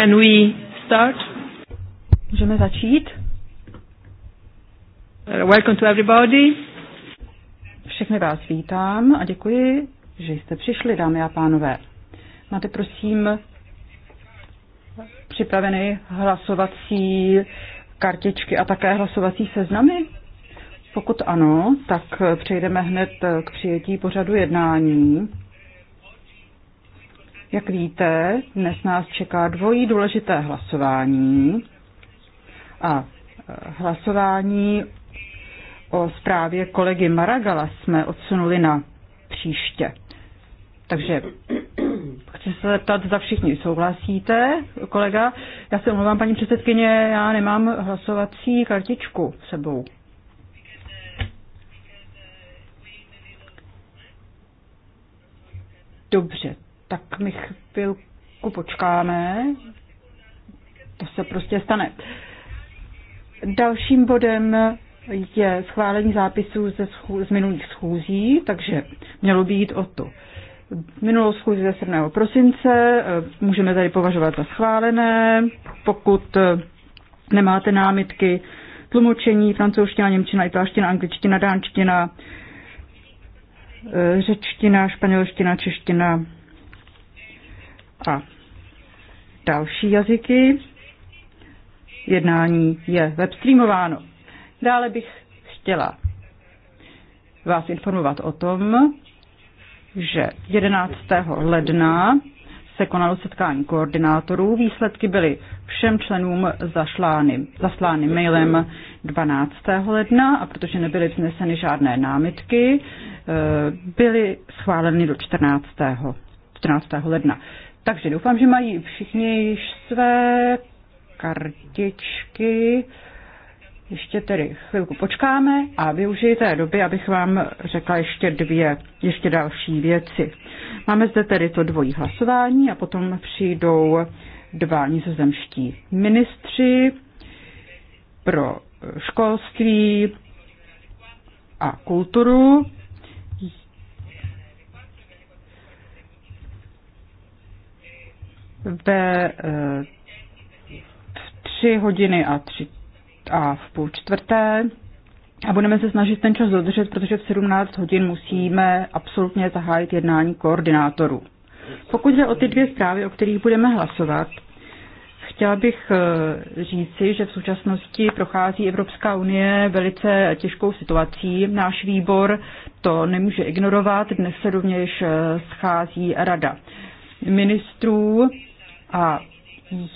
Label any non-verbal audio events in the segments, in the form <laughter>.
Can we start? Můžeme začít. Uh, welcome to everybody. Všechny vás vítám a děkuji, že jste přišli, dámy a pánové. Máte prosím připraveny hlasovací kartičky a také hlasovací seznamy? Pokud ano, tak přejdeme hned k přijetí pořadu jednání. Jak víte, dnes nás čeká dvojí důležité hlasování a eh, hlasování o zprávě kolegy Maragala jsme odsunuli na příště. Takže chci se zeptat, za všichni souhlasíte, kolega. Já se omlouvám, paní předsedkyně, já nemám hlasovací kartičku sebou. Dobře, tak my chvilku počkáme. To se prostě stane. Dalším bodem je schválení zápisů ze schů, z minulých schůzí, takže mělo by jít o to. Minulou schůzi ze 7. prosince eh, můžeme tady považovat za schválené, pokud eh, nemáte námitky, tlumočení francouzština, němčina, italština, angličtina, dánčtina, eh, řečtina, španělština, čeština, a další jazyky. Jednání je webstreamováno. Dále bych chtěla vás informovat o tom, že 11. ledna se konalo setkání koordinátorů. Výsledky byly všem členům zašlány, zaslány mailem 12. ledna a protože nebyly vzneseny žádné námitky, eh, byly schváleny do 14. 14. ledna. Takže doufám, že mají všichni již své kartičky. Ještě tedy chvilku počkáme a využijte té doby, abych vám řekla ještě dvě, ještě další věci. Máme zde tedy to dvojí hlasování a potom přijdou dva nizozemští ministři pro školství a kulturu ve eh, tři hodiny a, tři, a v půl čtvrté a budeme se snažit ten čas dodržet, protože v 17 hodin musíme absolutně zahájit jednání koordinátorů. Pokud jde o ty dvě zprávy, o kterých budeme hlasovat, chtěla bych eh, říci, že v současnosti prochází Evropská unie velice těžkou situací. Náš výbor to nemůže ignorovat. Dnes se rovněž eh, schází rada ministrů a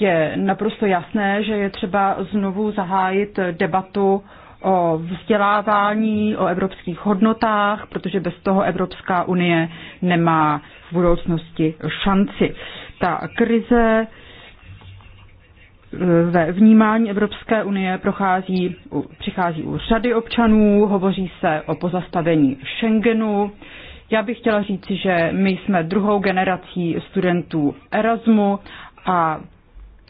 je naprosto jasné, že je třeba znovu zahájit debatu o vzdělávání, o evropských hodnotách, protože bez toho Evropská unie nemá v budoucnosti šanci. Ta krize eh, ve vnímání Evropské unie prochází, přichází u řady občanů, hovoří se o pozastavení Schengenu. Já bych chtěla říci, že my jsme druhou generací studentů Erasmu a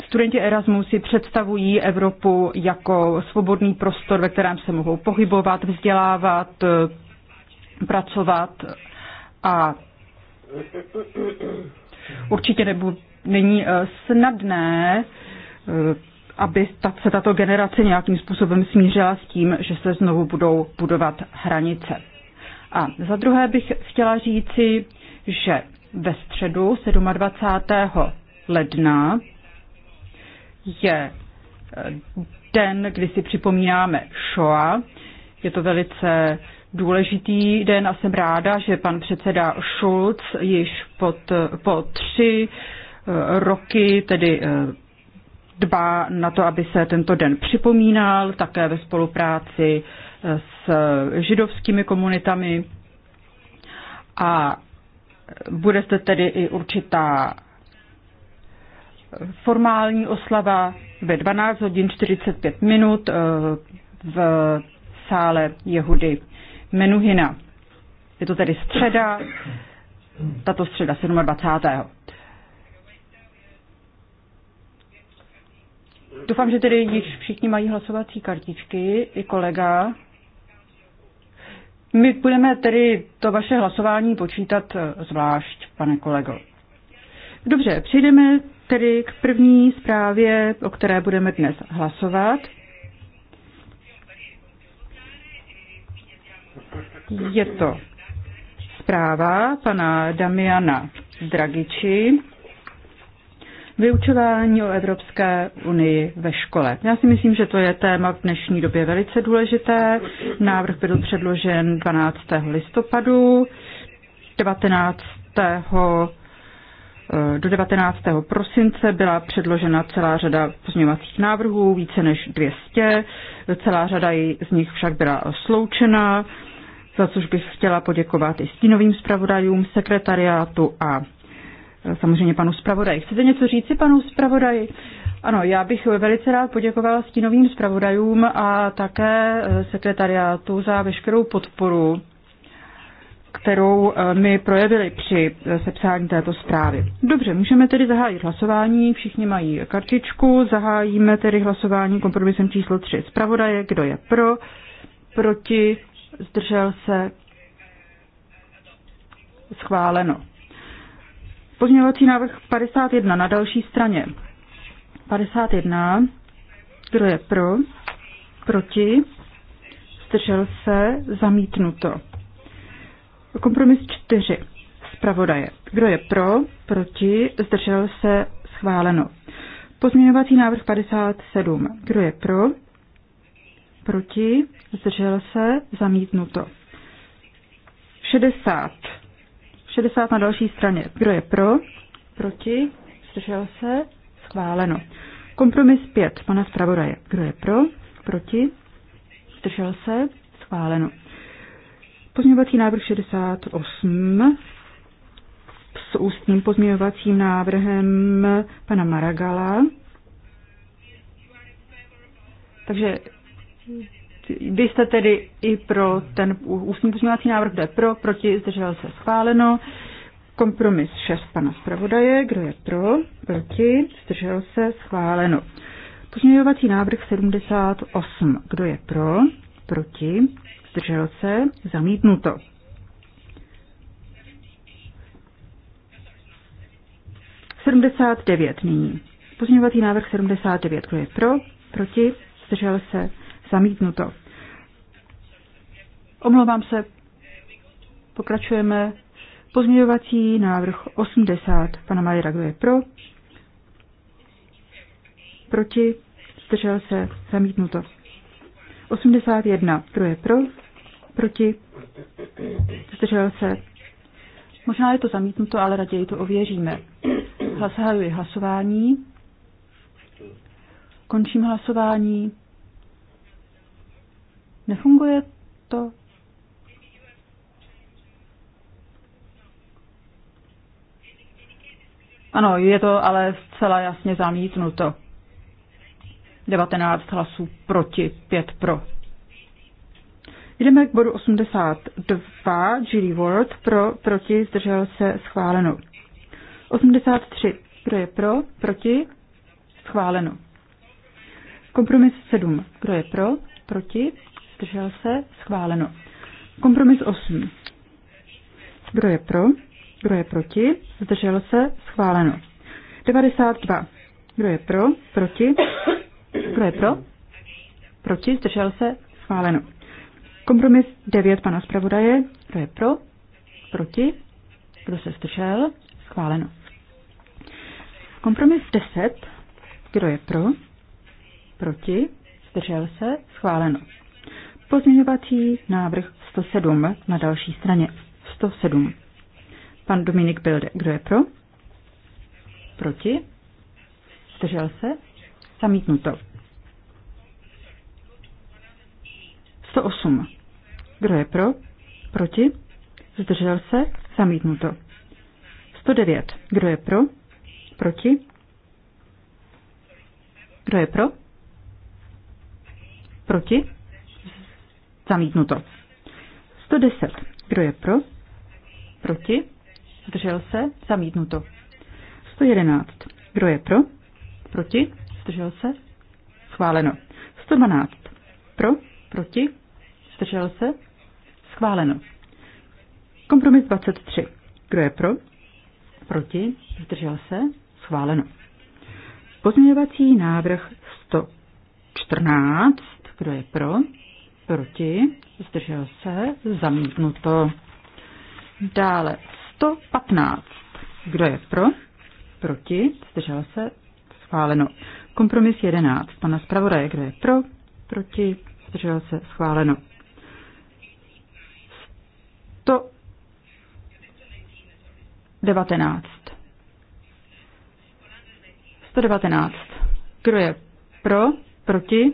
studenti Erasmus si představují Evropu jako svobodný prostor, ve kterém se mohou pohybovat, vzdělávat, pracovat a určitě nebu, není eh, snadné, eh, aby se tato generace nějakým způsobem smířila s tím, že se znovu budou budovat hranice. A za druhé bych chtěla říci, že ve středu 27 ledna je eh, den, kdy si připomínáme Shoa. Je to velice důležitý den a jsem ráda, že pan předseda Schulz již pod, po tři eh, roky tedy eh, dbá na to, aby se tento den připomínal, také ve spolupráci s židovskými komunitami. A bude zde tedy i určitá formální oslava ve 12 hodin 45 minut eh, v sále Jehudy Menuhina. Je to tedy středa, tato středa 27. Doufám, že tedy již všichni mají hlasovací kartičky, i kolega. My budeme tedy to vaše hlasování počítat eh, zvlášť, pane kolego. Dobře, přijdeme tedy k první zprávě, o které budeme dnes hlasovat. Je to zpráva pana Damiana Dragiči, vyučování o Evropské unii ve škole. Já si myslím, že to je téma v dnešní době velice důležité. Návrh byl předložen 12. listopadu, 19. Eh, do 19. prosince byla předložena celá řada pozměňovacích návrhů, více než 200. Celá řada z nich však byla sloučena, za což bych chtěla poděkovat i stínovým zpravodajům, sekretariátu a eh, samozřejmě panu zpravodaji. Chcete něco říci panu zpravodaji? Ano, já bych velice rád poděkovala stínovým zpravodajům a také eh, sekretariátu za veškerou podporu kterou eh, mi projevili při eh, sepsání této zprávy. Dobře, můžeme tedy zahájit hlasování, všichni mají kartičku, zahájíme tedy hlasování kompromisem číslo 3 zpravodaje, kdo je pro, proti, zdržel se, schváleno. Pozměňovací návrh 51 na další straně. 51, kdo je pro, proti, zdržel se, zamítnuto. Kompromis 4. Zpravodaje. Kdo je pro? Proti? Zdržel se? Schváleno. Pozměňovací návrh 57. Kdo je pro? Proti? Zdržel se? Zamítnuto. 60. 60 na další straně. Kdo je pro? Proti? Zdržel se? Schváleno. Kompromis 5. Pana zpravodaje. Kdo je pro? Proti? Zdržel se? Schváleno. Pozměňovací návrh 68 s ústním pozměňovacím návrhem pana Maragala. Takže vy jste tedy i pro ten ústní pozměňovací návrh, kdo je pro, proti, zdržel se schváleno. Kompromis 6 pana zpravodaje, kdo je pro, proti, zdržel se schváleno. Pozměňovací návrh 78, kdo je pro, proti, zdržel se, zamítnuto. nyní. Pozměňovací návrh 79. Kdo je pro? Proti? Zdržel se? Zamítnuto. Omlouvám se. Pokračujeme. Pozměňovací návrh 80. Pana Majera, kdo je pro? Proti? Zdržel se? Zamítnuto. 81. Kdo je pro? proti, zdržel se. Možná je to zamítnuto, ale raději to ověříme. Zahajuji hlasování. Končím hlasování. Nefunguje to? Ano, je to ale zcela jasně zamítnuto. 19 hlasů proti, 5 pro. Jdeme k bodu 82, Julie World, pro, proti, zdržel se, schváleno. 83, kdo je pro, proti, schváleno. Kompromis 7, kdo je pro, proti, zdržel se, schváleno. Kompromis 8, kdo je pro, kdo je proti, zdržel se, schváleno. 92, kdo je pro, proti, kdo je pro, proti, zdržel se, schváleno. Kompromis 9 pana zpravodaje. Kdo je pro? Proti? Kdo se zdržel? Schváleno. Kompromis 10. Kdo je pro? Proti? Zdržel se? Schváleno. Pozměňovací návrh 107 na další straně. 107. Pan Dominik Bilde. Kdo je pro? Proti? Zdržel se? Zamítnuto. 108. Kdo je pro? Proti? Zdržel se? Zamítnuto. 109. Kdo je pro? Proti? Kdo je pro? Proti? Zamítnuto. 110. Kdo je pro? Proti? Zdržel se? Zamítnuto. 111. Kdo je pro? Proti? Zdržel se? Schváleno. 112. Pro? Proti? Zdržel se? Schváleno. Kompromis 23. Kdo je pro? Proti? Zdržel se? Schváleno. Pozměňovací návrh 114. Kdo je pro? Proti? Zdržel se? Zamítnuto. Dále 115. Kdo je pro? Proti? Zdržel se? Schváleno. Kompromis 11. Pana zpravodaje, kdo je pro? Proti? Zdržel se? Schváleno. To 19. 119. Kdo je pro, proti,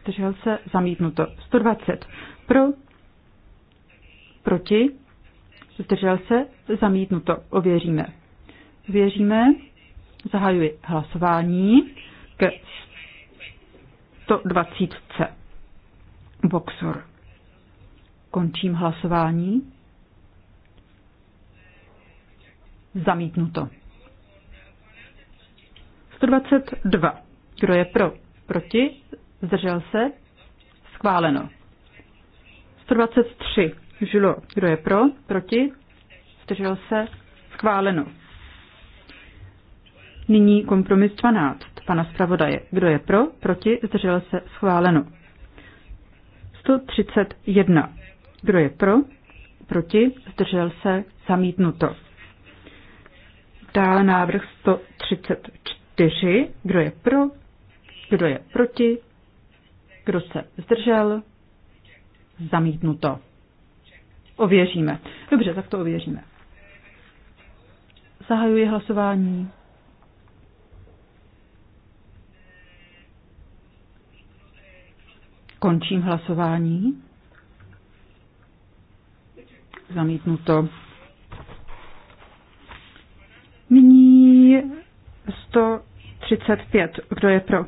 zdržel se, zamítnuto. 120. Pro, proti, zdržel se, zamítnuto. Ověříme. Ověříme. Zahajuji hlasování ke 120. Boxer. Končím hlasování. Zamítnuto. 122. Kdo je pro? Proti? Zdržel se? Schváleno. 123. Žilo. Kdo je pro? Proti? Zdržel se? Schváleno. Nyní kompromis 12. Pana zpravodaje. Kdo je pro? Proti? Zdržel se? Schváleno. 131. Kdo je pro? Proti? Zdržel se? Zamítnuto. Dále návrh 134. Kdo je pro? Kdo je proti? Kdo se zdržel? Zamítnuto. Ověříme. Dobře, tak to ověříme. Zahajuji hlasování. Končím hlasování zamítnuto. Nyní 135. Kdo je pro?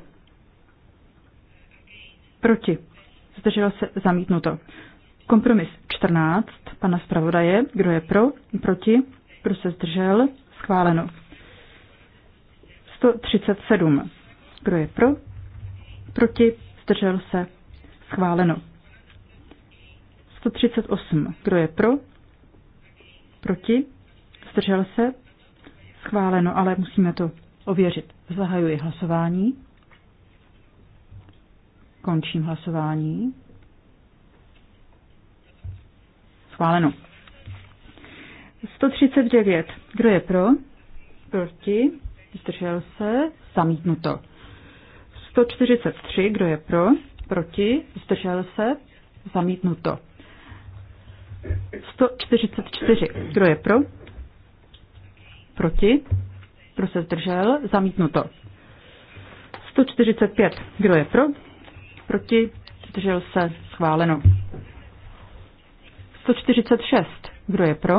Proti. Zdrželo se zamítnuto. Kompromis 14. Pana zpravodaje. Kdo je pro? Proti. Kdo se zdržel? Schváleno. 137. Kdo je pro? Proti. Zdržel se. Schváleno. 138. Kdo je pro? Proti? Zdržel se? Schváleno, ale musíme to ověřit. Zahajuji hlasování. Končím hlasování. Schváleno. 139. Kdo je pro? Proti? Zdržel se? Zamítnuto. 143. Kdo je pro? Proti? Zdržel se? Zamítnuto. 144. Kdo je pro? Proti? Kdo se zdržel? Zamítnuto. 145. Kdo je pro? Proti? Zdržel se? Schváleno. 146. Kdo je pro?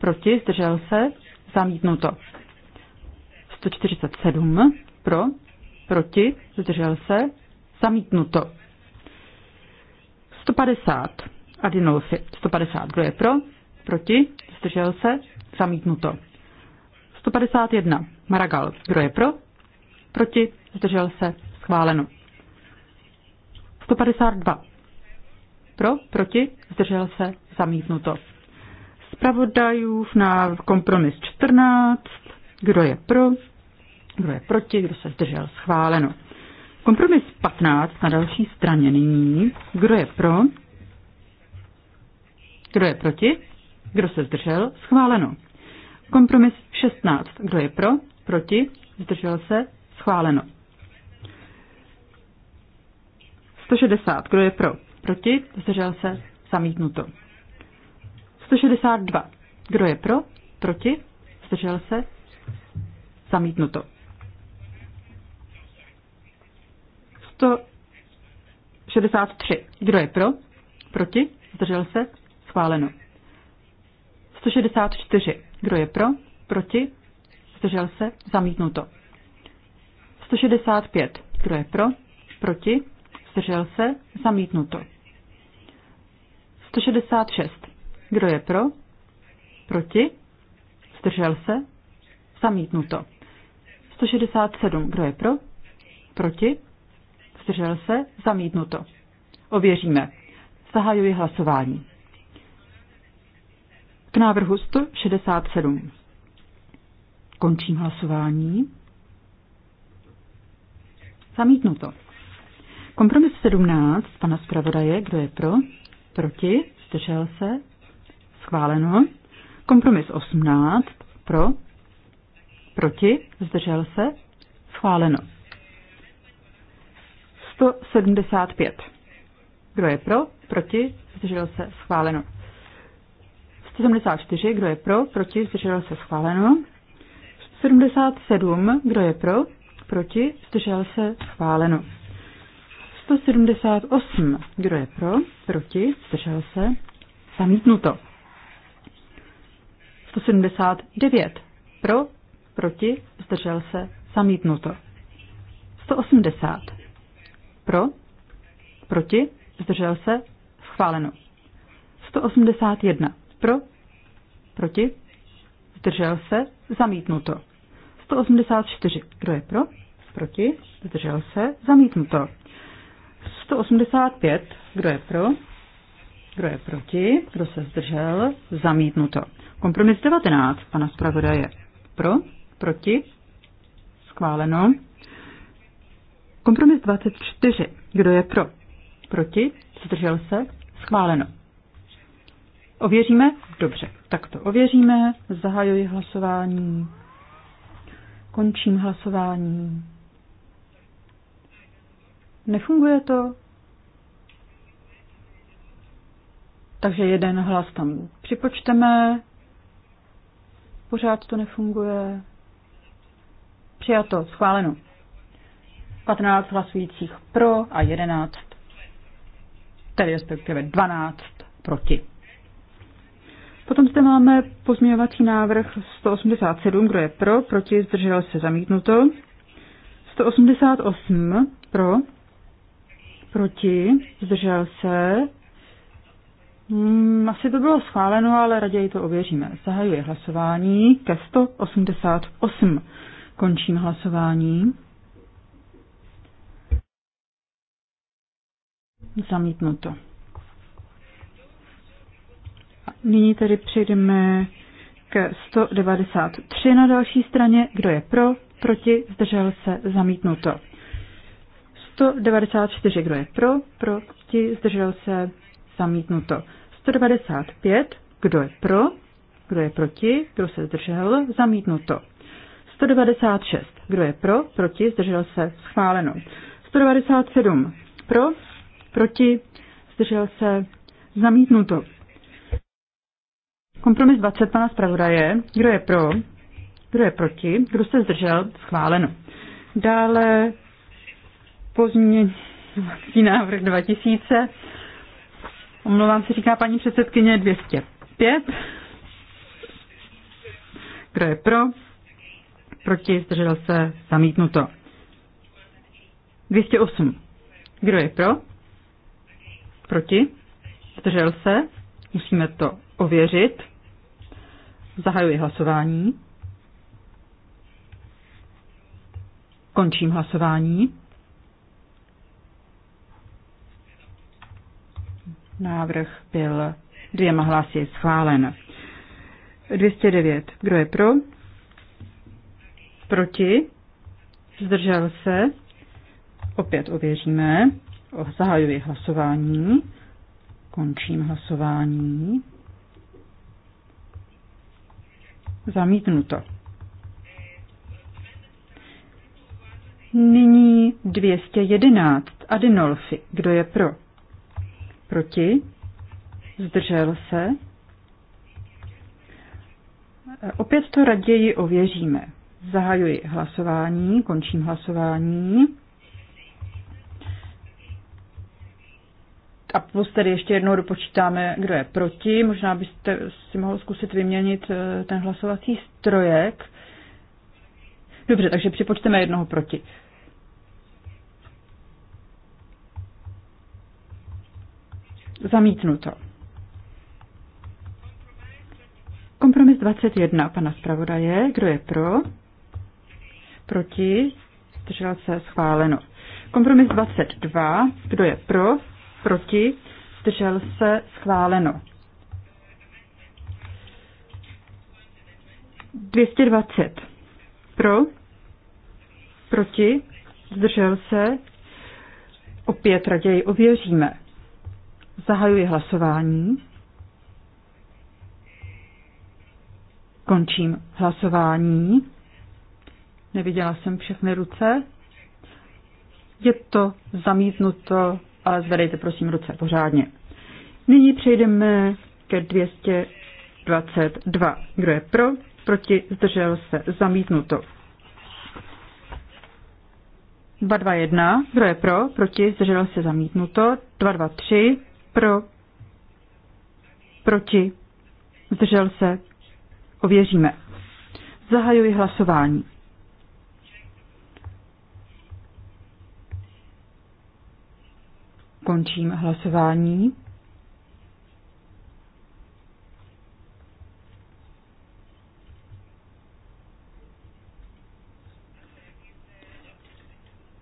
Proti? Zdržel se? Zamítnuto. 147. Pro? Proti? Zdržel se? Zamítnuto. 150. Adinolfi 150. Kdo je pro? Proti? Zdržel se? Zamítnuto. 151. Maragal. Kdo je pro? Proti? Zdržel se? Schváleno. 152. Pro? Proti? Zdržel se? Zamítnuto. Spravodajův na kompromis 14. Kdo je pro? Kdo je proti? Kdo se zdržel? Schváleno. Kompromis 15 na další straně nyní. Kdo je pro? Kdo je proti? Kdo se zdržel? Schváleno. Kompromis 16. Kdo je pro? Proti? Zdržel se? Schváleno. 160. Kdo je pro? Proti? Zdržel se? Zamítnuto. 162. Kdo je pro? Proti? Zdržel se? Zamítnuto. 163. Kdo je pro? Proti? Zdržel se? Schváleno. 164. Kdo je pro? Proti? Zdržel se? Zamítnuto. 165. Kdo je pro? Proti? Zdržel se? Zamítnuto. 166. Kdo je pro? Proti? Zdržel se? Zamítnuto. 167. Kdo je pro? Proti? Zdržel se? Zamítnuto. Ověříme. Zahajuji hlasování návrhu 167. Končím hlasování. Zamítnuto. Kompromis 17 pana zpravodaje, kdo je pro, proti, zdržel se, schváleno. Kompromis 18 pro, proti, zdržel se, schváleno. 175. Kdo je pro, proti, zdržel se, schváleno. 74, kdo je pro, proti, zdržel se schváleno. 77, kdo je pro, proti, zdržel se schváleno. 178, kdo je pro, proti, zdržel se zamítnuto. 179, pro, proti, zdržel se zamítnuto. 180, pro, proti, zdržel se schváleno. 181, pro? Proti? Zdržel se? Zamítnuto. 184. Kdo je pro? Proti? Zdržel se? Zamítnuto. 185. Kdo je pro? Kdo je proti? Kdo se zdržel? Zamítnuto. Kompromis 19. Pana zpravodaje. Pro? Proti? Schváleno. Kompromis 24. Kdo je pro? Proti? Zdržel se? Schváleno. Ověříme? Dobře, tak to ověříme. Zahajuji hlasování. Končím hlasování. Nefunguje to? Takže jeden hlas tam připočteme. Pořád to nefunguje. Přijato, schváleno. 15 hlasujících pro a 11, tedy respektive 12 proti. Potom zde máme pozměňovací návrh 187, kdo je pro, proti, zdržel se zamítnuto. 188 pro, proti, zdržel se. Hmm, asi to bylo schváleno, ale raději to ověříme. Zahajuje hlasování ke 188. Končím hlasování. Zamítnuto. Nyní tedy přejdeme k 193 na další straně. Kdo je pro, proti, zdržel se, zamítnuto. 194, kdo je pro, proti, zdržel se, zamítnuto. 195, kdo je pro, kdo je proti, kdo se zdržel, zamítnuto. 196, kdo je pro, proti, zdržel se, schváleno. 197, pro, proti, zdržel se, zamítnuto. Kompromis 20 pana zpravodaje. Kdo je pro? Kdo je proti? Kdo se zdržel? Schváleno. Dále pozměňovací návrh 2000. Omlouvám se, říká paní předsedkyně 205. Kdo je pro? Proti? Zdržel se? Zamítnuto. 208. Kdo je pro? Proti? Zdržel se? Musíme to ověřit. Zahajuji hlasování. Končím hlasování. Návrh byl dvěma hlasy schválen. 209. Kdo je pro? Proti? Zdržel se? Opět ověříme. Zahajuji hlasování. Končím hlasování. Zamítnuto. Nyní 211. Adinolfi. Kdo je pro? Proti? Zdržel se? Opět to raději ověříme. Zahajuji hlasování, končím hlasování. a plus tedy ještě jednou dopočítáme, kdo je proti. Možná byste si mohl zkusit vyměnit eh, ten hlasovací strojek. Dobře, takže připočteme jednoho proti. Zamítnuto. Kompromis 21 pana zpravodaje. Kdo je pro? Proti? Zdržel se schváleno. Kompromis 22. Kdo je pro? proti, zdržel se, schváleno. 220 pro, proti, zdržel se, opět raději ověříme. Zahajuji hlasování. Končím hlasování. Neviděla jsem všechny ruce. Je to zamítnuto a zvedejte prosím ruce pořádně. Nyní přejdeme ke 222. Kdo je pro? Proti? Zdržel se? Zamítnuto. 221. Kdo je pro? Proti? Zdržel se? Zamítnuto. 223. Pro? Proti? Zdržel se? Ověříme. Zahajuji hlasování. Končím hlasování.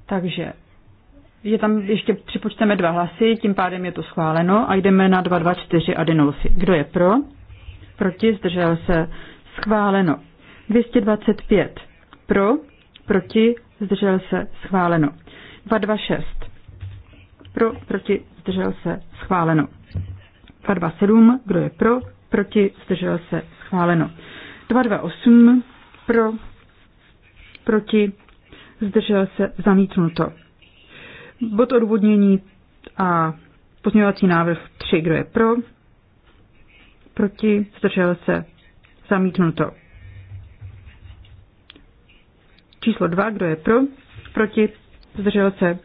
Takže je tam ještě připočteme dva hlasy, tím pádem je to schváleno a jdeme na 224 adenolfy. Kdo je pro? Proti, zdržel se, schváleno. 225 pro, proti, zdržel se, schváleno. 226 pro, proti, zdržel se, schváleno. 227, kdo je pro, proti, zdržel se, schváleno. 228, pro, proti, zdržel se, zamítnuto. Bod odvodnění a pozměňovací návrh 3, kdo je pro, proti, zdržel se, zamítnuto. Číslo 2, kdo je pro, proti, zdržel se,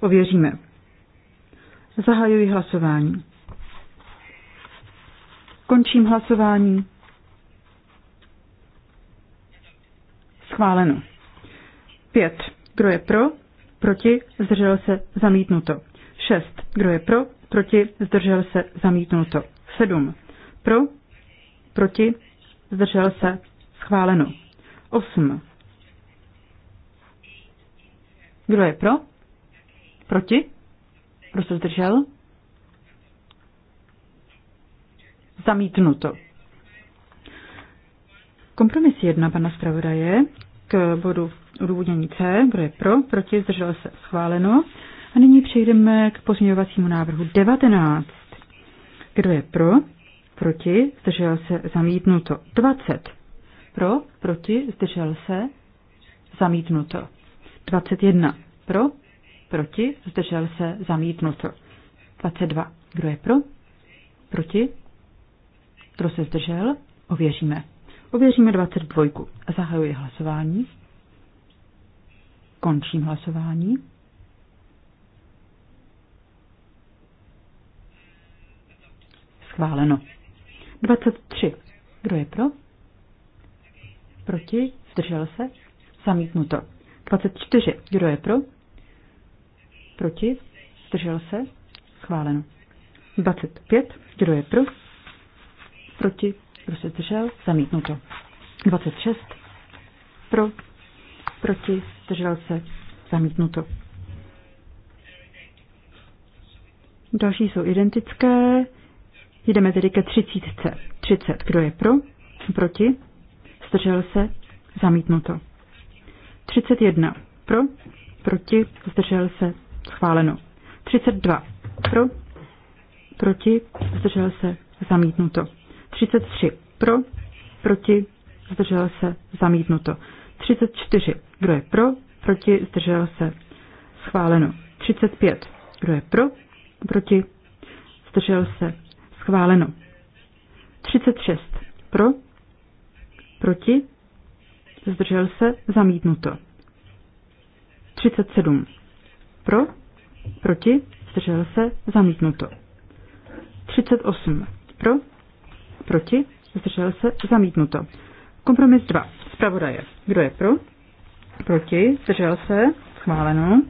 ověříme. Zahajuji hlasování. Končím hlasování. Schváleno. 5. Kdo je pro? Proti? Zdržel se? Zamítnuto. 6. Kdo je pro? Proti? Zdržel se? Zamítnuto. 7. Pro? Proti? Zdržel se? Schváleno. 8. Kdo je pro? Proti? Kdo se zdržel? Zamítnuto. Kompromis 1 pana zpravodaje k bodu odůvodnění C. Kdo je pro? Proti? Zdržel se? Schváleno. A nyní přejdeme k pozměňovacímu návrhu 19. Kdo je pro? Proti? Zdržel se? Zamítnuto. 20. Pro? Proti? Zdržel se? Zamítnuto. 21. Pro? Proti? Zdržel se? Zamítnuto. 22. Kdo je pro? Proti? Kdo se zdržel? Ověříme. Ověříme 22. Zahajuji hlasování. Končím hlasování. Schváleno. 23. Kdo je pro? Proti? Zdržel se? Zamítnuto. 24. Kdo je pro? Proti? Zdržel se? Schváleno. 25. Kdo je pro? Proti? Kdo se zdržel? Zamítnuto. 26. Pro? Proti? Zdržel se? Zamítnuto. Další jsou identické. Jdeme tedy ke 30. 30. Kdo je pro? Proti? Zdržel se? Zamítnuto. 31. Pro? Proti? Zdržel se? Schváleno. 32. Pro. Proti. Zdržel se. Zamítnuto. 33. Pro. Proti. Zdržel se. Zamítnuto. 34. Kdo je pro? Proti. Zdržel se. Schváleno. 35. Kdo je pro? Proti. Zdržel se. Schváleno. 36. Pro. Proti. Zdržel se. Zamítnuto. 37 pro, proti, zdržel se, zamítnuto. 38 pro, proti, zdržel se, zamítnuto. Kompromis 2. Zpravodaje. Kdo je pro? Proti, zdržel se, schváleno.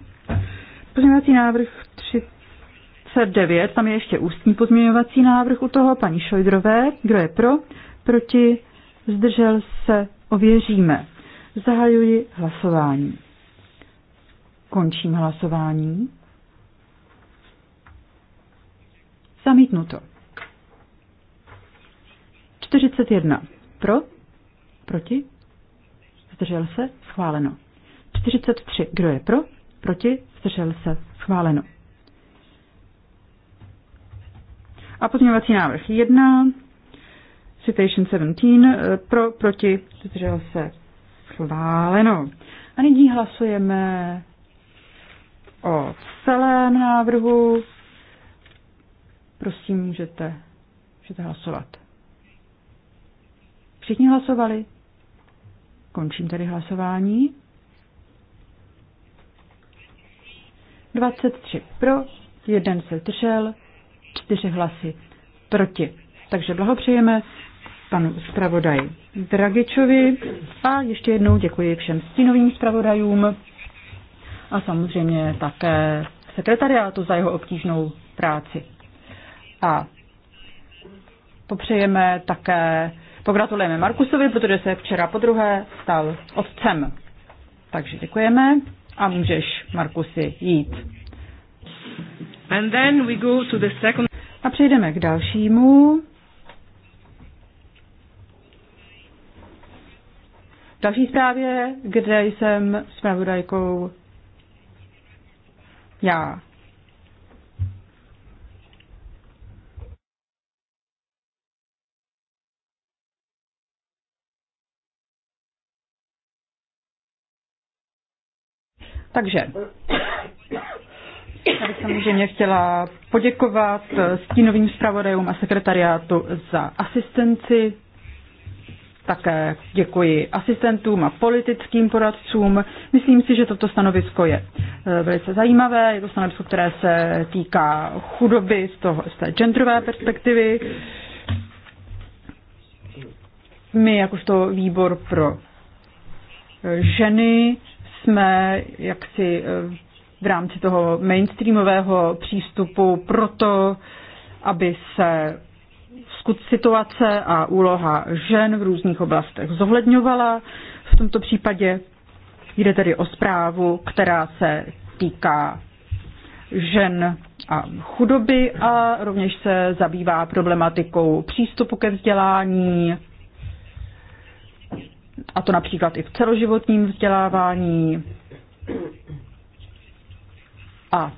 Pozměňovací návrh 39, tam je ještě ústní pozměňovací návrh u toho, paní Šojdrové. Kdo je pro? Proti, zdržel se, ověříme. Zahajuji hlasování. Končím hlasování. Zamítnuto. 41. Pro? Proti? Zdržel se? Schváleno. 43. Kdo je pro? Proti? Zdržel se? Schváleno. A pozměňovací návrh 1, citation 17, pro, proti, zdržel se, schváleno. A nyní hlasujeme o celém návrhu. Prosím, můžete, můžete hlasovat. Všichni hlasovali? Končím tedy hlasování. 23 pro, jeden se držel, čtyři hlasy proti. Takže blahopřejeme panu zpravodaji Dragičovi a ještě jednou děkuji všem stínovým zpravodajům a samozřejmě také sekretariátu za jeho obtížnou práci. A popřejeme také, pogratulujeme Markusovi, protože se včera po druhé stal otcem. Takže děkujeme a můžeš, Markusi, jít. And then we go to the second... A přejdeme k dalšímu. Další zprávě, kde jsem s pravodajkou Ja. Takže já bych samozřejmě chtěla poděkovat stínovým zpravodajům a sekretariátu za asistenci také děkuji asistentům a politickým poradcům. Myslím si, že toto stanovisko je eh, velice zajímavé. Je to stanovisko, které se týká chudoby z, toho, z té genderové perspektivy. My, jakožto výbor pro eh, ženy, jsme jaksi eh, v rámci toho mainstreamového přístupu proto, aby se situace a úloha žen v různých oblastech zohledňovala. V tomto případě jde tedy o zprávu, která se týká žen a chudoby a rovněž se zabývá problematikou přístupu ke vzdělání, a to například i v celoživotním vzdělávání. A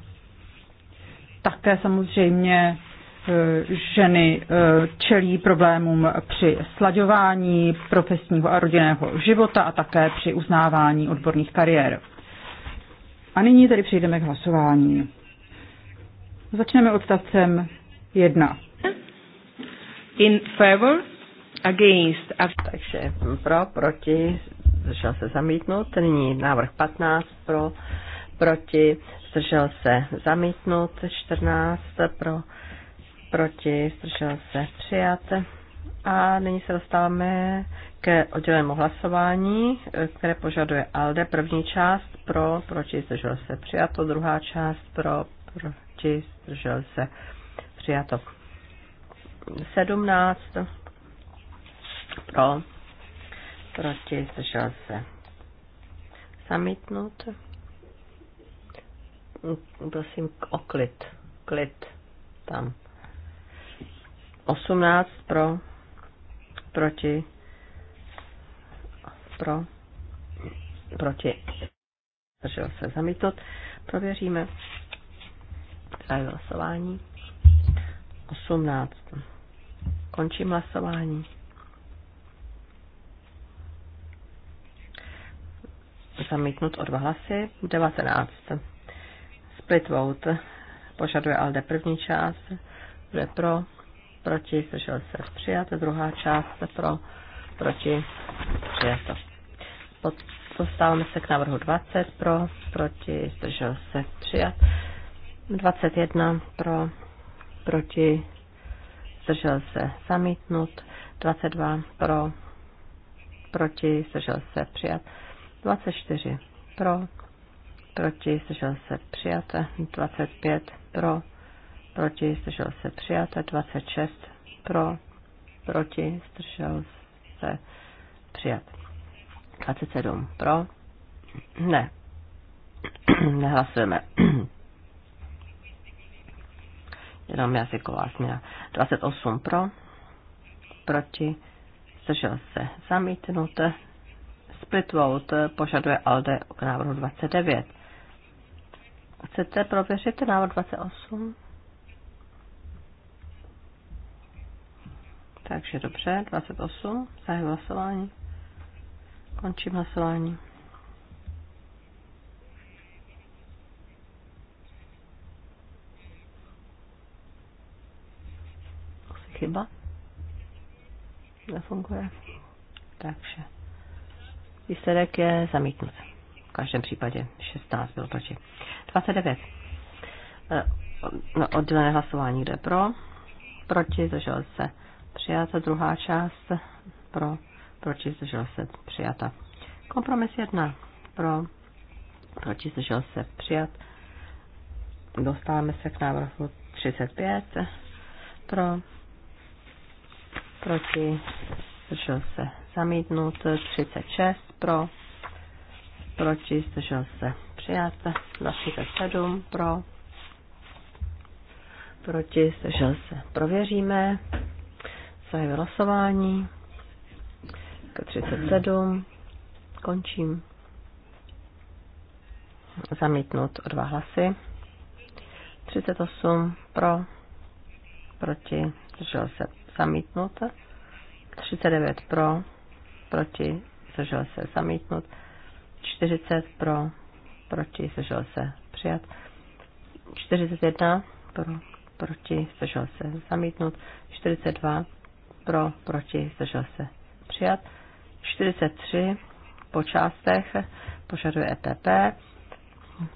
také samozřejmě Eh, ženy eh, čelí problémům při slaďování profesního a rodinného života a také při uznávání odborných kariér. A nyní tedy přejdeme k hlasování. Začneme odstavcem 1. In favor, against. Takže pro, proti, zdržel se zamítnout. Nyní návrh 15 pro, proti, zdržel se zamítnout. 14 pro, proti, zdržel se přijat. A nyní se dostáváme k oddělenému hlasování, které požaduje ALDE. První část pro, proti, zdržel se přijato. Druhá část pro, proti, zdržel se přijato. 17 pro, proti, zdržel se zamítnut. Prosím o klid, klid tam. 18 pro, proti, pro, proti, zdržel se zamítnout. Prověříme. Zahajuji hlasování. 18. Končím hlasování. Zamítnut o dva hlasy. 19. Split vote. Požaduje ALDE první část. Bude pro, proti, zdržel se přijato, druhá část pro, proti, přijato. Postáváme se k návrhu 20 pro, proti, zdržel se přijat. 21 pro, proti, zdržel se zamítnut. 22 pro, proti, zdržel se přijat. 24 pro, proti, zdržel se přijat. 25 pro, proti, zdržel se přijato, 26 pro, proti, zdržel se přijat. 27 pro, ne, <clears throat> nehlasujeme. <clears throat> Jenom jazyková změna. 28 pro, proti, zdržel se zamítnut. Split vote požaduje ALDE k návrhu 29. Chcete prověřit návrh 28? Takže dobře, 28, zahajuji hlasování. Končím hlasování. Asi chyba? Nefunguje? Takže. Výsledek je zamítnut. V každém případě 16 bylo proti. 29. Eh, no, oddělené hlasování, kdo je pro? Proti, zdržel se přijata, druhá část pro, proti zdržel se přijata. Kompromis jedna pro, proti zdržel se přijat. Dostáváme se k návrhu 35 pro, proti zdržel se zamítnut, 36 pro, proti zdržel se přijat, 27 pro, proti zdržel se prověříme. Zahajuji hlasování. K 37. Končím. Zamítnut o dva hlasy. 38 pro, proti, zdržel se zamítnut. 39 pro, proti, zdržel se zamítnut. 40 pro, proti, zdržel se přijat. 41 pro, proti, zdržel se zamítnut. 42 pro, proti, zdržel se přijat. 43 po částech požaduje EPP.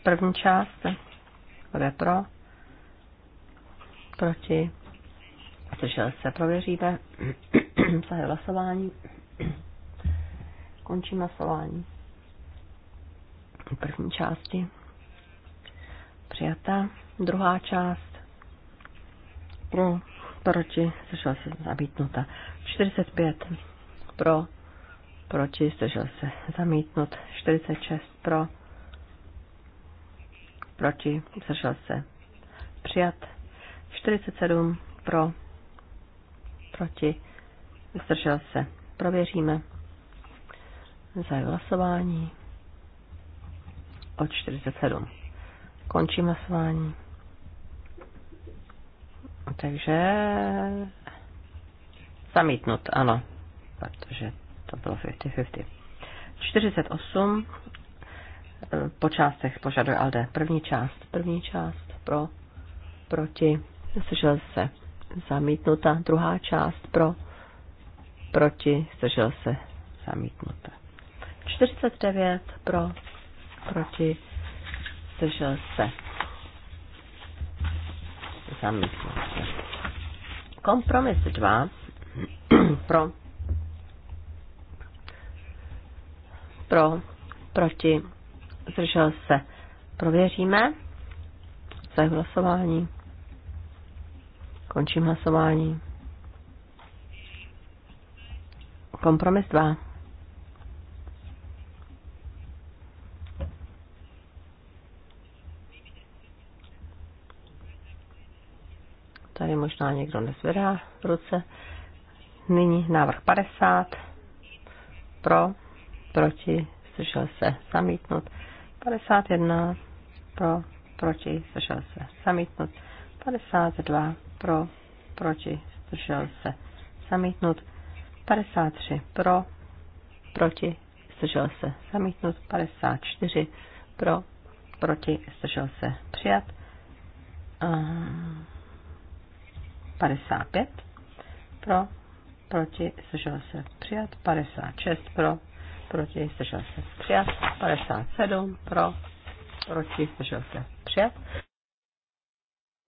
První část, kdo pro, proti, zdržel se, prověříme. <clears throat> Zahajuji hlasování. Končím hlasování. První části přijata. Druhá část pro, proti, zdržel se zamítnuta. 45 pro, proti, zdržel se zamítnut. 46 pro, proti, zdržel se přijat. 47 pro, proti, zdržel se. Prověříme. Za hlasování. Od 47. Končím hlasování. Takže zamítnut, ano, protože to bylo 50-50. 48 eh, po částech požaduje Alde. První část, první část pro, proti, sežil se zamítnuta. Druhá část pro, proti, sežil se zamítnuta. 49 pro, proti, sežil se zamítnout Kompromis 2 <clears throat> pro, pro, proti, zdržel se. Prověříme své hlasování. Končím hlasování. Kompromis 2. Tady možná někdo nezvedá ruce. Nyní návrh 50. Pro, proti, slyšel se, zamítnut. 51. Pro, proti, slyšel se, zamítnut. 52. Pro, proti, slyšel se, zamítnut. 53. Pro, proti, slyšel se, zamítnut. 54. Pro, proti, slyšel se, přijat. Um, 55 pro, proti, zdržel se přijat, 56 pro, proti, zdržel se přijat, 57 pro, proti, zdržel se přijat,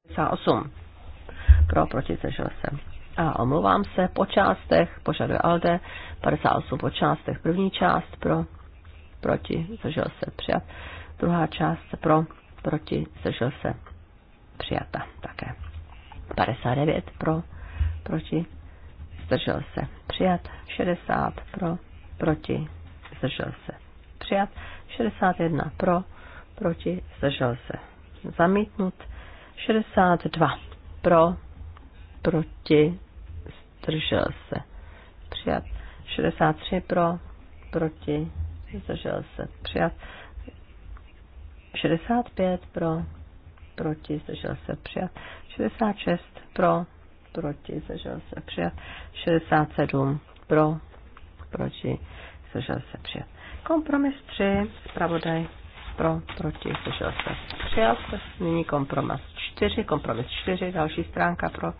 58 pro, proti, zdržel se. A omlouvám se, po částech, požaduje Alde, 58 po částech, první část pro, proti, zdržel se přijat, druhá část pro, proti, zdržel se přijata také. 59 pro, proti, zdržel se, přijat, 60 pro, proti, zdržel se, přijat, 61 pro, proti, zdržel se, zamítnut, 62 pro, proti, zdržel se, přijat, 63 pro, proti, zdržel se, přijat, 65 pro, proti, zdržel se, přijat, 66 pro, proti, zdržel se přijat. 67 pro, proti, zdržel se přijat. Kompromis 3, zpravodaj pro, proti, zdržel se přijat. Nyní kompromis 4, kompromis 4, další stránka pro,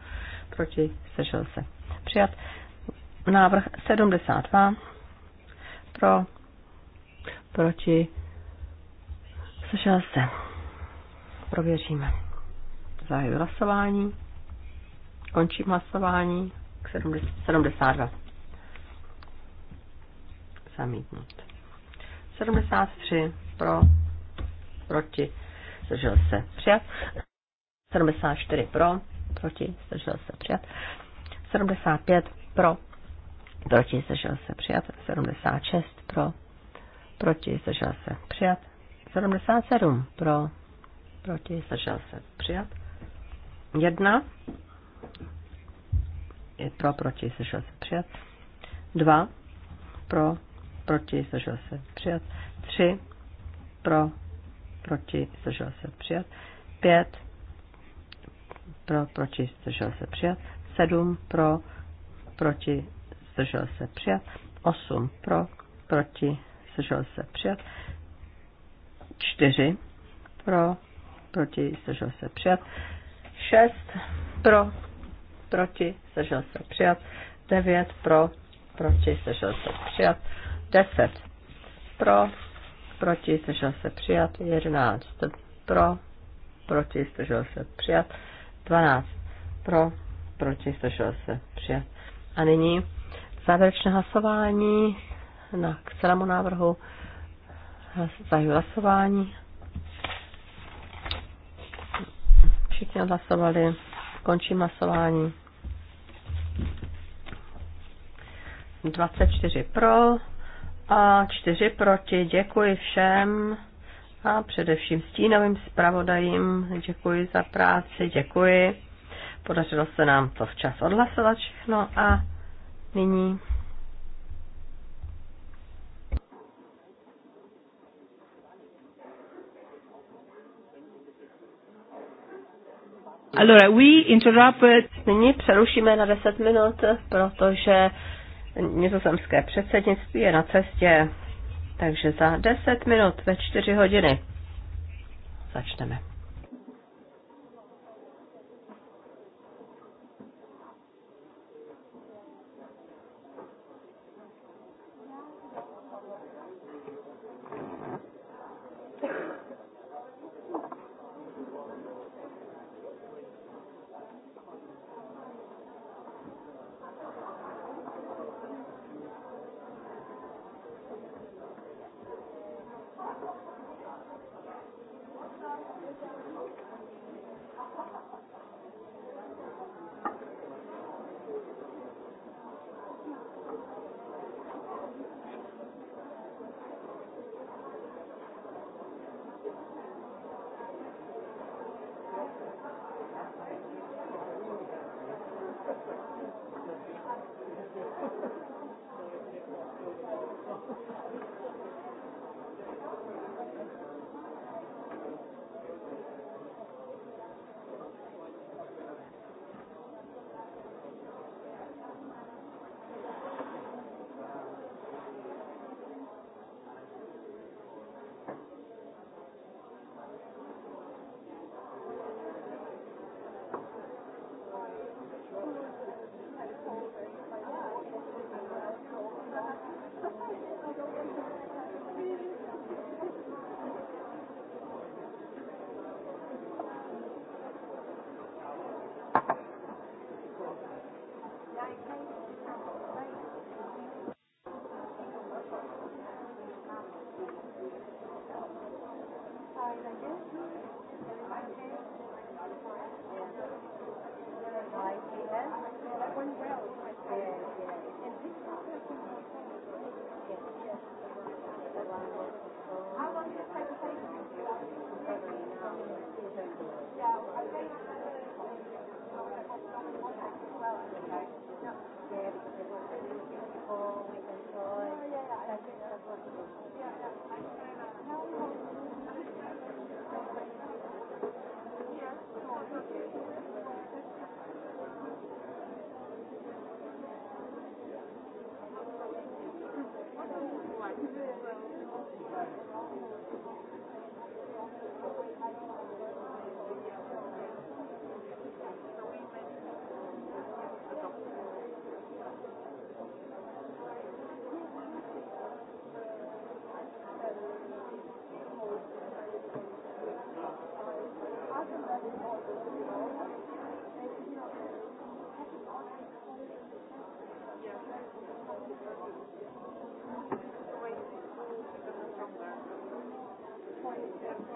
proti, zdržel se přijat. Návrh 72 pro, proti, zdržel se. Prověříme. Zahajuji hlasování. Končím hlasování. K 72. Zamítnut. 73 pro, proti, zdržel se přijat. 74 pro, proti, zdržel se přijat. 75 pro, proti, zdržel se přijat. 76 pro, proti, zdržel se přijat. 77 pro, proti, zdržel se přijat. 1. Je pro, proti, zdržel se přijat. 2. Pro, proti, zdržel se přijat. 3. Pro, proti, zdržel se přijat. 5. Pro, proti, zdržel se přijat. 7. Pro, proti, zdržel se přijat. 8. Pro, proti, zdržel se přijat. 4. Pro, proti, zdržel se přijat. 6 pro, proti, zdržel se přijat. 9 pro, proti, zdržel se přijat. 10 pro, proti, zdržel se přijat. 11 pro, proti, zdržel se přijat. 12 pro, proti, zdržel se přijat. A nyní závěrečné hlasování na k celému návrhu zahajuji hlasování. Všichni odhlasovali. Končím hlasování. 24 pro a 4 proti. Děkuji všem a především stínovým zpravodajím. Děkuji za práci, děkuji. Podařilo se nám to včas odhlasovat všechno a nyní Allora, we interrupt... Nyní přerušíme na 10 minut, protože nizozemské předsednictví je na cestě. Takže za 10 minut ve 4 hodiny začneme.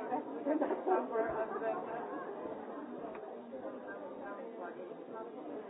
Thank you.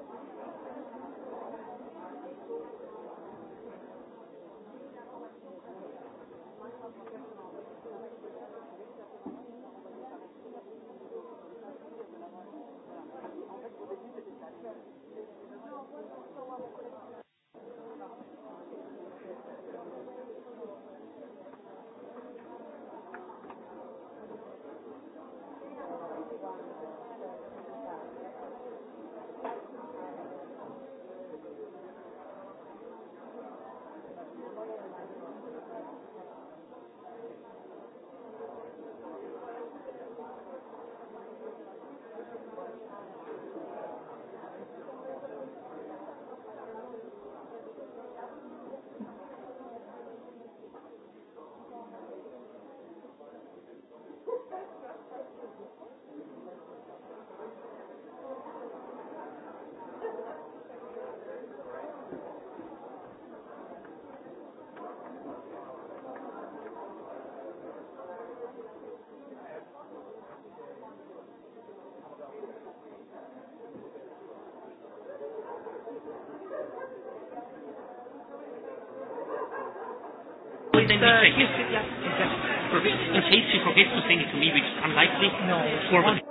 it then uh, yes, yes, exactly. In case you forget to send it to me, which is unlikely, no.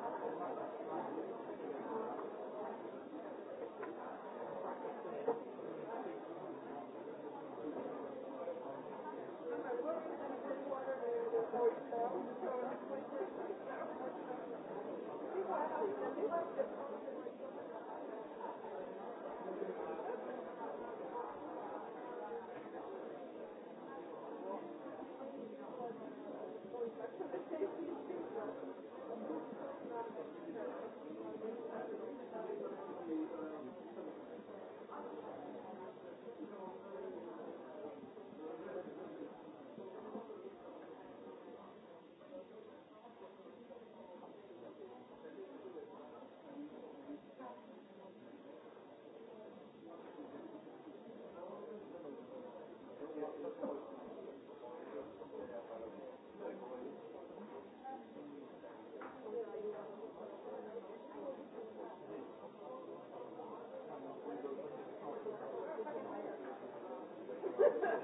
Thank <laughs>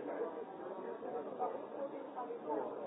you.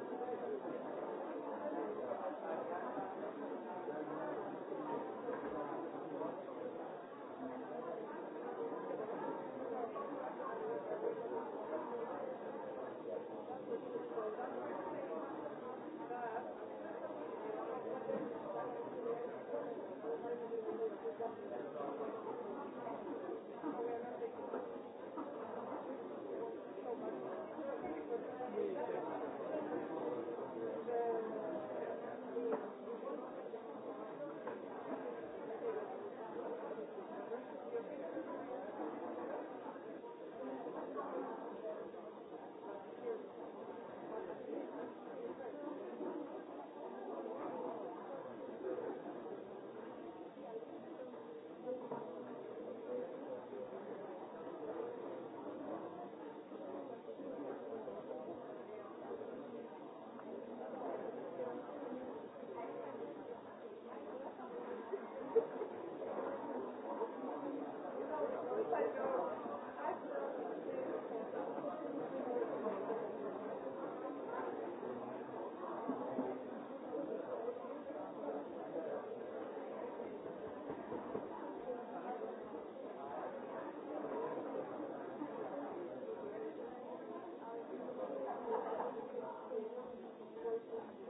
Thank you.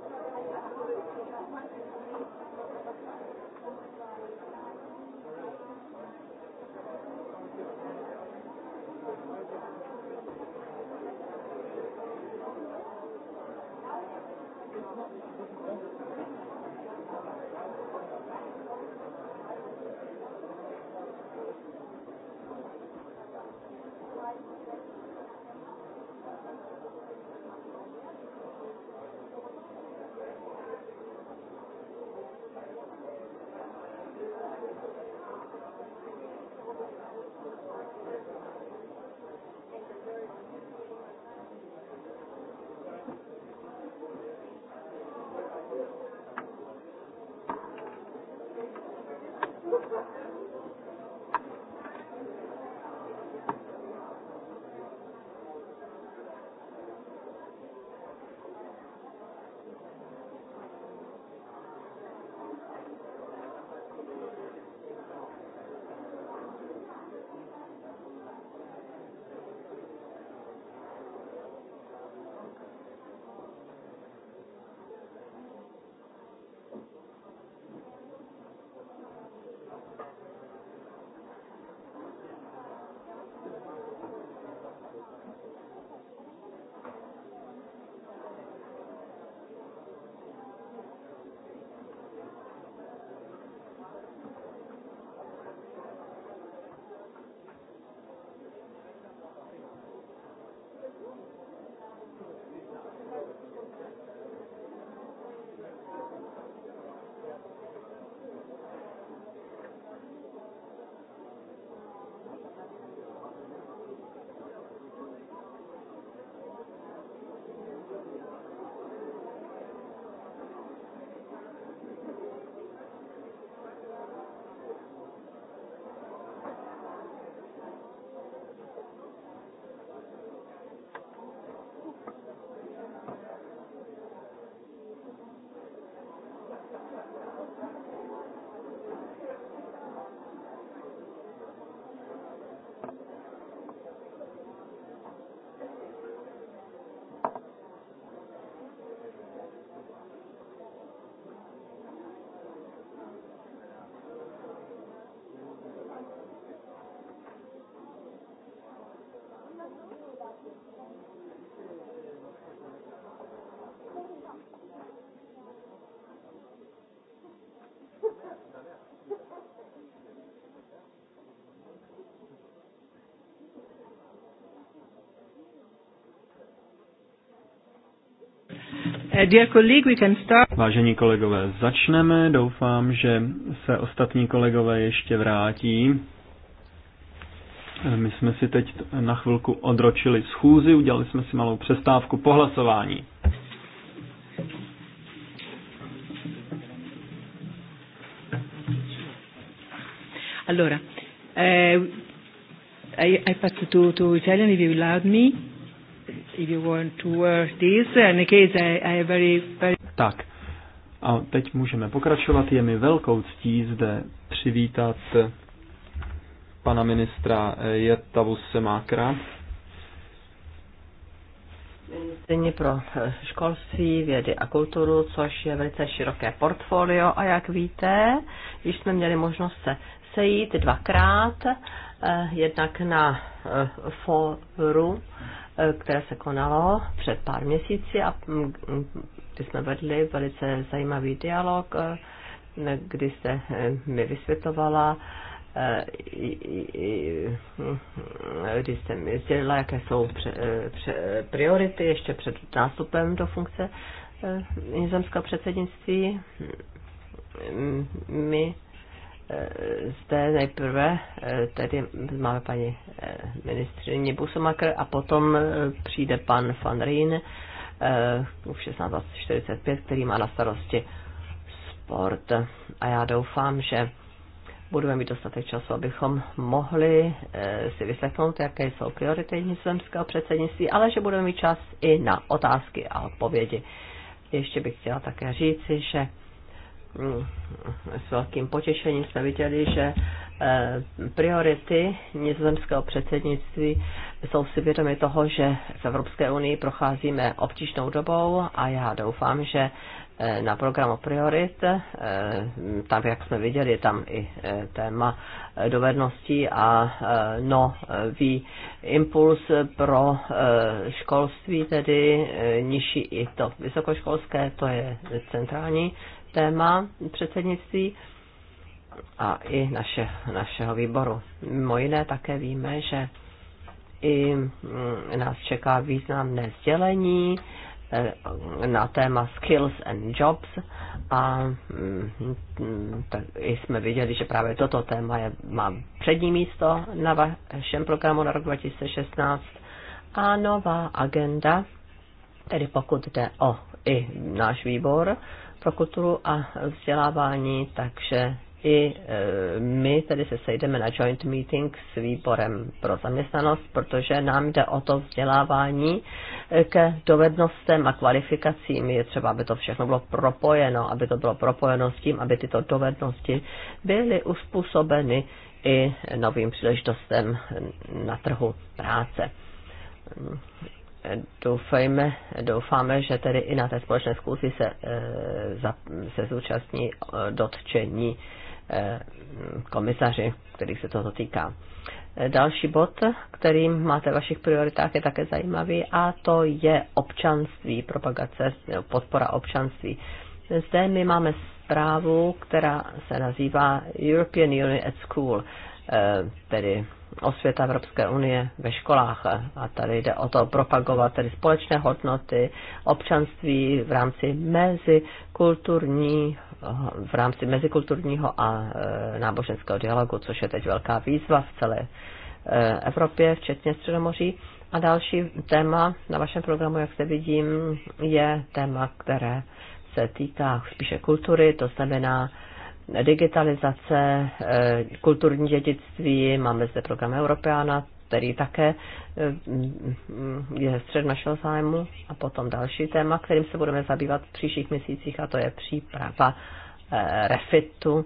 Uh, Vážení kolegové, začneme. Doufám, že se ostatní kolegové ještě vrátí. Eh, my jsme si teď na chvilku odročili schůzi, udělali jsme si malou přestávku po hlasování. Allora, eh, hai I pass tu to Italian if you allowed me. Tak. A teď můžeme pokračovat. Je mi velkou ctí zde přivítat pana ministra Jertavu Semákra. Ministrině pro eh, školství, vědy a kulturu, což je velice široké portfolio a jak víte, již jsme měli možnost se sejít dvakrát, eh, jednak na eh, fóru které se konalo před pár měsíci a mm, mm, kdy jsme vedli velice zajímavý dialog, eh, kdy jste eh, mi vysvětovala, eh, když jsem mi sdělila, jaké jsou pře, pře, priority ještě před nástupem do funkce nizemského předsednictví. My Eh, zde nejprve eh, tedy máme paní eh, ministřině Busomakr a potom přijde pan Van Rijn v 16.45, který má na starosti sport. A já doufám, že budeme mít dostatek času, abychom mohli si vyslechnout, jaké jsou priority nizozemského předsednictví, ale že budeme mít čas i na otázky a odpovědi. Ještě bych chtěla také říci, že s velkým potěšením jsme viděli, že eh, priority nizozemského předsednictví jsou si vědomi toho, že v Evropské unii procházíme obtížnou dobou a já doufám, že eh, na programu priorit, eh, tak jak jsme viděli, je tam i téma dovedností a nový impuls pro školství, tedy nižší i to vysokoškolské, to je centrální téma předsednictví a i naše, našeho výboru. Mimo jiné také víme, že i mm, nás čeká významné sdělení eh, na téma skills and jobs a mm, tak jsme viděli, že právě toto téma je, má přední místo na vašem programu na rok 2016 a nová agenda, tedy pokud jde o i náš výbor, pro kulturu a vzdělávání, takže i e, my tedy se sejdeme na joint meeting s výborem pro zaměstnanost, protože nám jde o to vzdělávání e, ke dovednostem a kvalifikacím. Je třeba, aby to všechno bylo propojeno, aby to bylo propojeno s tím, aby tyto dovednosti byly uspůsobeny i novým příležitostem na trhu práce doufejme, doufáme, že tedy i na té společné zkusy se, eh, se zúčastní eh, dotčení eh, komisaři, kterých se toto týká. Další bod, kterým máte v vašich prioritách, je také zajímavý a to je občanství, propagace, podpora občanství. Zde my máme zprávu, která se nazývá European Union at School, tedy osvěta Evropské unie ve školách. A tady jde o to propagovat tedy společné hodnoty, občanství v rámci mezikulturní, v rámci mezikulturního a e, náboženského dialogu, což je teď velká výzva v celé e, Evropě, včetně Středomoří. A další téma na vašem programu, jak se vidím, je téma, které se týká spíše kultury, to znamená digitalizace, eh, kulturní dědictví, máme zde program Europeana, který také eh, je střed našeho zájmu. A potom další téma, kterým se budeme zabývat v příštích měsících, a to je příprava eh, refitu,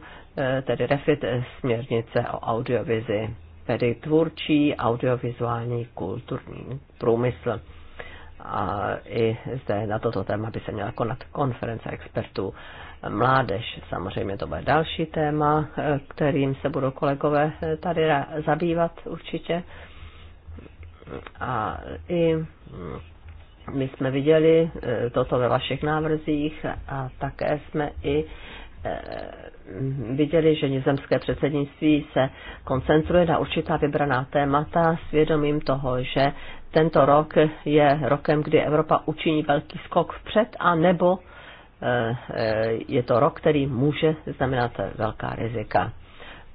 tedy refit směrnice o audiovizi, tedy tvůrčí audiovizuální kulturní průmysl. A i zde na toto téma by se měla konat konference expertů mládež. Samozřejmě to bude další téma, kterým se budou kolegové tady zabývat určitě. A i my jsme viděli eh, toto ve vašich návrzích a také jsme i eh, viděli, že nizemské předsednictví se koncentruje na určitá vybraná témata svědomím toho, že tento rok je rokem, kdy Evropa učiní velký skok vpřed a nebo Eh, eh, je to rok, který může znamenat velká rizika.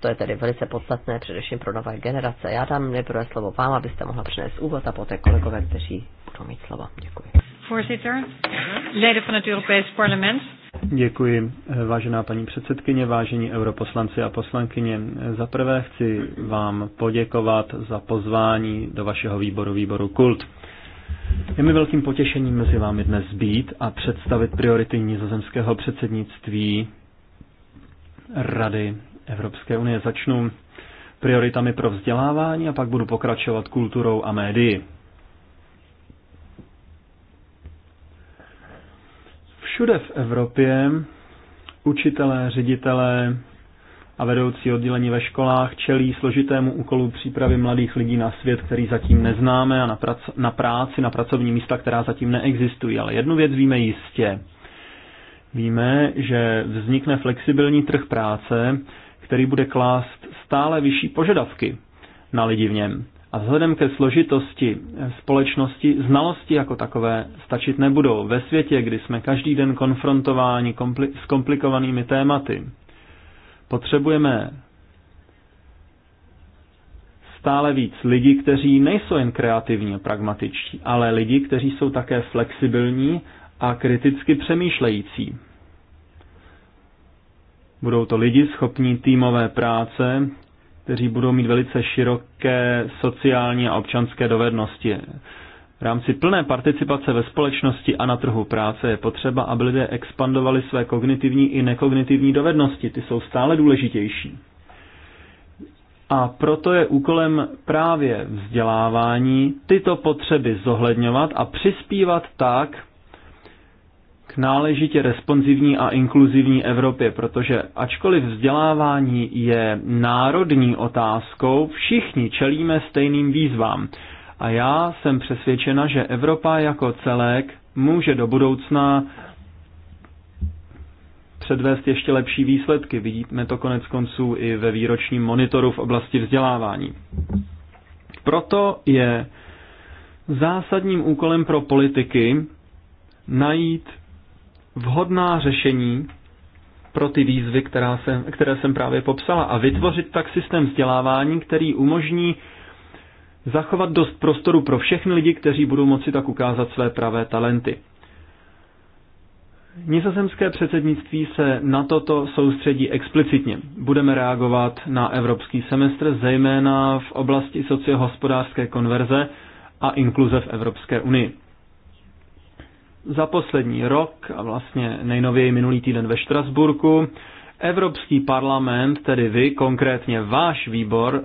To je tedy velice podstatné, především pro nové generace. Já dám nejprve slovo vám, abyste mohla přinést úvod a poté kolegové, kteří budou mít slovo. Děkuji. Děkuji, eh, vážená paní předsedkyně, vážení europoslanci a poslankyně. Za prvé chci vám poděkovat za pozvání do vašeho výboru, výboru Kult. Je mi velkým potěšením mezi vámi dnes být a představit priority nizozemského předsednictví Rady Evropské unie. Začnu prioritami pro vzdělávání a pak budu pokračovat kulturou a médii. Všude v Evropě učitelé, ředitelé, a vedoucí oddělení ve školách čelí složitému úkolu přípravy mladých lidí na svět, který zatím neznáme a na, prac- na práci, na pracovní místa, která zatím neexistují. Ale jednu věc víme jistě. Víme, že vznikne flexibilní trh práce, který bude klást stále vyšší požadavky na lidi v něm. A vzhledem ke složitosti společnosti, znalosti jako takové stačit nebudou. Ve světě, kdy jsme každý den konfrontováni kompli- s komplikovanými tématy, Potřebujeme stále víc lidí, kteří nejsou jen kreativní a pragmatičtí, ale lidi, kteří jsou také flexibilní a kriticky přemýšlející. Budou to lidi schopní týmové práce, kteří budou mít velice široké sociální a občanské dovednosti. V rámci plné participace ve společnosti a na trhu práce je potřeba, aby lidé expandovali své kognitivní i nekognitivní dovednosti. Ty jsou stále důležitější. A proto je úkolem právě vzdělávání tyto potřeby zohledňovat a přispívat tak k náležitě responsivní a inkluzivní Evropě, protože ačkoliv vzdělávání je národní otázkou, všichni čelíme stejným výzvám. A já jsem přesvědčena, že Evropa jako celek může do budoucna předvést ještě lepší výsledky. Vidíme to konec konců i ve výročním monitoru v oblasti vzdělávání. Proto je zásadním úkolem pro politiky najít vhodná řešení pro ty výzvy, která jsem, které jsem právě popsala a vytvořit tak systém vzdělávání, který umožní zachovat dost prostoru pro všechny lidi, kteří budou moci tak ukázat své pravé talenty. Nizozemské předsednictví se na toto soustředí explicitně. Budeme reagovat na evropský semestr, zejména v oblasti sociohospodářské konverze a inkluze v Evropské unii. Za poslední rok a vlastně nejnověji minulý týden ve Štrasburku Evropský parlament, tedy vy, konkrétně váš výbor,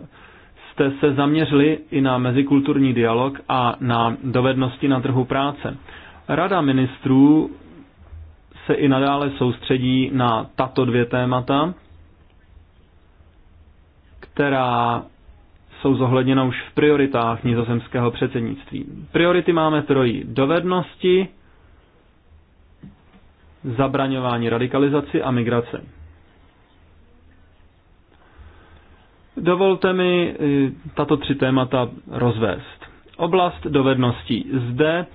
jste se zaměřili i na mezikulturní dialog a na dovednosti na trhu práce. Rada ministrů se i nadále soustředí na tato dvě témata, která jsou zohledněna už v prioritách nizozemského předsednictví. Priority máme trojí. Dovednosti, zabraňování radikalizaci a migrace. Dovolte mi eh, tato tři témata rozvést. Oblast dovedností. Zde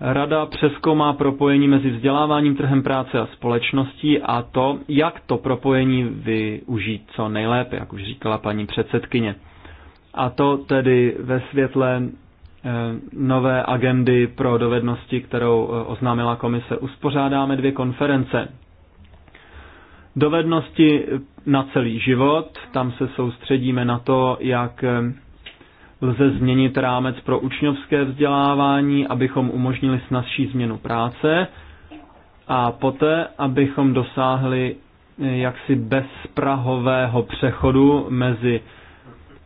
Rada přeskoumá propojení mezi vzděláváním trhem práce a společností a to, jak to propojení využít co nejlépe, jak už říkala paní předsedkyně. A to tedy ve světle eh, nové agendy pro dovednosti, kterou eh, oznámila komise. Uspořádáme dvě konference. Dovednosti na celý život. Tam se soustředíme na to, jak eh, lze změnit rámec pro učňovské vzdělávání, abychom umožnili snazší změnu práce a poté, abychom dosáhli eh, jaksi bezprahového přechodu mezi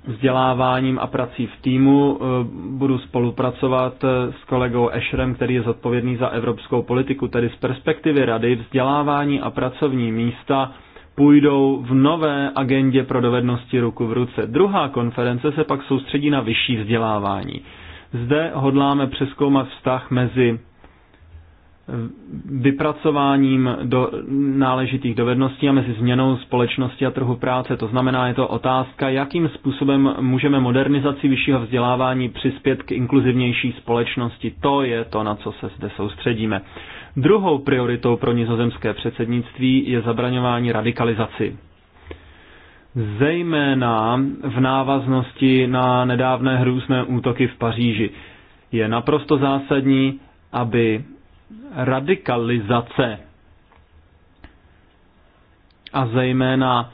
vzděláváním a prací v týmu. Eh, budu spolupracovat s kolegou Ešrem, který je zodpovědný za evropskou politiku, tedy z perspektivy rady vzdělávání a pracovní místa – půjdou v nové agendě pro dovednosti ruku v ruce. Druhá konference se pak soustředí na vyšší vzdělávání. Zde hodláme přeskoumat vztah mezi vypracováním do náležitých dovedností a mezi změnou společnosti a trhu práce. To znamená, je to otázka, jakým způsobem můžeme modernizaci vyššího vzdělávání přispět k inkluzivnější společnosti. To je to, na co se zde soustředíme. Druhou prioritou pro nizozemské předsednictví je zabraňování radikalizaci. Zejména v návaznosti na nedávné hrůzné útoky v Paříži je naprosto zásadní, aby radikalizace a zejména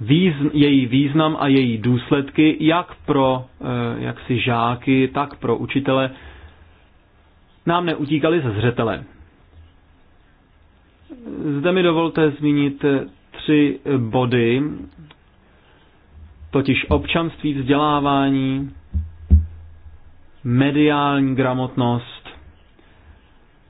význ, její význam a její důsledky jak pro eh, jak si žáky, tak pro učitele nám neutíkaly ze zřetele. Zde mi dovolte zmínit tři body, totiž občanství, vzdělávání, mediální gramotnost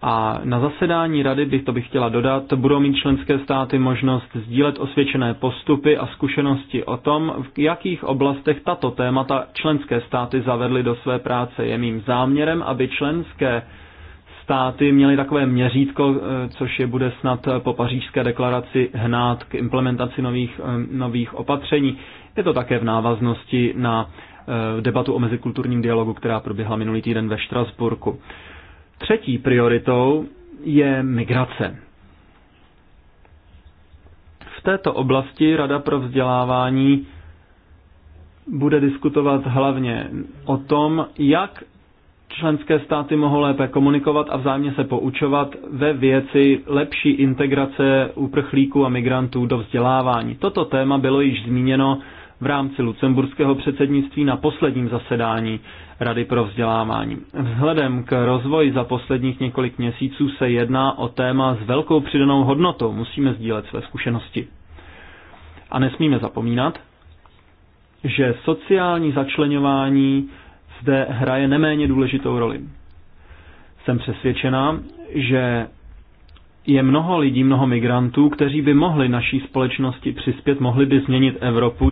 a na zasedání rady, bych to bych chtěla dodat, budou mít členské státy možnost sdílet osvědčené postupy a zkušenosti o tom, v jakých oblastech tato témata členské státy zavedly do své práce. Je mým záměrem, aby členské státy měly takové měřítko, eh, což je bude snad po pařížské deklaraci hnát k implementaci nových, eh, nových opatření. Je to také v návaznosti na eh, debatu o mezikulturním dialogu, která proběhla minulý týden ve Štrasburku. Třetí prioritou je migrace. V této oblasti Rada pro vzdělávání bude diskutovat hlavně o tom, jak členské státy mohou lépe komunikovat a vzájemně se poučovat ve věci lepší integrace uprchlíků a migrantů do vzdělávání. Toto téma bylo již zmíněno v rámci lucemburského předsednictví na posledním zasedání Rady pro vzdělávání. Vzhledem k rozvoji za posledních několik měsíců se jedná o téma s velkou přidanou hodnotou. Musíme sdílet své zkušenosti. A nesmíme zapomínat, že sociální začlenování zde hraje neméně důležitou roli. Jsem přesvědčená, že je mnoho lidí, mnoho migrantů, kteří by mohli naší společnosti přispět, mohli by změnit Evropu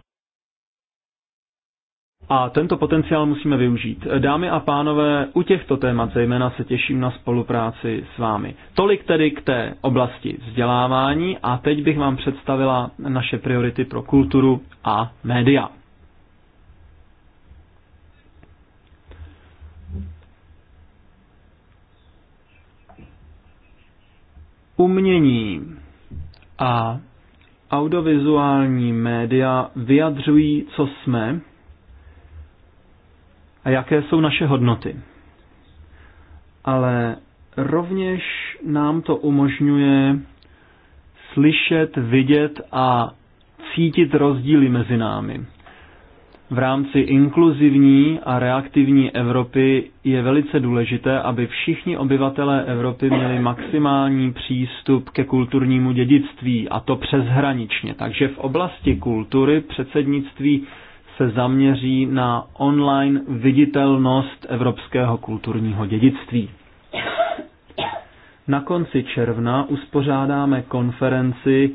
a tento potenciál musíme využít. Dámy a pánové, u těchto témat zejména se těším na spolupráci s vámi. Tolik tedy k té oblasti vzdělávání a teď bych vám představila naše priority pro kulturu a média. Umění a audiovizuální média vyjadřují, co jsme, a jaké jsou naše hodnoty. Ale rovněž nám to umožňuje slyšet, vidět a cítit rozdíly mezi námi. V rámci inkluzivní a reaktivní Evropy je velice důležité, aby všichni obyvatelé Evropy měli maximální přístup ke kulturnímu dědictví, a to přeshraničně. Takže v oblasti kultury předsednictví se zaměří na online viditelnost evropského kulturního dědictví. Na konci června uspořádáme konferenci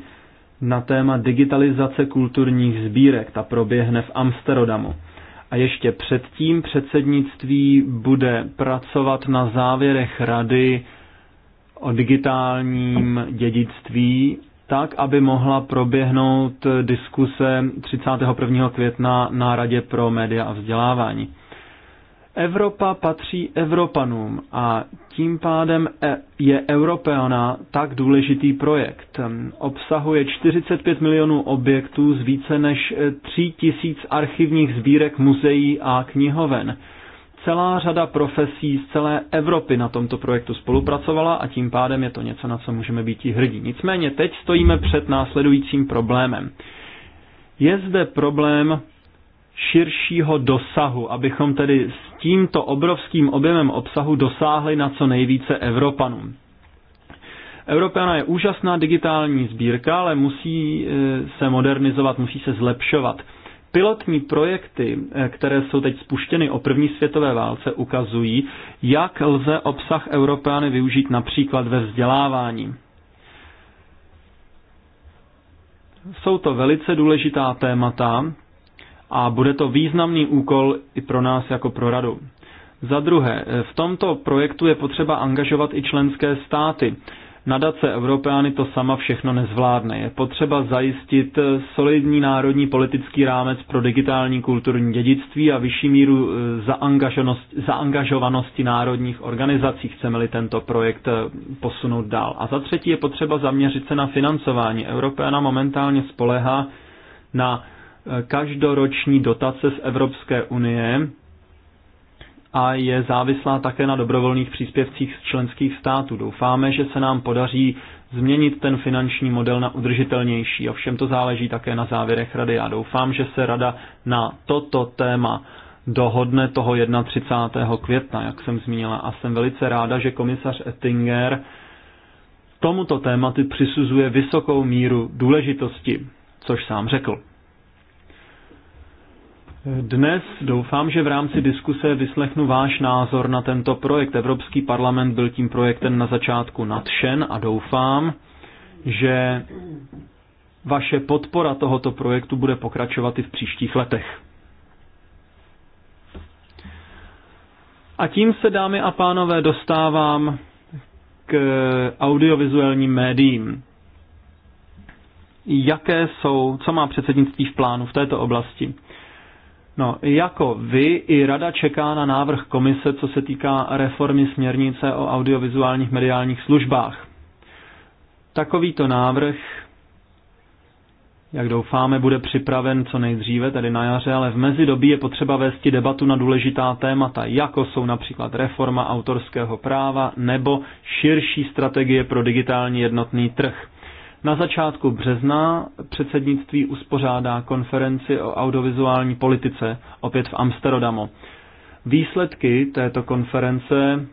na téma digitalizace kulturních sbírek. Ta proběhne v Amsterdamu. A ještě předtím předsednictví bude pracovat na závěrech rady o digitálním dědictví tak, aby mohla proběhnout diskuse 31. května na Radě pro média a vzdělávání. Evropa patří Evropanům a tím pádem e, je Europeana tak důležitý projekt. Obsahuje 45 milionů objektů z více než 3 tisíc archivních sbírek muzeí a knihoven – celá řada profesí z celé Evropy na tomto projektu spolupracovala a tím pádem je to něco, na co můžeme být i hrdí. Nicméně teď stojíme před následujícím problémem. Je zde problém širšího dosahu, abychom tedy s tímto obrovským objemem obsahu dosáhli na co nejvíce Evropanů. Evropana je úžasná digitální sbírka, ale musí e, se modernizovat, musí se zlepšovat pilotní projekty, eh, které jsou teď spuštěny o první světové válce, ukazují, jak lze obsah Europeany využít například ve vzdělávání. Jsou to velice důležitá témata a bude to významný úkol i pro nás jako pro radu. Za druhé, eh, v tomto projektu je potřeba angažovat i členské státy nadace Evropeány to sama všechno nezvládne. Je potřeba zajistit solidní národní politický rámec pro digitální kulturní dědictví a vyšší míru eh, zaangažovanosti národních organizací, chceme-li tento projekt eh, posunout dál. A za třetí je potřeba zaměřit se na financování. Evropeana momentálně spolehá na eh, každoroční dotace z Evropské unie, a je závislá také na dobrovolných příspěvcích z členských států. Doufáme, že se nám podaří změnit ten finanční model na udržitelnější. Ovšem to záleží také na závěrech rady. Já doufám, že se rada na toto téma dohodne toho 31. května, jak jsem zmínila. A jsem velice ráda, že komisař Ettinger tomuto tématu přisuzuje vysokou míru důležitosti, což sám řekl. Dnes doufám, že v rámci diskuse vyslechnu váš názor na tento projekt. Evropský parlament byl tím projektem na začátku nadšen a doufám, že vaše podpora tohoto projektu bude pokračovat i v příštích letech. A tím se, dámy a pánové, dostávám k audiovizuálním médiím. Jaké jsou, co má předsednictví v plánu v této oblasti? No, jako vy, i rada čeká na návrh komise, co se týká reformy směrnice o audiovizuálních mediálních službách. Takovýto návrh, jak doufáme, bude připraven co nejdříve, tedy na jaře, ale v mezidobí je potřeba vésti debatu na důležitá témata, jako jsou například reforma autorského práva nebo širší strategie pro digitální jednotný trh. Na začátku března předsednictví uspořádá konferenci o audiovizuální politice opět v Amsterdamu. Výsledky této konference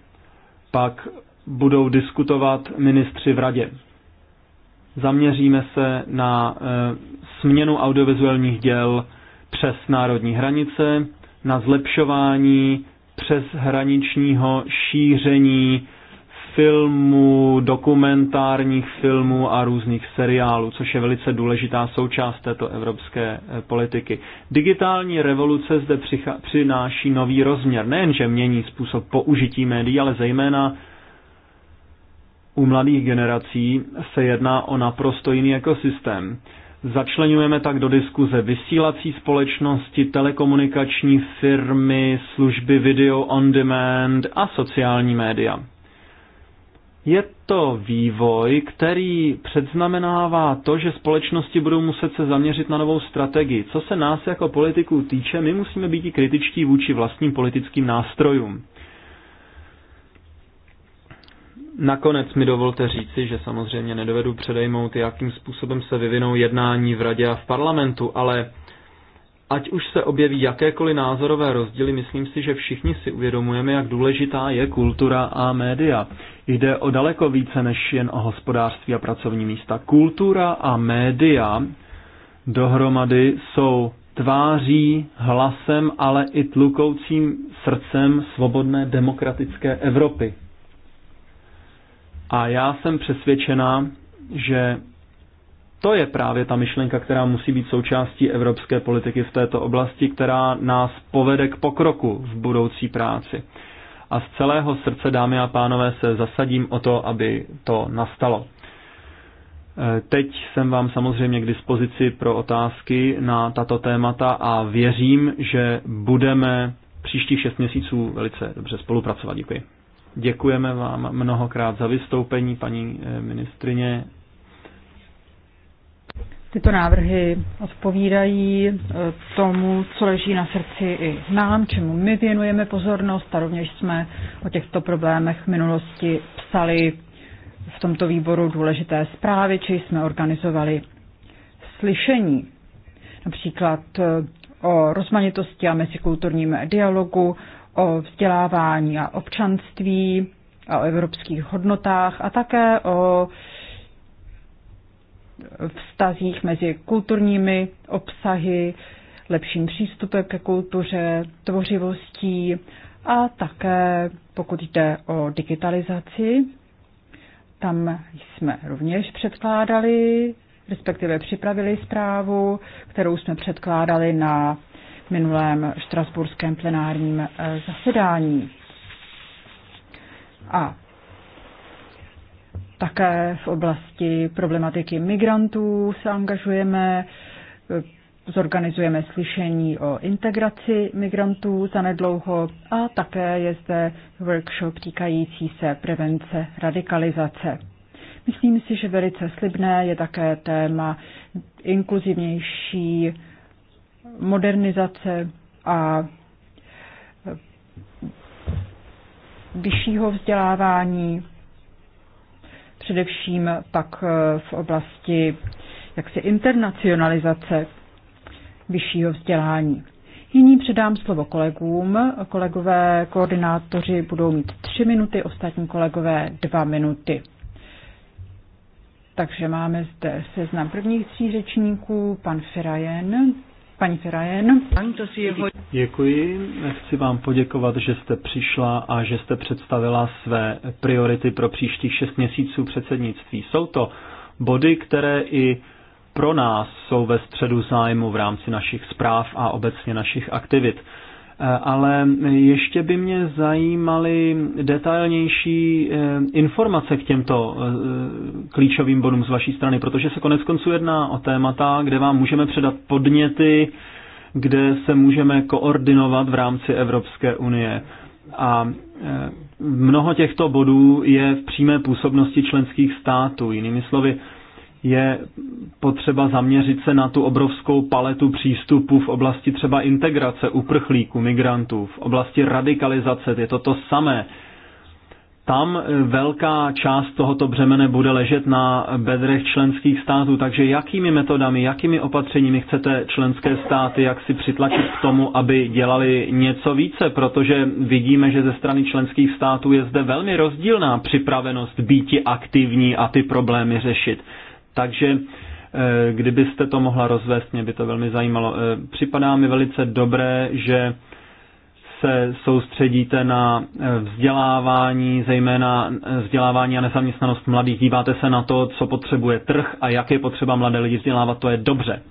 pak budou diskutovat ministři v radě. Zaměříme se na e, směnu audiovizuálních děl přes národní hranice, na zlepšování přeshraničního šíření filmů, dokumentárních filmů a různých seriálů, což je velice důležitá součást této evropské eh, politiky. Digitální revoluce zde přináší nový rozměr, nejenže mění způsob použití médií, ale zejména u mladých generací se jedná o naprosto jiný ekosystém. Začlenujeme tak do diskuze vysílací společnosti, telekomunikační firmy, služby video on demand a sociální média. Je to vývoj, který předznamenává to, že společnosti budou muset se zaměřit na novou strategii. Co se nás jako politiků týče, my musíme být i kritičtí vůči vlastním politickým nástrojům. Nakonec mi dovolte říci, že samozřejmě nedovedu předejmout, jakým způsobem se vyvinou jednání v radě a v parlamentu, ale ať už se objeví jakékoliv názorové rozdíly, myslím si, že všichni si uvědomujeme, jak důležitá je kultura a média. Jde o daleko více než jen o hospodářství a pracovní místa. Kultura a média dohromady jsou tváří, hlasem, ale i tlukoucím srdcem svobodné demokratické Evropy. A já jsem přesvědčená, že to je právě ta myšlenka, která musí být součástí evropské politiky v této oblasti, která nás povede k pokroku v budoucí práci. A z celého srdce, dámy a pánové, se zasadím o to, aby to nastalo. E, teď jsem vám samozřejmě k dispozici pro otázky na tato témata a věřím, že budeme příštích šest měsíců velice dobře spolupracovat. Děkuji. Děkujeme vám mnohokrát za vystoupení, paní e, ministrině Tyto návrhy odpovídají eh, tomu, co leží na srdci i nám, čemu my věnujeme pozornost a rovněž jsme o těchto problémech v minulosti psali v tomto výboru důležité zprávy, či jsme organizovali slyšení, například eh, o rozmanitosti a mezikulturním dialogu, o vzdělávání a občanství, a o evropských hodnotách a také o vztazích mezi kulturními obsahy, lepším přístupem ke kultuře, tvořivostí a také, pokud jde o digitalizaci, tam jsme rovněž předkládali, respektive připravili zprávu, kterou jsme předkládali na minulém štrasburském plenárním eh, zasedání. A také v oblasti problematiky migrantů se angažujeme, zorganizujeme slyšení o integraci migrantů zanedlouho a také je zde workshop týkající se prevence radikalizace. Myslím si, že velice slibné je také téma inkluzivnější modernizace a vyššího vzdělávání především pak eh, v oblasti jaksi internacionalizace vyššího vzdělání. Nyní předám slovo kolegům. Kolegové koordinátoři budou mít tři minuty, ostatní kolegové dva minuty. Takže máme zde seznam prvních tří řečníků, pan Firajen, Paní Ferajen. Děkuji. Chci vám poděkovat, že jste přišla a že jste představila své priority pro příštích šest měsíců předsednictví. Jsou to body, které i pro nás jsou ve středu zájmu v rámci našich zpráv a obecně našich aktivit. Eh, ale ještě by mě zajímaly detailnější eh, informace k těmto eh, klíčovým bodům z vaší strany, protože se konec konců jedná o témata, kde vám můžeme předat podněty, kde se můžeme koordinovat v rámci Evropské unie. A mnoho těchto bodů je v přímé působnosti členských států. Jinými slovy, je potřeba zaměřit se na tu obrovskou paletu přístupů v oblasti třeba integrace uprchlíků, migrantů, v oblasti radikalizace, je to to samé. Tam e, velká část tohoto břemene bude ležet na bedrech členských států, takže jakými metodami, jakými opatřeními chcete členské státy jak si přitlačit k tomu, aby dělali něco více, protože vidíme, že ze strany členských států je zde velmi rozdílná připravenost býti aktivní a ty problémy řešit. Takže eh, kdybyste to mohla rozvést, mě by to velmi zajímalo. Eh, připadá mi velice dobré, že se soustředíte na eh, vzdělávání, zejména vzdělávání a nezaměstnanost mladých. Díváte se na to, co potřebuje trh a jak je potřeba mladé lidi vzdělávat, to je dobře.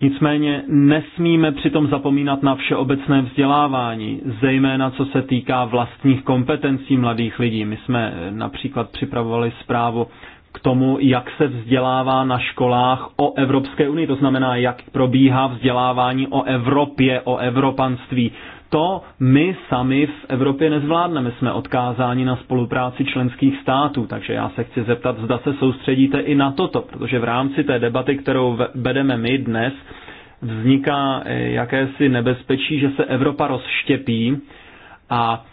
Nicméně nesmíme přitom zapomínat na všeobecné vzdělávání, zejména co se týká vlastních kompetencí mladých lidí. My jsme například připravovali zprávu k tomu, jak se vzdělává na školách o Evropské unii, to znamená, jak probíhá vzdělávání o Evropě, o evropanství. To my sami v Evropě nezvládneme, jsme odkázáni na spolupráci členských států, takže já se chci zeptat, zda se soustředíte i na toto, protože v rámci té debaty, kterou vedeme my dnes, vzniká eh, jakési nebezpečí, že se Evropa rozštěpí a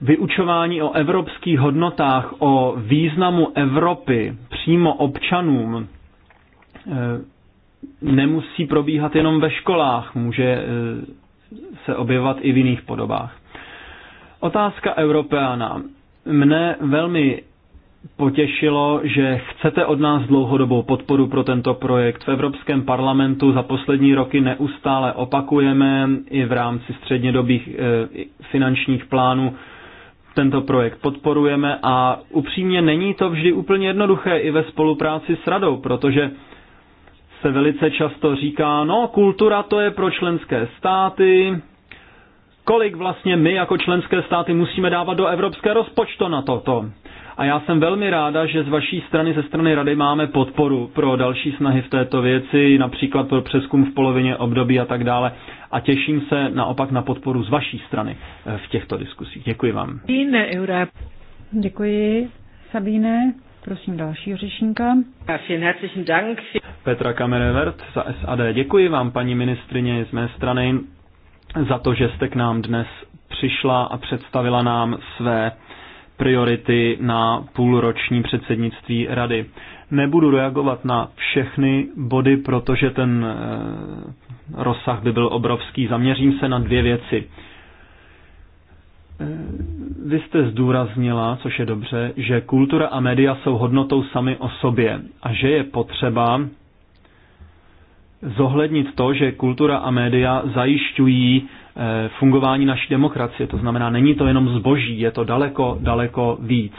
vyučování o evropských hodnotách, o významu Evropy přímo občanům eh, nemusí probíhat jenom ve školách, může eh, se objevovat i v jiných podobách. Otázka Europeana. Mne velmi potěšilo, že chcete od nás dlouhodobou podporu pro tento projekt. V Evropském parlamentu za poslední roky neustále opakujeme i v rámci střednědobých eh, finančních plánů tento projekt podporujeme a upřímně není to vždy úplně jednoduché i ve spolupráci s radou, protože se velice často říká, no kultura to je pro členské státy, kolik vlastně my jako členské státy musíme dávat do evropské rozpočtu na toto a já jsem velmi ráda, že z vaší strany, ze strany Rady máme podporu pro další snahy v této věci, například pro přeskum v polovině období a tak dále. A těším se naopak na podporu z vaší strany eh, v těchto diskusích. Děkuji vám. Děkuji, Sabine. Prosím dalšího řečníka. Petra Kamerevert za SAD. Děkuji vám, paní ministrině, z mé strany za to, že jste k nám dnes přišla a představila nám své priority na půlroční předsednictví rady. Nebudu reagovat na všechny body, protože ten eh, rozsah by byl obrovský. Zaměřím se na dvě věci. Eh, vy jste zdůraznila, což je dobře, že kultura a média jsou hodnotou sami o sobě a že je potřeba zohlednit to, že kultura a média zajišťují eh, fungování naší demokracie. To znamená, není to jenom zboží, je to daleko, daleko víc.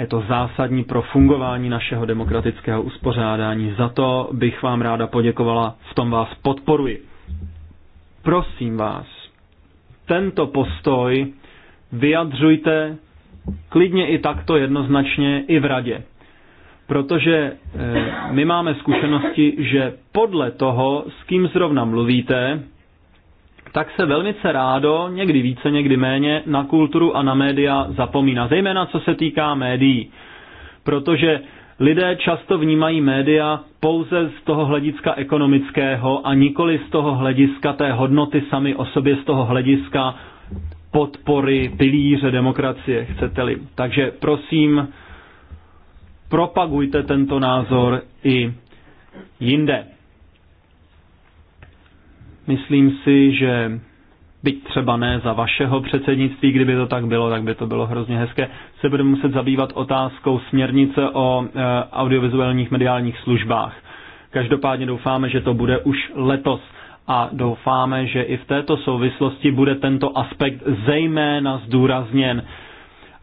Je to zásadní pro fungování našeho demokratického uspořádání. Za to bych vám ráda poděkovala, v tom vás podporuji. Prosím vás, tento postoj vyjadřujte klidně i takto jednoznačně i v radě protože eh, my máme zkušenosti, že podle toho, s kým zrovna mluvíte, tak se velice rádo, někdy více, někdy méně, na kulturu a na média zapomíná. Zejména co se týká médií. Protože lidé často vnímají média pouze z toho hlediska ekonomického a nikoli z toho hlediska té hodnoty sami o sobě, z toho hlediska podpory pilíře demokracie, chcete-li. Takže prosím, propagujte tento názor i jinde. Myslím si, že byť třeba ne za vašeho předsednictví, kdyby to tak bylo, tak by to bylo hrozně hezké, se budeme muset zabývat otázkou směrnice o e, audiovizuálních mediálních službách. Každopádně doufáme, že to bude už letos a doufáme, že i v této souvislosti bude tento aspekt zejména zdůrazněn,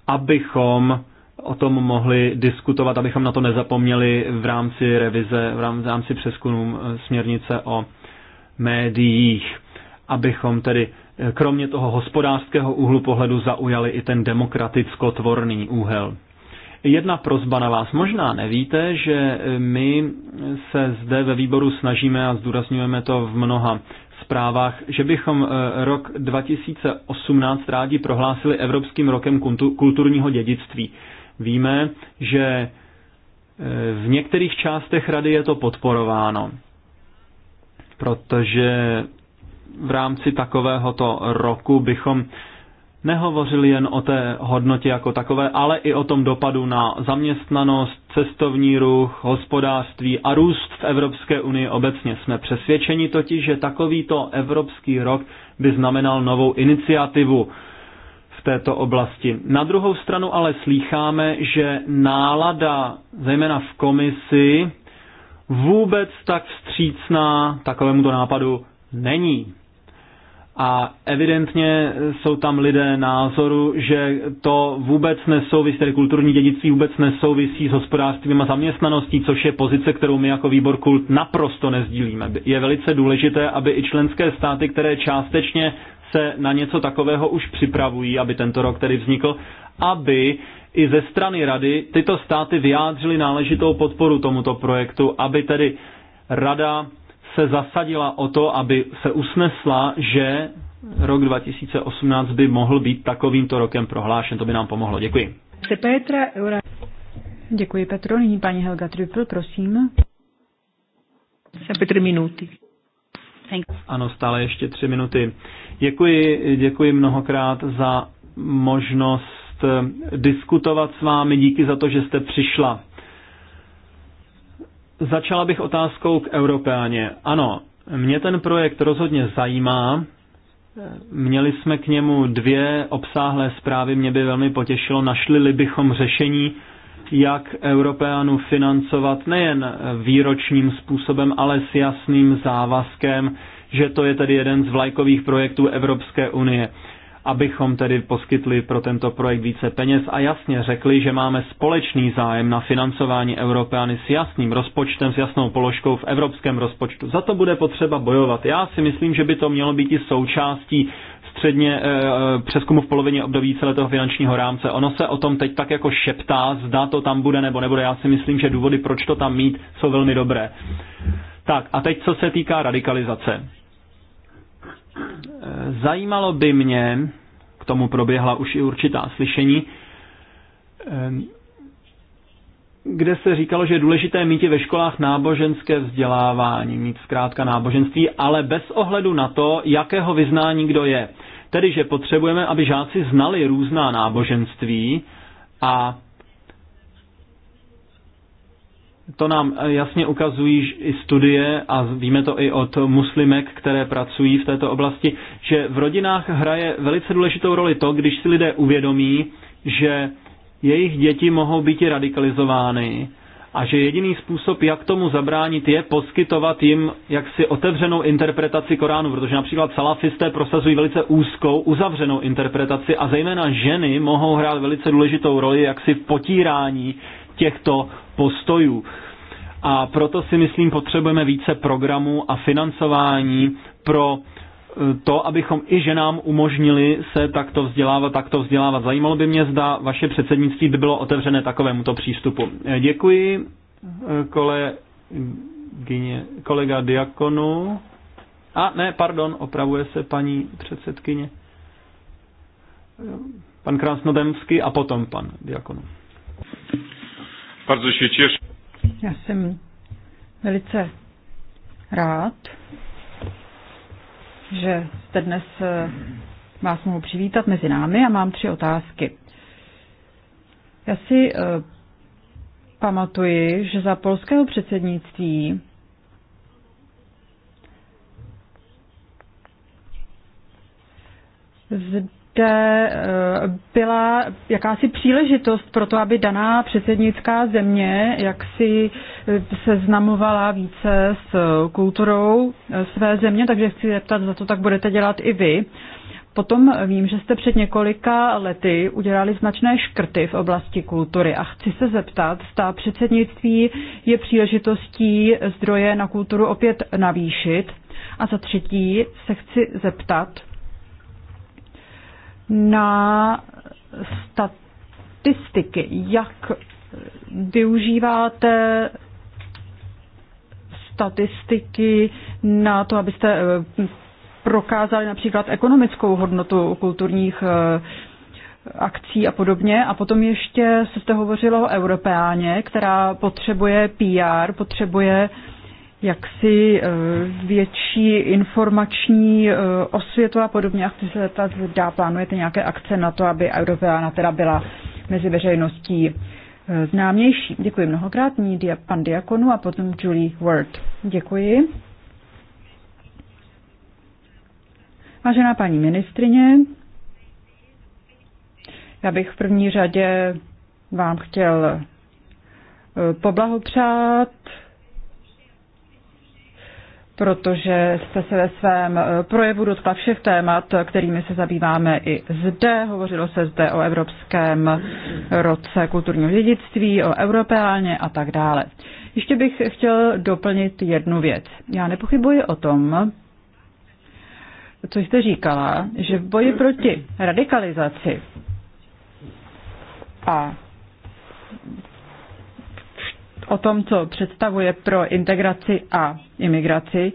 abychom o tom mohli diskutovat, abychom na to nezapomněli v rámci revize, v rámci přeskumu eh, směrnice o médiích, abychom tedy eh, kromě toho hospodářského úhlu pohledu zaujali i ten demokraticko-tvorný úhel. Jedna prozba na vás. Možná nevíte, že eh, my se zde ve výboru snažíme a zdůrazňujeme to v mnoha zprávách, že bychom rok 2018 rádi prohlásili Evropským rokem kulturního dědictví. Víme, že e, v některých částech rady je to podporováno, protože v rámci takovéhoto roku bychom nehovořili jen o té hodnotě jako takové, ale i o tom dopadu na zaměstnanost, cestovní ruch, hospodářství a růst v Evropské unii obecně. Jsme přesvědčeni totiž, že takovýto Evropský rok by znamenal novou iniciativu, této oblasti. Na druhou stranu ale slýcháme, že nálada, zejména v komisi, vůbec tak vstřícná takovému to nápadu není. A evidentně jsou tam lidé názoru, že to vůbec nesouvisí, tedy kulturní dědictví vůbec nesouvisí s hospodářstvím a zaměstnaností, což je pozice, kterou my jako výbor kult naprosto nezdílíme. Je velice důležité, aby i členské státy, které částečně se na něco takového už připravují, aby tento rok tedy vznikl, aby i ze strany rady tyto státy vyjádřily náležitou podporu tomuto projektu, aby tedy rada se zasadila o to, aby se usnesla, že rok 2018 by mohl být takovýmto rokem prohlášen. To by nám pomohlo. Děkuji. Petra, Děkuji Petro. Nyní paní Helga Trüppel, prosím. Se tři minuty. Ano, stále ještě tři minuty. Děkuji, děkuji mnohokrát za možnost eh, diskutovat s vámi. Díky za to, že jste přišla. Začala bych otázkou k Europeáně. Ano, mě ten projekt rozhodně zajímá. Měli jsme k němu dvě obsáhlé zprávy, mě by velmi potěšilo. Našli-li bychom řešení, jak Europeanu financovat nejen výročním způsobem, ale s jasným závazkem, že to je tedy jeden z vlajkových projektů Evropské unie abychom tedy poskytli pro tento projekt více peněz a jasně řekli, že máme společný zájem na financování Europeany s jasným rozpočtem, s jasnou položkou v evropském rozpočtu. Za to bude potřeba bojovat. Já si myslím, že by to mělo být i součástí středně e, přeskumu v polovině období celého finančního rámce. Ono se o tom teď tak jako šeptá, zda to tam bude nebo nebude. Já si myslím, že důvody, proč to tam mít, jsou velmi dobré. Tak a teď, co se týká radikalizace. Zajímalo by mě, k tomu proběhla už i určitá slyšení, ehm, kde se říkalo, že je důležité mít ve školách náboženské vzdělávání, mít zkrátka náboženství, ale bez ohledu na to, jakého vyznání kdo je. Tedy, že potřebujeme, aby žáci znali různá náboženství a to nám jasně ukazují i studie, a víme to i od muslimek, které pracují v této oblasti, že v rodinách hraje velice důležitou roli to, když si lidé uvědomí, že jejich děti mohou být radikalizovány a že jediný způsob, jak tomu zabránit, je poskytovat jim jaksi otevřenou interpretaci Koránu, protože například salafisté prosazují velice úzkou, uzavřenou interpretaci a zejména ženy mohou hrát velice důležitou roli jaksi v potírání těchto postojů. A proto si myslím, potřebujeme více programů a financování pro e, to, abychom i ženám umožnili se takto vzdělávat, takto vzdělávat. Zajímalo by mě, zda vaše předsednictví by bylo otevřené takovémuto přístupu. E, děkuji e, kole, gyně, kolega Diakonu. A ne, pardon, opravuje se paní předsedkyně. Pan Krásnodemský a potom pan Diakonu. Bardzo się cieszę. Ja jsem velice rád, že jste dnes eh, vás mohu přivítat mezi námi a mám tři otázky. Já si eh, pamatuji, že za polského předsednictví kde eh, byla jakási příležitost pro to, aby daná předsednická země jak si eh, seznamovala více s eh, kulturou své země, takže chci zeptat, za to tak budete dělat i vy. Potom vím, že jste před několika lety udělali značné škrty v oblasti kultury a chci se zeptat, zda předsednictví je příležitostí zdroje na kulturu opět navýšit. A za třetí se chci zeptat, na statistiky, jak využíváte statistiky na to, abyste eh, prokázali například ekonomickou hodnotu kulturních eh, akcí a podobně. A potom ještě se jste hovořilo o Europeáně, která potřebuje PR, potřebuje uh, jaksi eh, větší informační eh, osvětu a podobně. A chci se zeptat, dá plánujete nějaké akce na to, aby Europeana teda byla mezi veřejností eh, známější. Děkuji mnohokrát, ní pan Diakonu a potom Julie Word. Děkuji. Vážená paní ministrině, já bych v první řadě vám chtěl poblahopřát protože jste se ve svém eh, projevu dotkla všech témat, kterými se zabýváme i zde. Hovořilo se zde o Evropském roce kulturního dědictví, o Europeálně a tak dále. Ještě bych chtěl doplnit jednu věc. Já nepochybuji o tom, co jste říkala, že v boji proti radikalizaci a o tom, co představuje pro integraci a imigraci,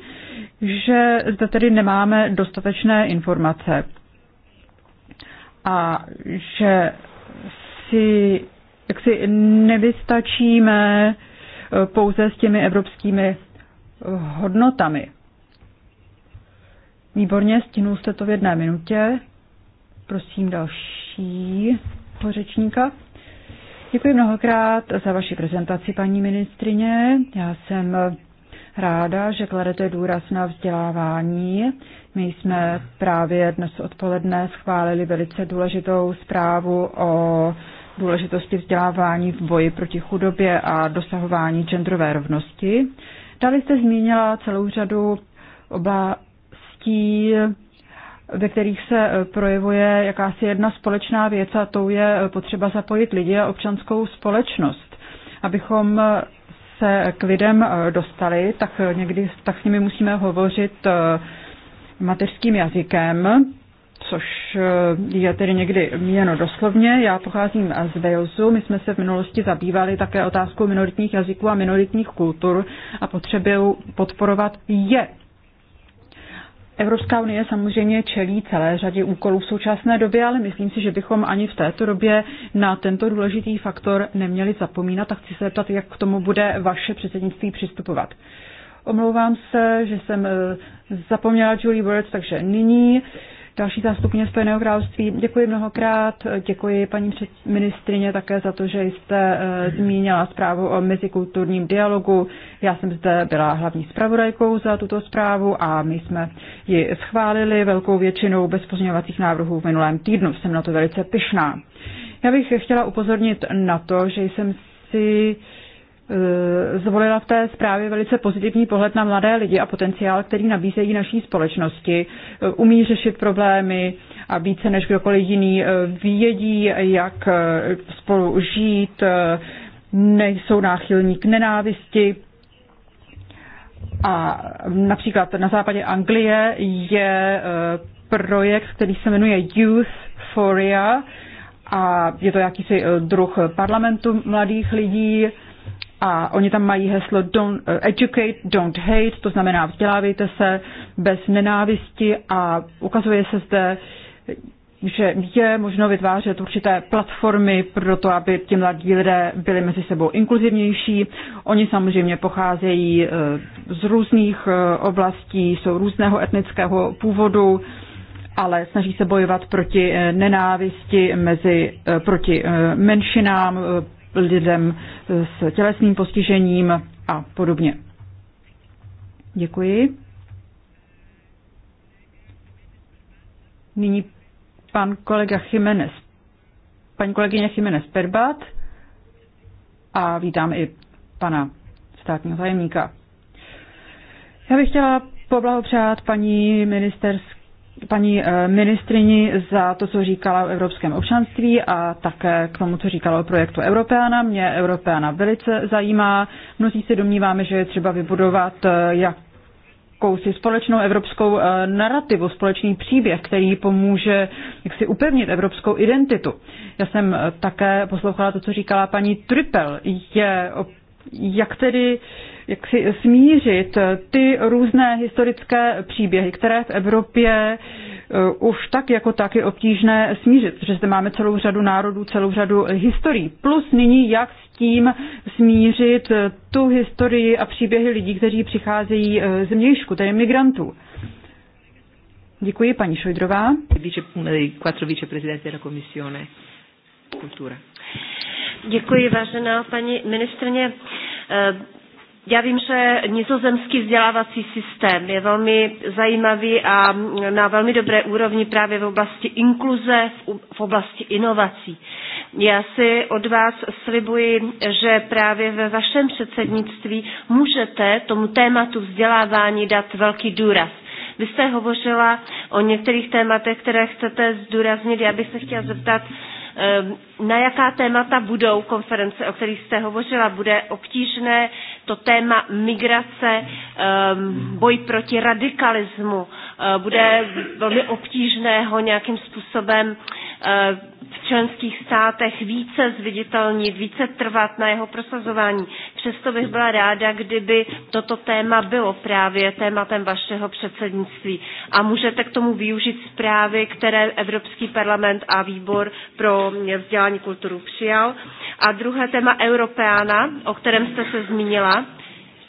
že zde tedy nemáme dostatečné informace a že si jaksi nevystačíme eh, pouze s těmi evropskými eh, hodnotami. Výborně, stihnul jste to v jedné minutě. Prosím dalšího řečníka. Děkuji mnohokrát za vaši prezentaci, paní ministrině. Já jsem ráda, že kladete důraz na vzdělávání. My jsme právě dnes odpoledne schválili velice důležitou zprávu o důležitosti vzdělávání v boji proti chudobě a dosahování genderové rovnosti. Dali jste zmínila celou řadu oblastí, ve kterých se e, projevuje jakási jedna společná věc a tou je e, potřeba zapojit lidi a občanskou společnost. Abychom e, se k lidem dostali, tak někdy tak s nimi musíme hovořit mateřským jazykem, což je tedy někdy měno doslovně. Já pocházím z Walesu, my jsme se v minulosti zabývali také otázkou minoritních jazyků a minoritních kultur a potřebuji podporovat je Evropská unie samozřejmě čelí celé řadě úkolů v současné době, ale myslím si, že bychom ani v této době na tento důležitý faktor neměli zapomínat a chci se zeptat, jak k tomu bude vaše předsednictví přistupovat. Omlouvám se, že jsem eh, zapomněla Julie Words, takže nyní další zástupně Spojeného království. Děkuji mnohokrát, děkuji paní ministrině také za to, že jste eh, zmínila zprávu o mezikulturním dialogu. Já jsem zde byla hlavní zpravodajkou za tuto zprávu a my jsme ji schválili velkou většinou bez pozměňovacích návrhů v minulém týdnu. Jsem na to velice pyšná. Já bych chtěla upozornit na to, že jsem si Eh, zvolila v té zprávě velice pozitivní pohled na mladé lidi a potenciál, který nabízejí naší společnosti. Eh, umí řešit problémy a více než kdokoliv jiný eh, vědí, jak spolu žít, nejsou náchylní k nenávisti. A například na západě Anglie je projekt, který se jmenuje Youth Foria a je to jakýsi druh parlamentu mladých lidí, a oni tam mají heslo don't, eh, educate, don't hate, to znamená vzdělávejte se bez nenávisti a ukazuje se zde, že je možno vytvářet určité platformy pro to, aby ti mladí lidé byli mezi sebou inkluzivnější. Oni samozřejmě pocházejí eh, z různých eh, oblastí, jsou různého etnického původu, ale snaží se bojovat proti nenávisti, mezi, proti menšinám, lidem s tělesným postižením a podobně. Děkuji. Nyní pan kolega Jiménez, paní kolegyně Jiménez Perbat a vítám i pana státního tajemníka. Já bych chtěla poblahopřát paní ministerské paní eh, ministrini za to, co říkala o evropském občanství a také k tomu, co říkala o projektu Europeana. Mě Europeana velice zajímá. Mnozí se domníváme, že je třeba vybudovat jak eh, jakousi společnou evropskou eh, narrativu, společný příběh, který pomůže jak si upevnit evropskou identitu. Já jsem také poslouchala to, co říkala paní Trippel. Je, jak tedy uh, jak si smířit ty různé historické příběhy, které v Evropě eh, už tak jako tak je obtížné smířit, protože zde máme celou řadu národů, celou řadu historií. Plus nyní, jak s tím smířit eh, tu historii a příběhy lidí, kteří přicházejí eh, z mějšku, tedy migrantů. Děkuji, paní Šojdrová. Kultura. Děkuji, vážená paní ministrně. Já vím, že nizozemský vzdělávací systém je velmi zajímavý a na velmi dobré úrovni právě v oblasti inkluze, v oblasti inovací. Já si od vás slibuji, že právě ve vašem předsednictví můžete tomu tématu vzdělávání dát velký důraz. Vy jste hovořila o některých tématech, které chcete zdůraznit. Já bych se chtěla zeptat, eh, na jaká témata budou konference, o kterých jste hovořila. Bude obtížné to téma migrace, ehm, boj proti radikalismu. Eh, bude velmi obtížné ho nějakým způsobem Eh, v členských státech více zviditelnit, více trvat na jeho prosazování. Přesto bych byla ráda, kdyby toto téma bylo právě tématem vašeho předsednictví. A můžete k tomu využít zprávy, které Evropský parlament a výbor pro vzdělání kulturu přijal. A druhé téma Europeana, o kterém jste se zmínila,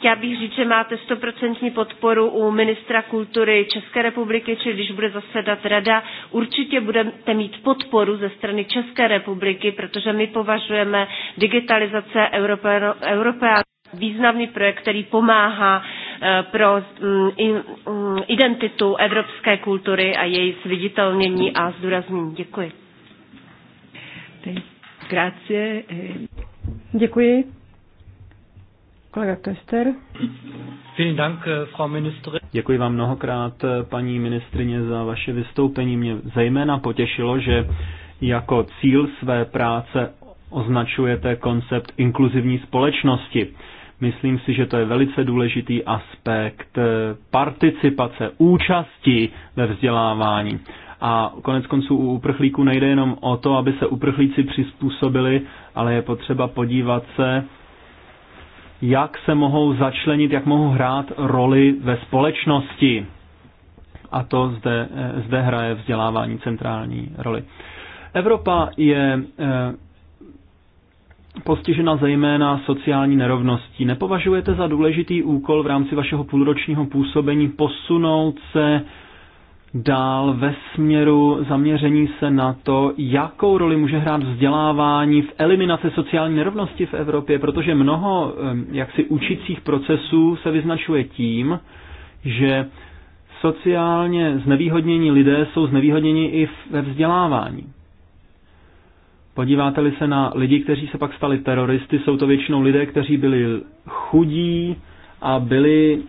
Chtěla bych říct, že máte stoprocentní podporu u ministra kultury České republiky, či když bude zasedat rada, určitě budete mít podporu ze strany České republiky, protože my považujeme digitalizace Evropy Europea významný projekt, který pomáhá eh, pro mm, mm, identitu evropské kultury a její zviditelnění a zdůraznění. Děkuji. Grazie. Děkuji. Kolega Köster. Äh, Děkuji vám mnohokrát, äh, paní ministrině, za vaše vystoupení. Mě zejména potěšilo, že jako cíl své práce označujete koncept inkluzivní společnosti. Myslím si, že to je velice důležitý aspekt äh, participace, účasti ve vzdělávání. A konec konců u uprchlíků nejde jenom o to, aby se uprchlíci přizpůsobili, ale je potřeba podívat se jak se mohou začlenit, jak mohou hrát roli ve společnosti. A to zde, eh, zde hraje vzdělávání centrální roli. Evropa je eh, postižena zejména sociální nerovností. Nepovažujete za důležitý úkol v rámci vašeho půlročního působení posunout se dál ve směru zaměření se na to, jakou roli může hrát vzdělávání v eliminaci sociální nerovnosti v Evropě, protože mnoho jaksi učících procesů se vyznačuje tím, že sociálně znevýhodnění lidé jsou znevýhodněni i ve vzdělávání. Podíváte-li se na lidi, kteří se pak stali teroristy, jsou to většinou lidé, kteří byli chudí, a byli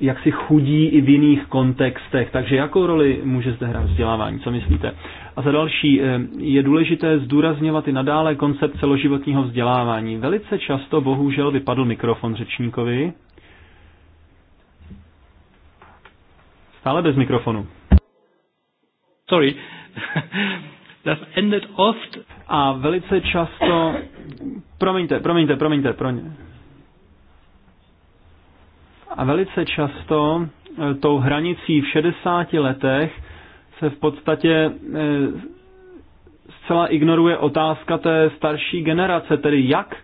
jaksi chudí i v jiných kontextech. Takže jakou roli může zde hrát vzdělávání, co myslíte? A za další, eh, je důležité zdůrazňovat i nadále koncept celoživotního vzdělávání. Velice často, bohužel, vypadl mikrofon řečníkovi. Stále bez mikrofonu. Sorry. <laughs> Das endet oft. A velice často... Promiňte, promiňte, promiňte, promiňte. A velice často eh, tou hranicí v 60 letech se v podstatě eh, zcela ignoruje otázka té starší generace, tedy jak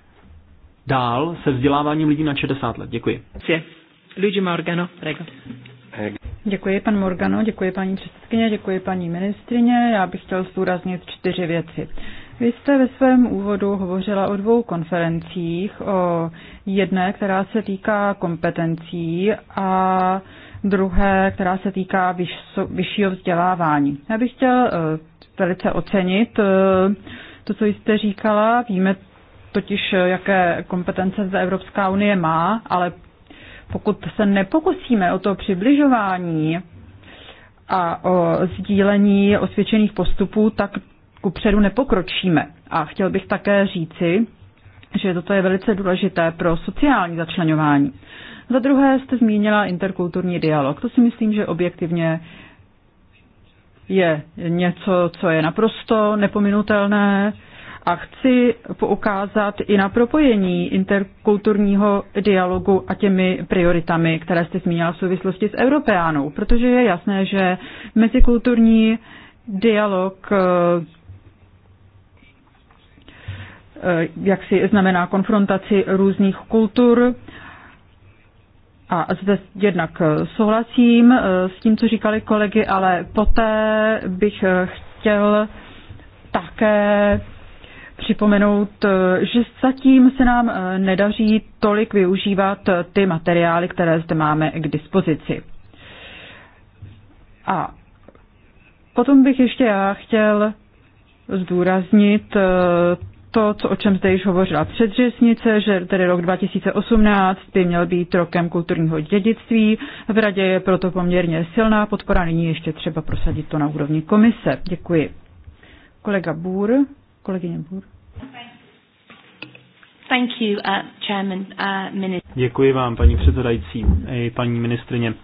dál se vzděláváním lidí na 60 let. Děkuji. Luigi Morgano, prego. Děkuji, pan Morgano, děkuji paní předsedkyně, děkuji paní ministrině. Já bych chtěl zdůraznit čtyři věci. Vy jste ve svém úvodu hovořila o dvou konferencích, o jedné, která se týká kompetencí a druhé, která se týká vyššího vzdělávání. Já bych chtěl eh, velice ocenit eh, to, co jste říkala. Víme totiž, jaké kompetence zde Evropská unie má, ale pokud se nepokusíme o to přibližování a o sdílení osvědčených postupů, tak kupředu nepokročíme. A chtěl bych také říci, že toto je velice důležité pro sociální začlenování. Za druhé jste zmínila interkulturní dialog. To si myslím, že objektivně je něco, co je naprosto nepominutelné a chci poukázat i na propojení interkulturního dialogu a těmi prioritami, které jste zmínila v souvislosti s Europeánou, protože je jasné, že mezikulturní dialog Eh, jak si znamená konfrontaci různých kultur. A zde jednak eh, souhlasím eh, s tím, co říkali kolegy, ale poté bych chtěl také připomenout, že zatím se nám nedaří tolik využívat ty materiály, které zde máme k dispozici. A potom bych ještě já chtěl zdůraznit to, co, o čem zde již hovořila předřesnice, že tedy rok 2018 by měl být rokem kulturního dědictví. V radě je proto poměrně silná podpora, nyní ještě třeba prosadit to na úrovni komise. Děkuji. Kolega Bůr, kolegyně Bůr. Thank you, uh, chairman, uh, Děkuji vám, paní předsedající, i paní ministrině.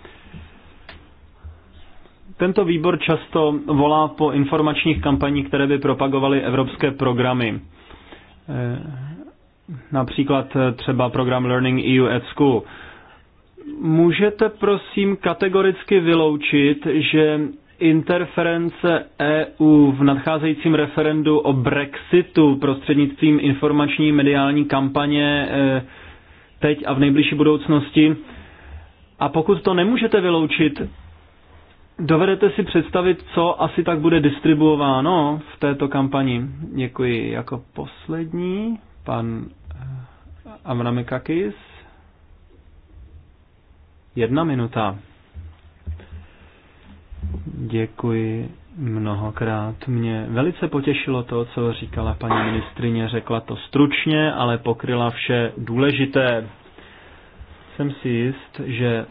Tento výbor často volá po informačních kampaních, které by propagovaly evropské programy. Eh, například eh, třeba program Learning EU at School. Můžete prosím kategoricky vyloučit, že interference EU v nadcházejícím referendu o Brexitu prostřednictvím informační mediální kampaně eh, teď a v nejbližší budoucnosti. A pokud to nemůžete vyloučit, Dovedete si představit, co asi tak bude distribuováno v této kampani? Děkuji. Jako poslední pan eh, Amramikakis. Jedna minuta. Děkuji mnohokrát. Mě velice potěšilo to, co říkala paní ministrině. Řekla to stručně, ale pokryla vše důležité. Jsem si jist, že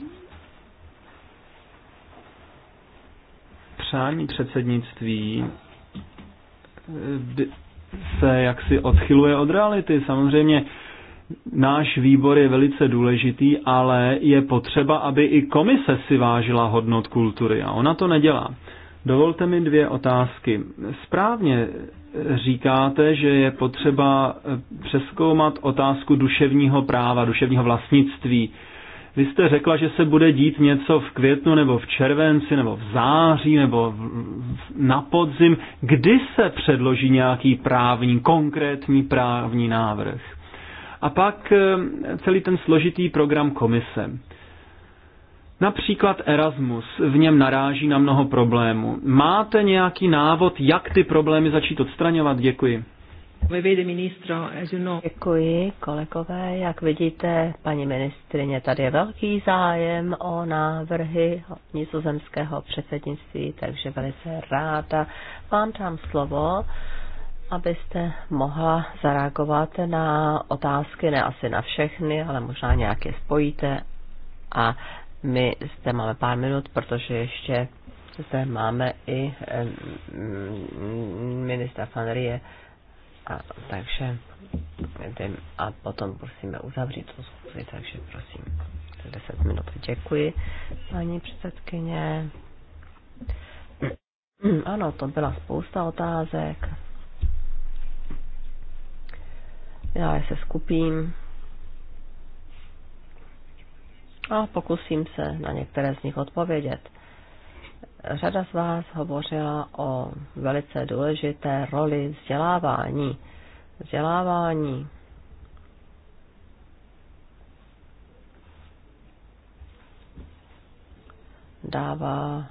přání předsednictví eh, se jaksi odchyluje od reality. Samozřejmě náš výbor je velice důležitý, ale je potřeba, aby i komise si vážila hodnot kultury a ona to nedělá. Dovolte mi dvě otázky. Správně říkáte, že je potřeba eh, přeskoumat otázku duševního práva, duševního vlastnictví vy jste řekla, že se bude dít něco v květnu nebo v červenci nebo v září nebo v, na podzim. Kdy se předloží nějaký právní, konkrétní právní návrh? A pak eh, celý ten složitý program komise. Například Erasmus, v něm naráží na mnoho problémů. Máte nějaký návod, jak ty problémy začít odstraňovat? Děkuji. Děkuji, kolegové. Jak vidíte, paní ministrině, tady je velký zájem o návrhy nizozemského předsednictví, takže velice ráda vám dám slovo, abyste mohla zareagovat na otázky, ne asi na všechny, ale možná nějaké spojíte. A my zde máme pár minut, protože ještě zde máme i eh, ministra Fanrie. A, takže jdem a potom prosíme uzavřít tu schůzi, takže prosím, 10 minut. Děkuji, paní předsedkyně. Ano, to byla spousta otázek. Já je se skupím a pokusím se na některé z nich odpovědět. Řada z vás hovořila o velice důležité roli vzdělávání. Vzdělávání dává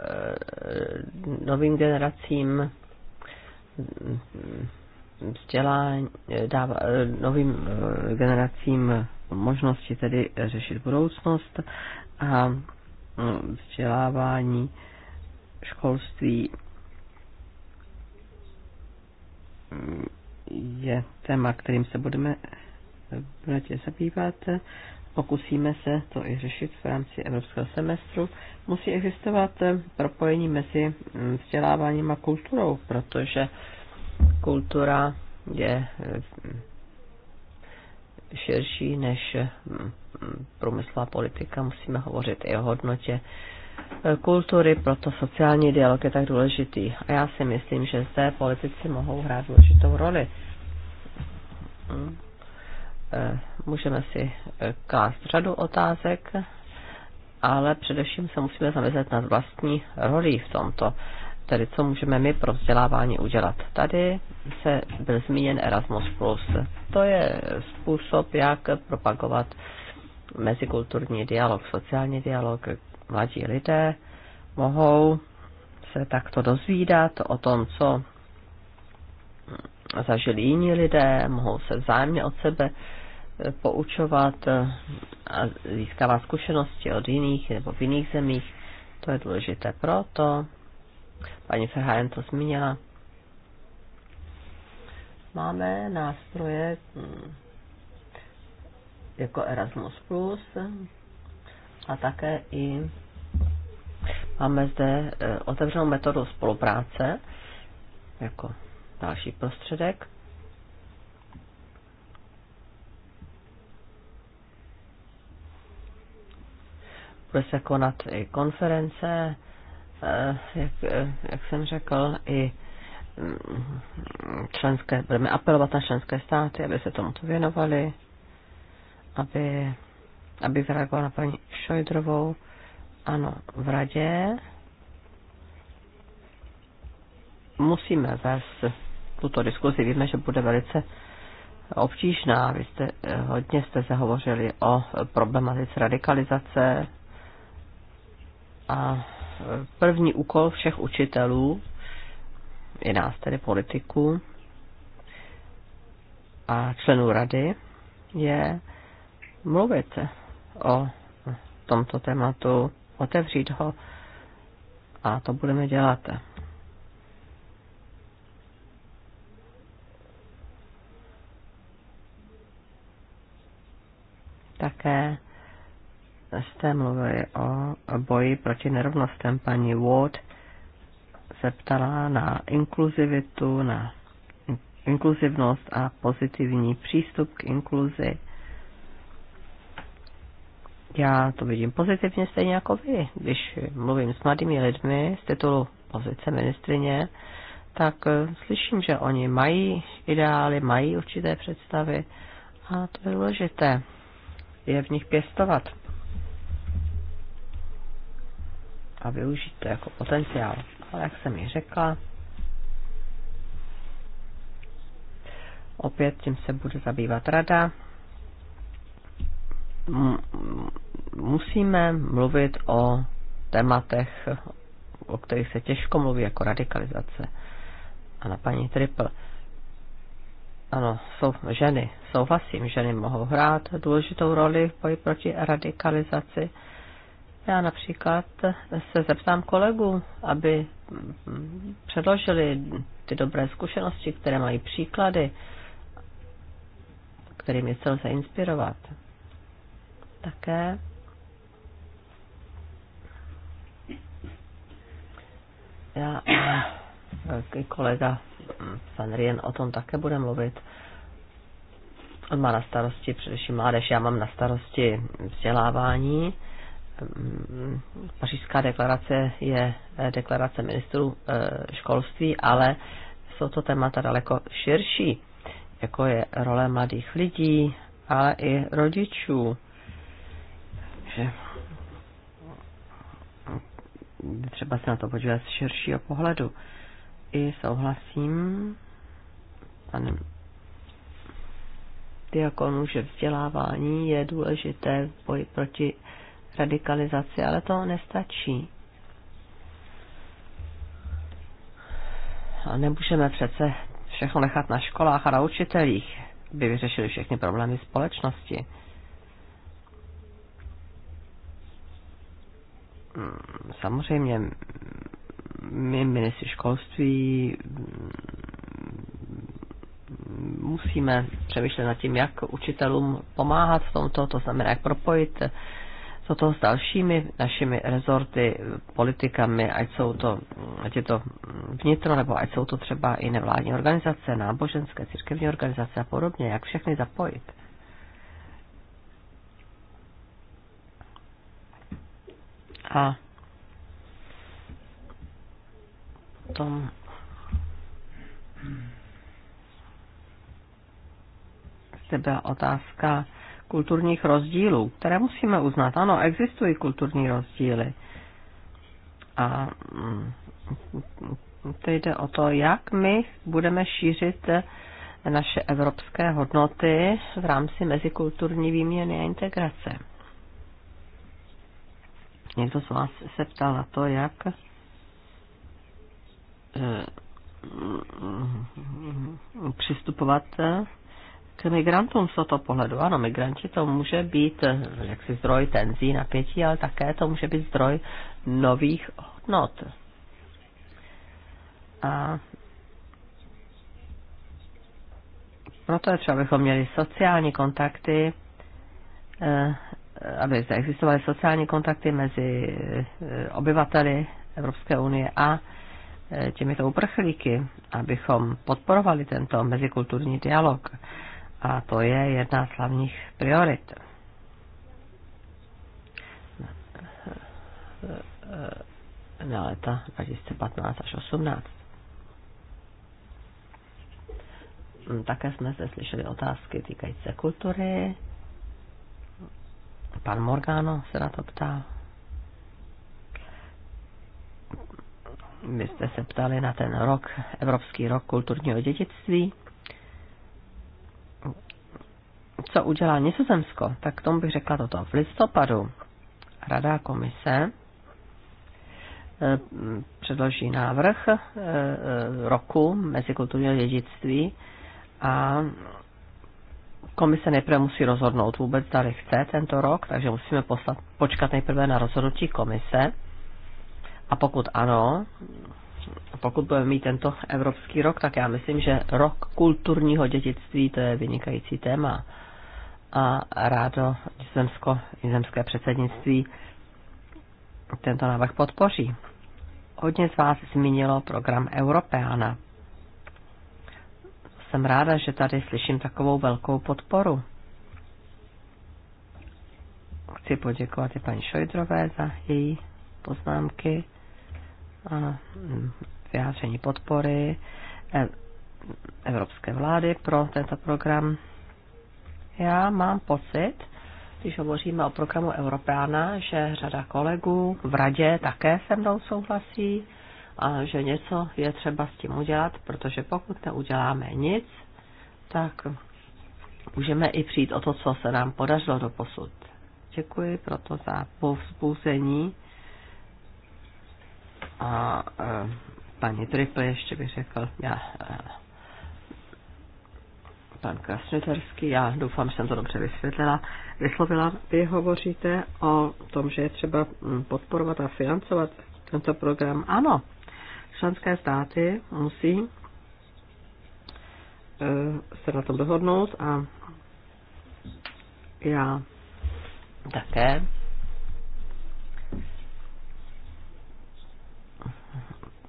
eh, novým generacím mm, vzdělání, dává eh, novým eh, generacím možnosti tedy řešit budoucnost a mm, vzdělávání, školství je téma, kterým se budeme budete zabývat. Pokusíme se to i řešit v rámci evropského semestru. Musí existovat propojení mezi vzděláváním a kulturou, protože kultura je širší než mm, mm, průmyslová politika. Musíme hovořit i o hodnotě e, kultury, proto sociální dialog je tak důležitý. A já si myslím, že zde politici mohou hrát důležitou roli. Mm. E, můžeme si e, klást řadu otázek, ale především se musíme zamyslet nad vlastní roli v tomto tedy co můžeme my pro vzdělávání udělat. Tady se byl zmíněn Erasmus+. To je způsob, jak propagovat mezikulturní dialog, sociální dialog. Mladí lidé mohou se takto dozvídat o tom, co zažili jiní lidé, mohou se vzájemně od sebe poučovat a získávat zkušenosti od jiných nebo v jiných zemích. To je důležité proto, Paní Ferhajen to zmínila. Máme nástroje hm, jako Erasmus+, plus, a také i máme zde e, otevřenou metodu spolupráce jako další prostředek. Bude se konat i konference Eh, jak, eh, jak jsem řekl, i mm, členské, budeme apelovat na členské státy, aby se tomuto věnovali, aby, aby zareagovala na paní Šojdrovou. Ano, v radě musíme vést tuto diskuzi. Víme, že bude velice obtížná. Vy jste, eh, hodně jste se o problematice radikalizace a první úkol všech učitelů, i nás tedy politiků a členů rady, je mluvit o tomto tématu, otevřít ho a to budeme dělat. Také jste mluvili o boji proti nerovnostem. Paní Ward se ptala na inkluzivitu, na inkluzivnost a pozitivní přístup k inkluzi. Já to vidím pozitivně stejně jako vy. Když mluvím s mladými lidmi z titulu pozice ministrině, tak slyším, že oni mají ideály, mají určité představy a to je důležité je v nich pěstovat. a využít to jako potenciál. Ale jak jsem ji řekla, opět tím se bude zabývat rada. Musíme mluvit o tématech, o kterých se těžko mluví, jako radikalizace. A na paní Tripl. Ano, jsou ženy, souhlasím, ženy mohou hrát důležitou roli v boji proti radikalizaci já například se zeptám kolegu, aby předložili ty dobré zkušenosti, které mají příklady, kterými se lze inspirovat. Také já i kolega Rien o tom také bude mluvit. On má na starosti především mládež, já mám na starosti vzdělávání Mm, pařížská deklarace je eh, deklarace ministrů eh, školství, ale jsou to témata daleko širší, jako je role mladých lidí, ale i rodičů. Že třeba se na to podívat z širšího pohledu. I souhlasím panem diakonu, že vzdělávání je důležité v boji proti radikalizaci, ale to nestačí. A nemůžeme přece všechno nechat na školách a na učitelích, by vyřešili všechny problémy společnosti. Hmm, samozřejmě, my ministři školství hmm, musíme přemýšlet nad tím, jak učitelům pomáhat v tomto, to znamená, jak propojit toto s dalšími našimi rezorty, politikami, ať jsou to, ať je to vnitro, nebo ať jsou to třeba i nevládní organizace, náboženské, církevní organizace a podobně, jak všechny zapojit. A tom zde byla otázka, kulturních rozdílů, které musíme uznat. Ano, existují kulturní rozdíly. A mm, teď jde o to, jak my budeme šířit naše evropské hodnoty v rámci mezikulturní výměny a integrace. Někdo z vás se ptal na to, jak eh, mm, mm, přistupovat k migrantům z tohoto pohledu. Ano, migranti to může být eh, jaksi zdroj tenzí, napětí, ale také to může být zdroj nových hodnot. A proto je třeba, abychom měli sociální kontakty, eh, aby zde existovaly sociální kontakty mezi eh, obyvateli Evropské unie a těmito uprchlíky, abychom podporovali tento mezikulturní dialog. A to je jedna z hlavních priorit. Na leta 2015 až 18. Také jsme se slyšeli otázky týkající se kultury. Pan Morgano se na to ptá. Vy jste se ptali na ten rok, Evropský rok kulturního dědictví co udělá Nizozemsko, tak k tomu bych řekla toto. V listopadu Rada komise eh, předloží návrh eh, eh, roku mezikulturního dědictví a komise nejprve musí rozhodnout vůbec, zda chce tento rok, takže musíme poslat, počkat nejprve na rozhodnutí komise a pokud ano, pokud budeme mít tento Evropský rok, tak já myslím, že rok kulturního dědictví to je vynikající téma a rádo nizozemsko, nizozemské předsednictví tento návrh podpoří. Hodně z vás zmínilo program Europeana. Jsem ráda, že tady slyším takovou velkou podporu. Chci poděkovat i paní Šojdrové za její poznámky a vyjádření podpory eh, evropské vlády pro tento program já mám pocit, když hovoříme o programu Europeana, že řada kolegů v radě také se mnou souhlasí a že něco je třeba s tím udělat, protože pokud neuděláme nic, tak můžeme i přijít o to, co se nám podařilo do posud. Děkuji proto za povzbuzení. A e, paní Triple ještě bych řekl, já e, pan Krasnodorský. Já doufám, že jsem to dobře vysvětlila. Vyslovila, vy hovoříte o tom, že je třeba mm, podporovat a financovat tento program. Ano, členské státy musí e, se na tom dohodnout a já také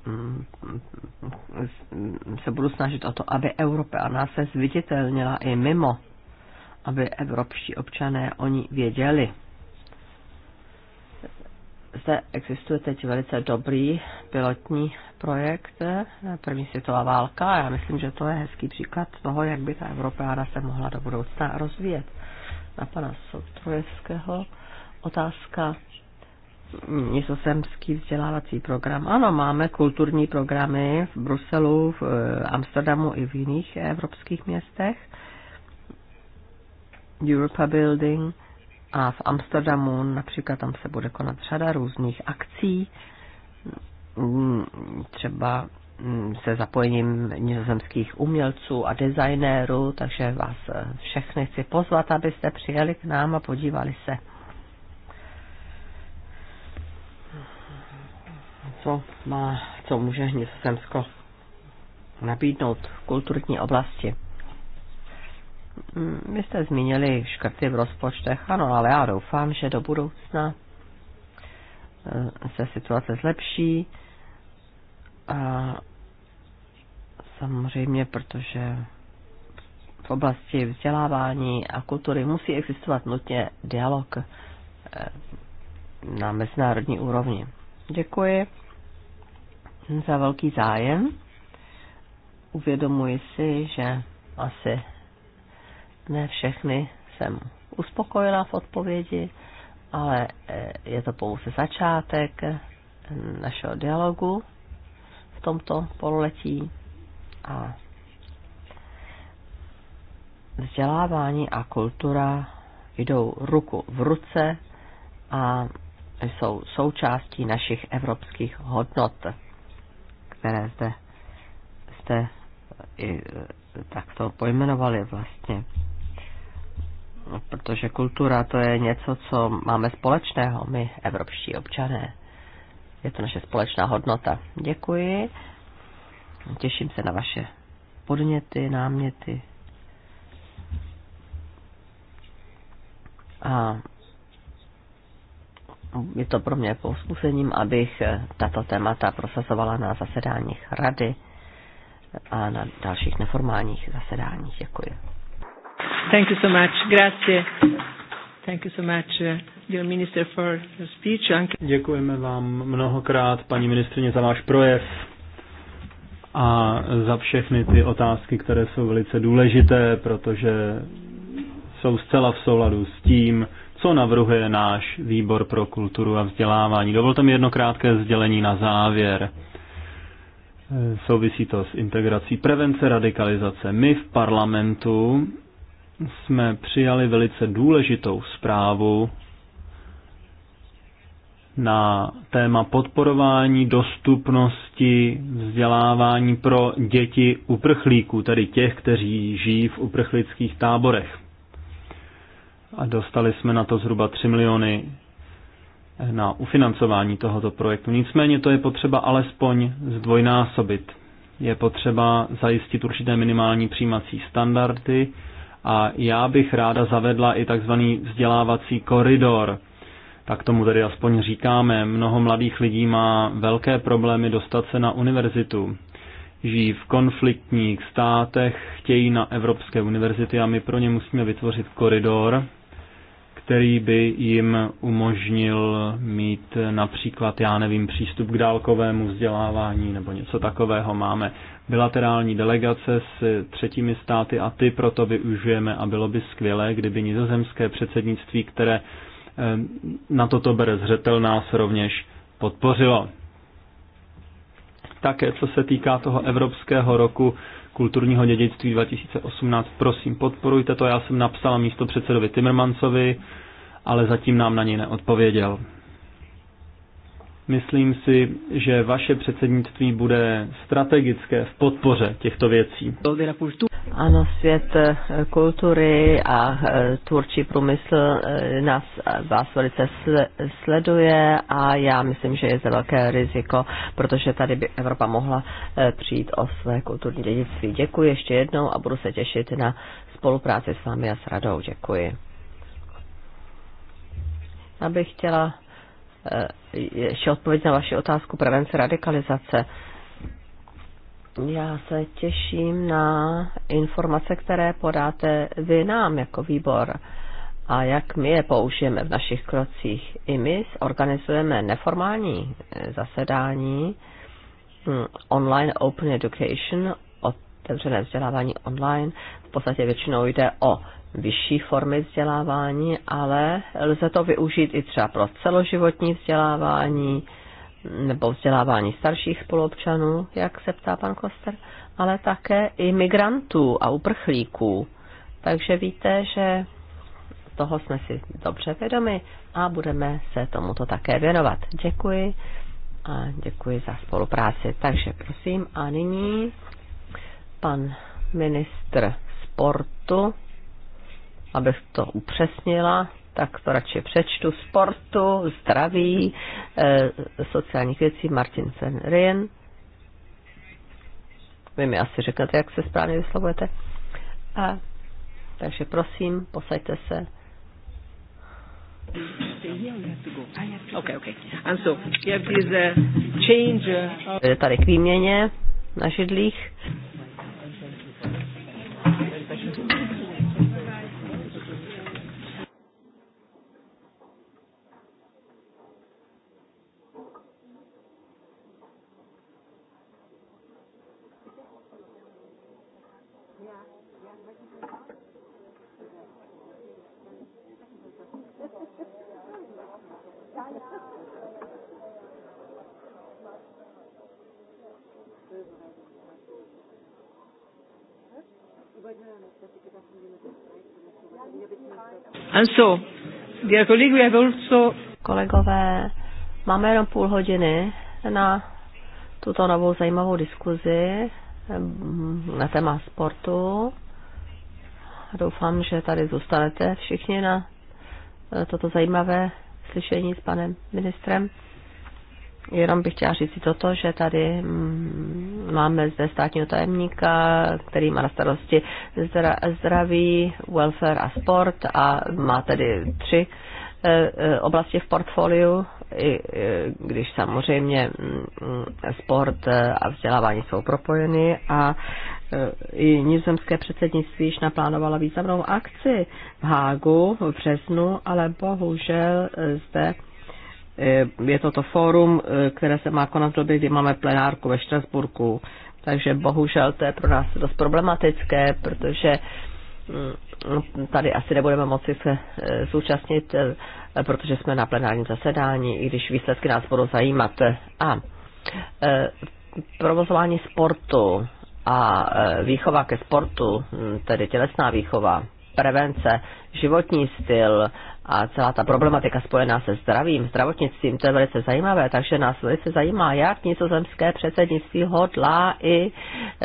Mm, se budu snažit o to, aby Evropa se zviditelnila i mimo, aby evropští občané oni věděli. Zde existuje teď velice dobrý pilotní projekt, první světová válka, já myslím, že to je hezký příklad toho, jak by ta Evropa se mohla do budoucna rozvíjet. Na pana Sotrojevského otázka nizozemský vzdělávací program. Ano, máme kulturní programy v Bruselu, v eh, Amsterdamu i v jiných evropských městech. Europa Building a v Amsterdamu například tam se bude konat řada různých akcí, mm, třeba mm, se zapojením nizozemských umělců a designérů, takže vás eh, všechny chci pozvat, abyste přijeli k nám a podívali se co má, co může Nizozemsko nabídnout v kulturní oblasti. Mm, vy jste zmínili škrty v rozpočtech, ano, ale já doufám, že do budoucna eh, se situace zlepší. A samozřejmě, protože v oblasti vzdělávání a kultury musí existovat nutně dialog eh, na mezinárodní úrovni. Děkuji za velký zájem. Uvědomuji si, že asi ne všechny jsem uspokojila v odpovědi, ale eh, je to pouze začátek eh, našeho dialogu v tomto pololetí a vzdělávání a kultura jdou ruku v ruce a jsou součástí našich evropských hodnot které zde jste eh, i eh, takto pojmenovali vlastně. No, protože kultura to je něco, co máme společného, my evropští občané. Je to naše společná hodnota. Děkuji. Těším se na vaše podněty, náměty. A No, je to pro mě povzbuzením, abych eh, tato témata prosazovala na zasedáních rady a na dalších neformálních zasedáních. Děkuji. Thank you so much. Grazie. Thank you so much, eh, dear minister, for your speech. Děkujeme vám mnohokrát, paní ministrině, za váš projev a za všechny ty otázky, které jsou velice důležité, protože jsou zcela v souladu s tím, co navrhuje náš výbor pro kulturu a vzdělávání. Dovolte mi jedno krátké sdělení na závěr. Souvisí to s integrací prevence radikalizace. My v parlamentu jsme přijali velice důležitou zprávu na téma podporování dostupnosti vzdělávání pro děti uprchlíků, tedy těch, kteří žijí v uprchlických táborech a dostali jsme na to zhruba 3 miliony eh, na ufinancování tohoto projektu. Nicméně to je potřeba alespoň zdvojnásobit. Je potřeba zajistit určité minimální přijímací standardy a já bych ráda zavedla i takzvaný vzdělávací koridor. Tak tomu tedy aspoň říkáme. Mnoho mladých lidí má velké problémy dostat se na univerzitu. Žijí v konfliktních státech, chtějí na evropské univerzity a my pro ně musíme vytvořit koridor, který by jim umožnil mít například, já nevím, přístup k dálkovému vzdělávání nebo něco takového. Máme bilaterální delegace s třetími státy a ty proto využijeme a bylo by skvělé, kdyby nizozemské předsednictví, které eh, na toto bere zřetel, nás rovněž podpořilo. Také co se týká toho Evropského roku kulturního dědictví 2018. Prosím, podporujte to. Já jsem napsal místo předsedovi Timmermansovi, ale zatím nám na něj neodpověděl. Myslím si, že vaše předsednictví bude strategické v podpoře těchto věcí. Ano, svět eh, kultury a eh, tvůrčí průmysl eh, nás vás velice sleduje a já myslím, že je to velké riziko, protože tady by Evropa mohla přijít o své kulturní dědictví. Děkuji ještě jednou a budu se těšit na spolupráci s vámi a s radou. Děkuji. Abych chtěla Eh, ještě odpověď na vaši otázku prevence radikalizace. Já se těším na informace, které podáte vy nám jako výbor a jak my je použijeme v našich krocích. I my organizujeme neformální eh, zasedání hm, online open education, otevřené vzdělávání online. V podstatě většinou jde o vyšší formy vzdělávání, ale lze to využít i třeba pro celoživotní vzdělávání nebo vzdělávání starších spoluobčanů, jak se ptá pan Koster, ale také i migrantů a uprchlíků. Takže víte, že toho jsme si dobře vědomi a budeme se tomuto také věnovat. Děkuji a děkuji za spolupráci. Takže prosím a nyní pan ministr sportu abych to upřesnila, tak to radši přečtu, sportu, zdraví, e, sociálních věcí, Martin Fenrien. Vy mi asi řeknete, jak se správně vyslovujete. A, takže prosím, posaďte se. Uh, Je tady k výměně na židlích. And so, dear colleague, we have also... Kolegové, máme jenom půl hodiny na tuto novou zajímavou diskuzi mm, na téma sportu. Doufám, že tady zůstanete všichni na e, toto zajímavé slyšení s panem ministrem. Jenom bych chtěla říct si toto, že tady mm, máme zde státního tajemníka, který má na starosti zdra, zdraví, welfare a sport a má tedy tři e, e, oblasti v portfoliu, i e, když samozřejmě mm, sport a vzdělávání jsou propojeny a i nizozemské předsednictví již naplánovalo významnou akci v Hágu v březnu, ale bohužel zde Eh, je to to fórum, eh, které se má konat v době, kdy máme plenárku ve Štrasburku. Takže bohužel to je pro nás dost problematické, protože mm, tady asi nebudeme moci se eh, zúčastnit, protože jsme na plenárním zasedání, i když výsledky nás budou zajímat. A provozování sportu a výchova ke sportu, hm, tedy tělesná výchova, prevence, životní styl, a celá ta problematika spojená se zdravím, zdravotnictvím, to je velice zajímavé, takže nás velice zajímá, jak nizozemské předsednictví hodlá i e,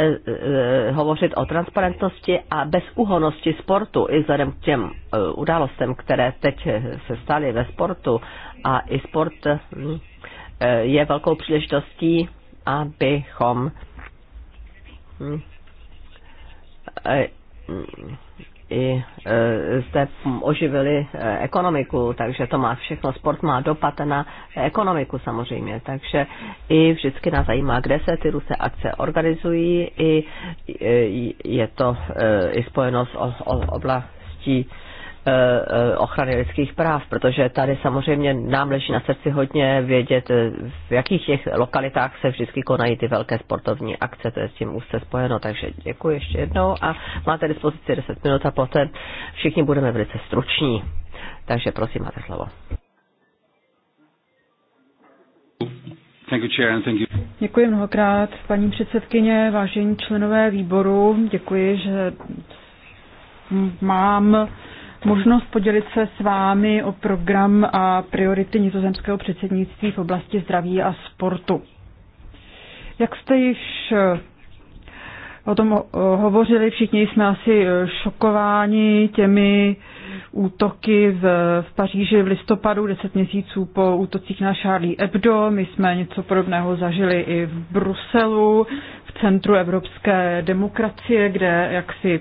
e, hovořit o transparentnosti a bezúhonosti sportu, i vzhledem k těm e, událostem, které teď se staly ve sportu a i sport e, je velkou příležitostí, abychom hm, e, i jste oživili e, ekonomiku, takže to má všechno, sport má dopad na ekonomiku samozřejmě, takže i vždycky nás zajímá, kde se ty různé akce organizují, i e, je to e, i spojeno s oblastí Eh, eh, ochrany lidských práv, protože tady samozřejmě nám leží na srdci hodně vědět, eh, v jakých těch lokalitách se vždycky konají ty velké sportovní akce, to je s tím úzce spojeno, takže děkuji ještě jednou a máte dispozici 10 minut a poté všichni budeme velice struční. Takže prosím, máte slovo. Děkuji mnohokrát, paní předsedkyně, vážení členové výboru. Děkuji, že mám možnost podělit se s vámi o program a priority nizozemského předsednictví v oblasti zdraví a sportu. Jak jste již eh, o tom eh, hovořili, všichni jsme asi eh, šokováni těmi útoky v, v Paříži v listopadu, deset měsíců po útocích na Charlie Hebdo. My jsme něco podobného zažili i v Bruselu, v centru evropské demokracie, kde jaksi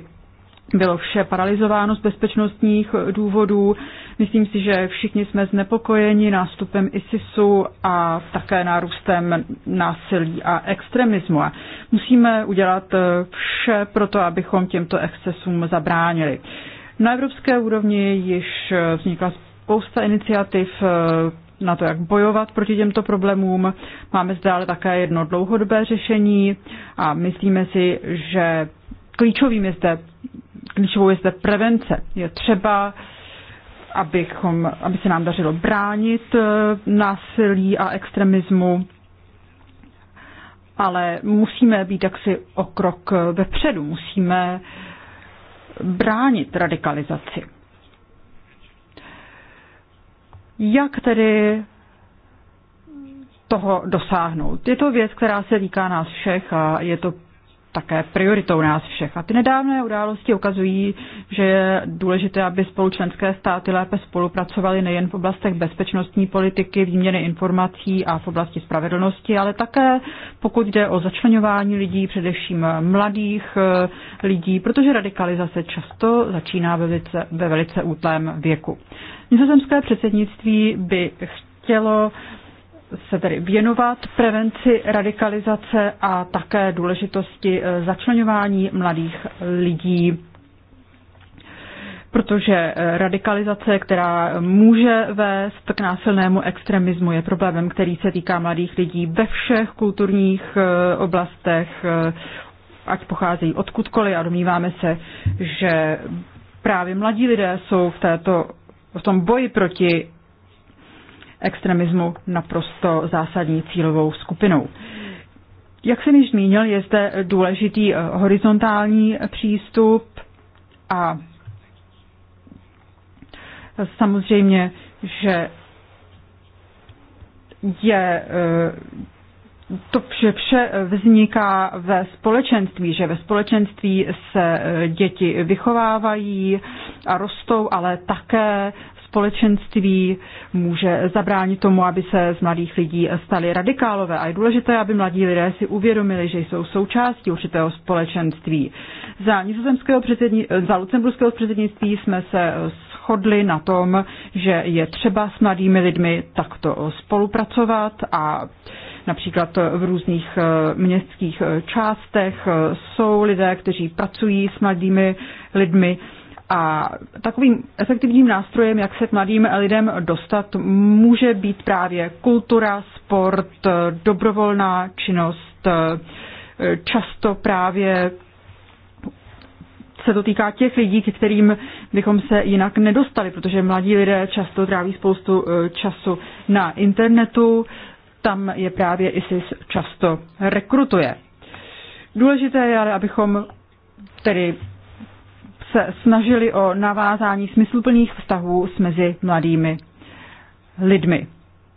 bylo vše paralizováno z bezpečnostních důvodů. Myslím si, že všichni jsme znepokojeni nástupem ISISu a také nárůstem násilí a extremismu. A musíme udělat eh, vše pro to, abychom těmto excesům zabránili. Na evropské úrovni již eh, vznikla spousta iniciativ eh, na to, jak bojovat proti těmto problémům. Máme zde ale také jedno dlouhodobé řešení a myslíme si, že klíčovým je zde, klíčovou je zde prevence. Je třeba, abychom, aby se nám dařilo bránit eh, násilí a extremismu, ale musíme být jaksi o krok eh, vepředu, musíme bránit radikalizaci. Jak tedy toho dosáhnout? Je to věc, která se týká nás všech a je to také prioritou nás všech. A ty nedávné události ukazují, že je důležité, aby spolučlenské státy lépe spolupracovaly nejen v oblastech bezpečnostní politiky, výměny informací a v oblasti spravedlnosti, ale také pokud jde o začlenování lidí, především mladých eh, lidí, protože radikalizace často začíná ve velice, ve velice útlém věku. Nizozemské předsednictví by chtělo se tedy věnovat prevenci radikalizace a také důležitosti eh, začlenování mladých lidí protože eh, radikalizace, která může vést k násilnému extremismu, je problémem, který se týká mladých lidí ve všech kulturních eh, oblastech, ať pocházejí odkudkoliv a domníváme se, že právě mladí lidé jsou v, této, v tom boji proti extremismu naprosto zásadní cílovou skupinou. Jak jsem již zmínil, je zde důležitý eh, horizontální přístup a samozřejmě, že je eh, to, že vše vzniká ve společenství, že ve společenství se eh, děti vychovávají a rostou, ale také společenství, může zabránit tomu, aby se z mladých lidí stali radikálové. A je důležité, aby mladí lidé si uvědomili, že jsou součástí určitého společenství. Za, nizozemského předsední, za lucemburského předsednictví jsme se shodli na tom, že je třeba s mladými lidmi takto spolupracovat a například v různých eh, městských eh, částech eh, jsou lidé, kteří pracují s mladými lidmi a takovým efektivním nástrojem, jak se k mladým lidem dostat, může být právě kultura, sport, dobrovolná činnost. Často právě se to týká těch lidí, k kterým bychom se jinak nedostali, protože mladí lidé často tráví spoustu eh, času na internetu, tam je právě ISIS často rekrutuje. Důležité je ale, abychom tedy se snažili o navázání smysluplných vztahů s mezi mladými lidmi,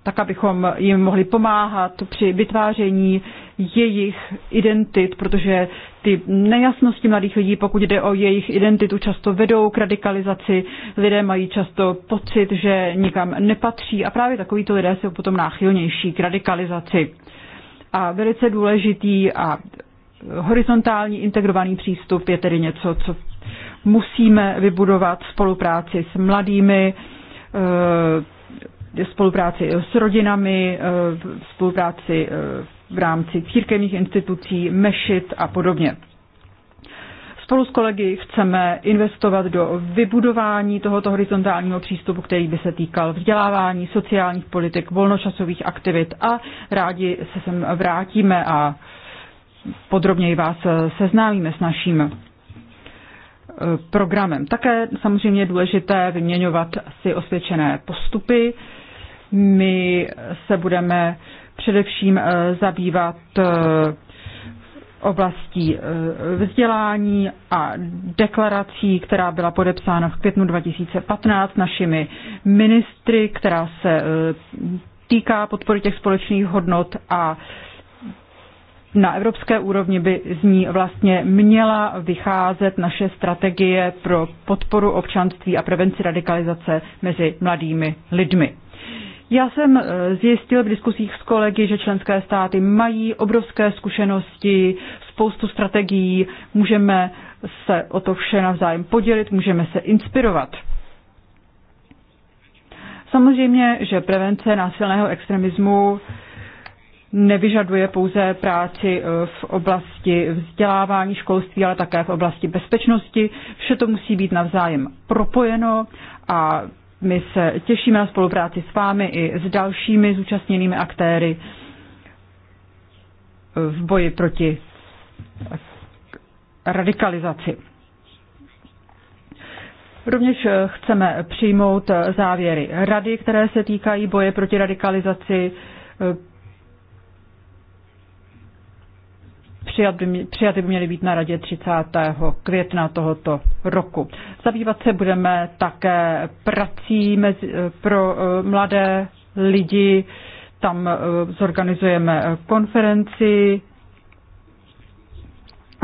tak abychom jim mohli pomáhat při vytváření jejich identit, protože ty nejasnosti mladých lidí, pokud jde o jejich identitu, často vedou k radikalizaci. Lidé mají často pocit, že nikam nepatří a právě takovýto lidé jsou potom náchylnější k radikalizaci. A velice důležitý a horizontální integrovaný přístup je tedy něco, co musíme vybudovat spolupráci s mladými, eh, spolupráci s rodinami, eh, spolupráci eh, v rámci církevních institucí, mešit a podobně. Spolu s kolegy chceme investovat do vybudování tohoto horizontálního přístupu, který by se týkal vzdělávání, sociálních politik, volnočasových aktivit a rádi se sem vrátíme a podrobněji vás seznámíme s naším Eh, programem. Také samozřejmě je důležité vyměňovat si osvědčené postupy. My se budeme především eh, zabývat eh, oblastí vzdělání a deklarací, která byla podepsána v květnu 2015 našimi ministry, která se týká podpory těch společných hodnot a na evropské úrovni by z ní vlastně měla vycházet naše strategie pro podporu občanství a prevenci radikalizace mezi mladými lidmi. Já jsem eh, zjistil v diskusích s kolegy, že členské státy mají obrovské zkušenosti, spoustu strategií, můžeme se o to vše navzájem podělit, můžeme se inspirovat. Samozřejmě, že prevence násilného extremismu nevyžaduje pouze práci eh, v oblasti vzdělávání, školství, ale také v oblasti bezpečnosti. Vše to musí být navzájem propojeno a my se těšíme na spolupráci s vámi i s dalšími zúčastněnými aktéry eh, v boji proti radikalizaci. Rovněž eh, chceme přijmout závěry rady, které se týkají boje proti radikalizaci přijat by, mě, přijaty by měly být na radě 30. května tohoto roku. Zabývat se budeme také prací mezi, eh, pro eh, mladé lidi. Tam eh, zorganizujeme konferenci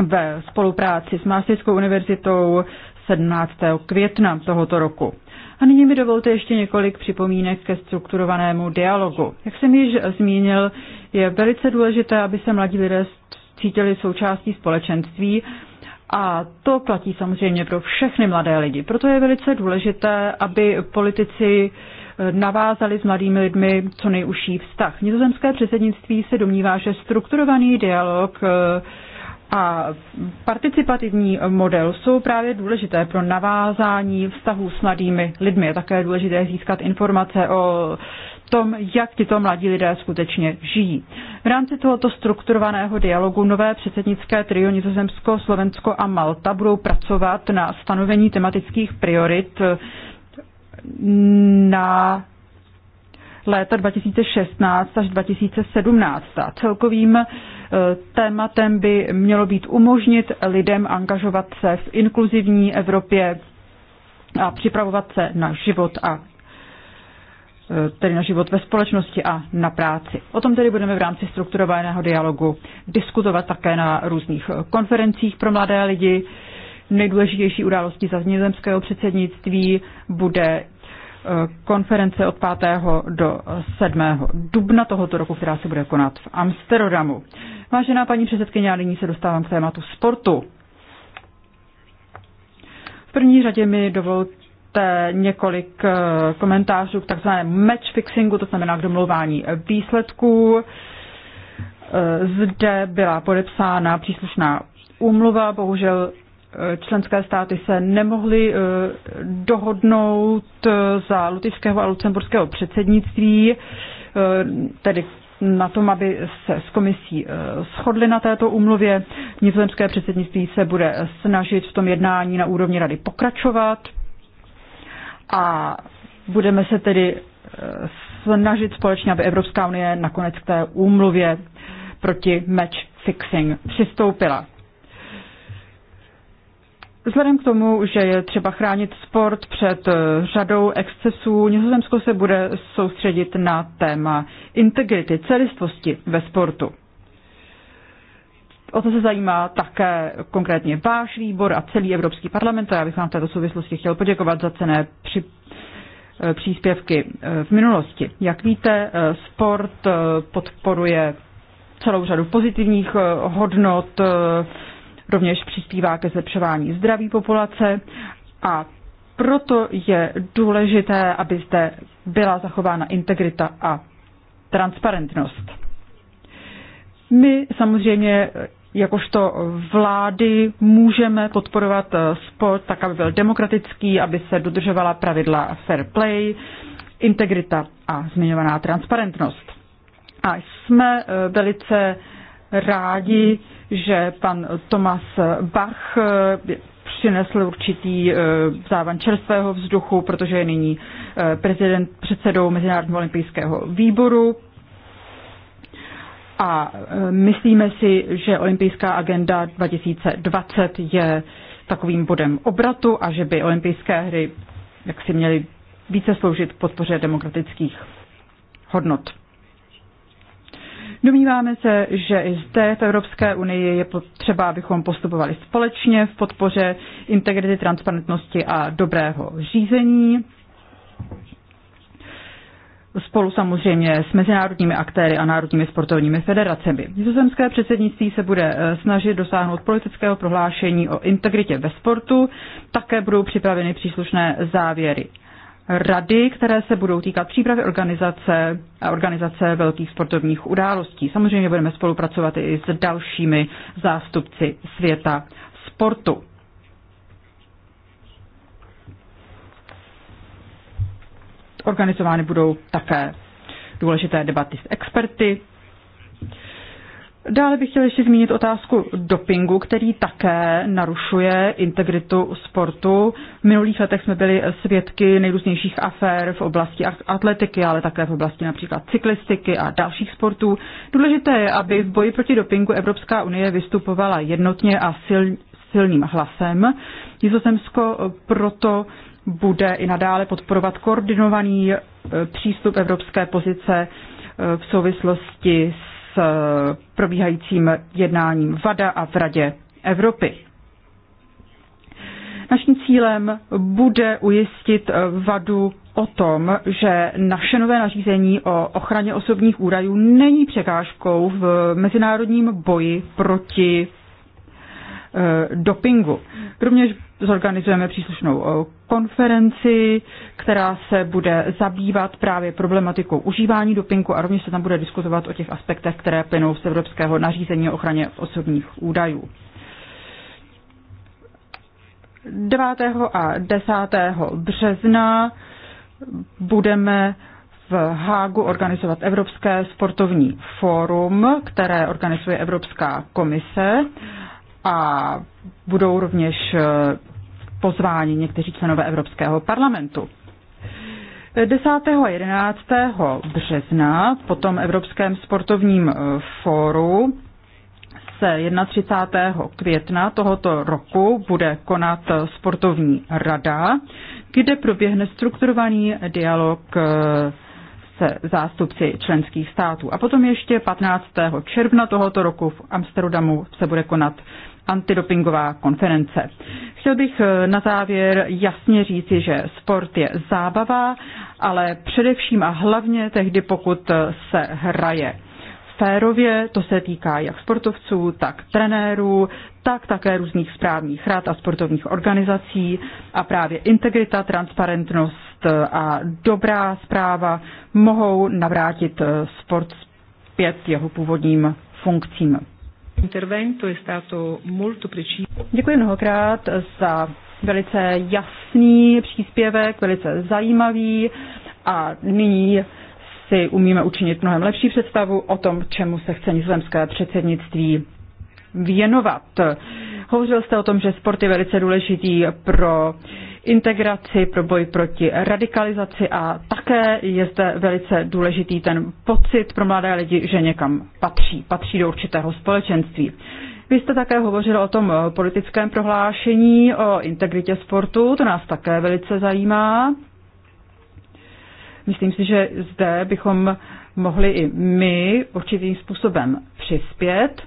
ve spolupráci s Mástickou univerzitou 17. května tohoto roku. A nyní mi dovolte ještě několik připomínek ke strukturovanému dialogu. Jak jsem již zmínil, je velice důležité, aby se mladí lidé cítili součástí společenství. A to platí samozřejmě pro všechny mladé lidi. Proto je velice důležité, aby politici eh, navázali s mladými lidmi co nejužší vztah. Nizozemské předsednictví se domnívá, že strukturovaný dialog eh, a participativní model jsou právě důležité pro navázání vztahů s mladými lidmi. Je také důležité získat informace o tom, jak tito mladí lidé skutečně žijí. V rámci tohoto strukturovaného dialogu nové předsednické trio Nizozemsko, Slovensko a Malta budou pracovat na stanovení tematických priorit na léta 2016 až 2017. A celkovým eh, tématem by mělo být umožnit lidem angažovat se v inkluzivní Evropě a připravovat se na život a Eh, tedy na život ve společnosti a na práci. O tom tedy budeme v rámci strukturovaného dialogu diskutovat také na různých eh, konferencích pro mladé lidi. Nejdůležitější událostí za nizozemského předsednictví bude eh, konference od 5. do 7. dubna tohoto roku, která se bude konat v Amsterdamu. Vážená paní předsedkyně, já nyní se dostávám k tématu sportu. V první řadě mi dovolte dovolte několik eh, komentářů k takzvanému match fixingu, to znamená k domlouvání výsledků. Eh, zde byla podepsána příslušná úmluva, bohužel eh, členské státy se nemohly dohodnout za lutyšského a lucemburského předsednictví, tedy na tom, aby se s komisí shodli na této úmluvě. Nizozemské předsednictví se bude snažit v tom jednání na úrovni rady pokračovat a budeme se tedy eh, snažit společně, aby Evropská unie nakonec k té úmluvě proti match fixing přistoupila. Vzhledem k tomu, že je třeba chránit sport před eh, řadou excesů, Nizozemsko se bude soustředit na téma integrity, celistvosti ve sportu. O to se zajímá také konkrétně váš výbor a celý Evropský parlament a já bych vám v této souvislosti chtěl poděkovat za cené při, eh, příspěvky eh, v minulosti. Jak víte, eh, sport podporuje celou řadu pozitivních hodnot, rovněž přispívá ke zlepšování zdraví populace a proto je důležité, aby zde byla zachována integrita a transparentnost. My samozřejmě eh, jakožto vlády můžeme podporovat eh, sport tak, aby byl demokratický, aby se dodržovala pravidla fair play, integrita a zmiňovaná transparentnost. A jsme eh, velice rádi, že pan Tomas Bach přinesl určitý závan čerstvého vzduchu, protože je nyní prezident, předsedou Mezinárodního olympijského výboru a e, myslíme si, že olympijská agenda 2020 je takovým bodem obratu a že by olympijské hry jak si měly více sloužit k podpoře demokratických hodnot. Domníváme se, že i zde v Evropské unii je potřeba, abychom postupovali společně v podpoře integrity, transparentnosti a dobrého řízení spolu samozřejmě s mezinárodními aktéry a národními sportovními federacemi. Nizozemské předsednictví se bude eh, snažit dosáhnout politického prohlášení o integritě ve sportu, také budou připraveny příslušné závěry rady, které se budou týkat přípravy organizace a organizace velkých sportovních událostí. Samozřejmě budeme spolupracovat i s dalšími zástupci světa sportu. Organizovány budou také důležité debaty s experty. Dále bych chtěl ještě zmínit otázku dopingu, který také narušuje integritu sportu. V minulých letech jsme byli svědky nejrůznějších afér v oblasti atletiky, ale také v oblasti například cyklistiky a dalších sportů. Důležité je, aby v boji proti dopingu Evropská unie vystupovala jednotně a silně silným hlasem. Nizozemsko proto bude i nadále podporovat koordinovaný e, přístup evropské pozice e, v souvislosti s e, probíhajícím jednáním VADA a v Radě Evropy. Naším cílem bude ujistit vadu o tom, že naše nové nařízení o ochraně osobních údajů není překážkou v mezinárodním boji proti Eh, dopingu. Rovněž zorganizujeme příslušnou eh, konferenci, která se bude zabývat právě problematikou užívání dopingu a rovněž se tam bude diskutovat o těch aspektech, které plynou z evropského nařízení o ochraně osobních údajů. 9. a 10. března budeme v Hágu organizovat Evropské sportovní fórum, které organizuje Evropská komise a budou rovněž eh, pozváni někteří členové Evropského parlamentu. 10. a 11. března po tom Evropském sportovním eh, fóru se 31. května tohoto roku bude konat sportovní rada, kde proběhne strukturovaný dialog eh, se zástupci členských států. A potom ještě 15. června tohoto roku v Amsterdamu se bude konat antidopingová konference. Chtěl bych eh, na závěr jasně říci, že sport je zábava, ale především a hlavně tehdy, pokud eh, se hraje férově, to se týká jak sportovců, tak trenérů, tak také různých správních rad a sportovních organizací a právě integrita, transparentnost eh, a dobrá zpráva mohou navrátit sport zpět jeho původním funkcím. Intervento je stato molto preciso. Děkuji mnohokrát za velice jasný příspěvek, velice zajímavý a nyní si umíme učinit mnohem lepší představu o tom, čemu se chce nizozemské předsednictví věnovat. Hovořil jste o tom, že sport je velice důležitý pro uh, integraci, pro boj proti radikalizaci a také je zde velice důležitý ten pocit pro mladé lidi, že někam patří, patří do určitého společenství. Vy jste také hovořil o tom politickém prohlášení, o integritě sportu, to nás také velice zajímá. Myslím si, že zde bychom mohli i my určitým způsobem přispět.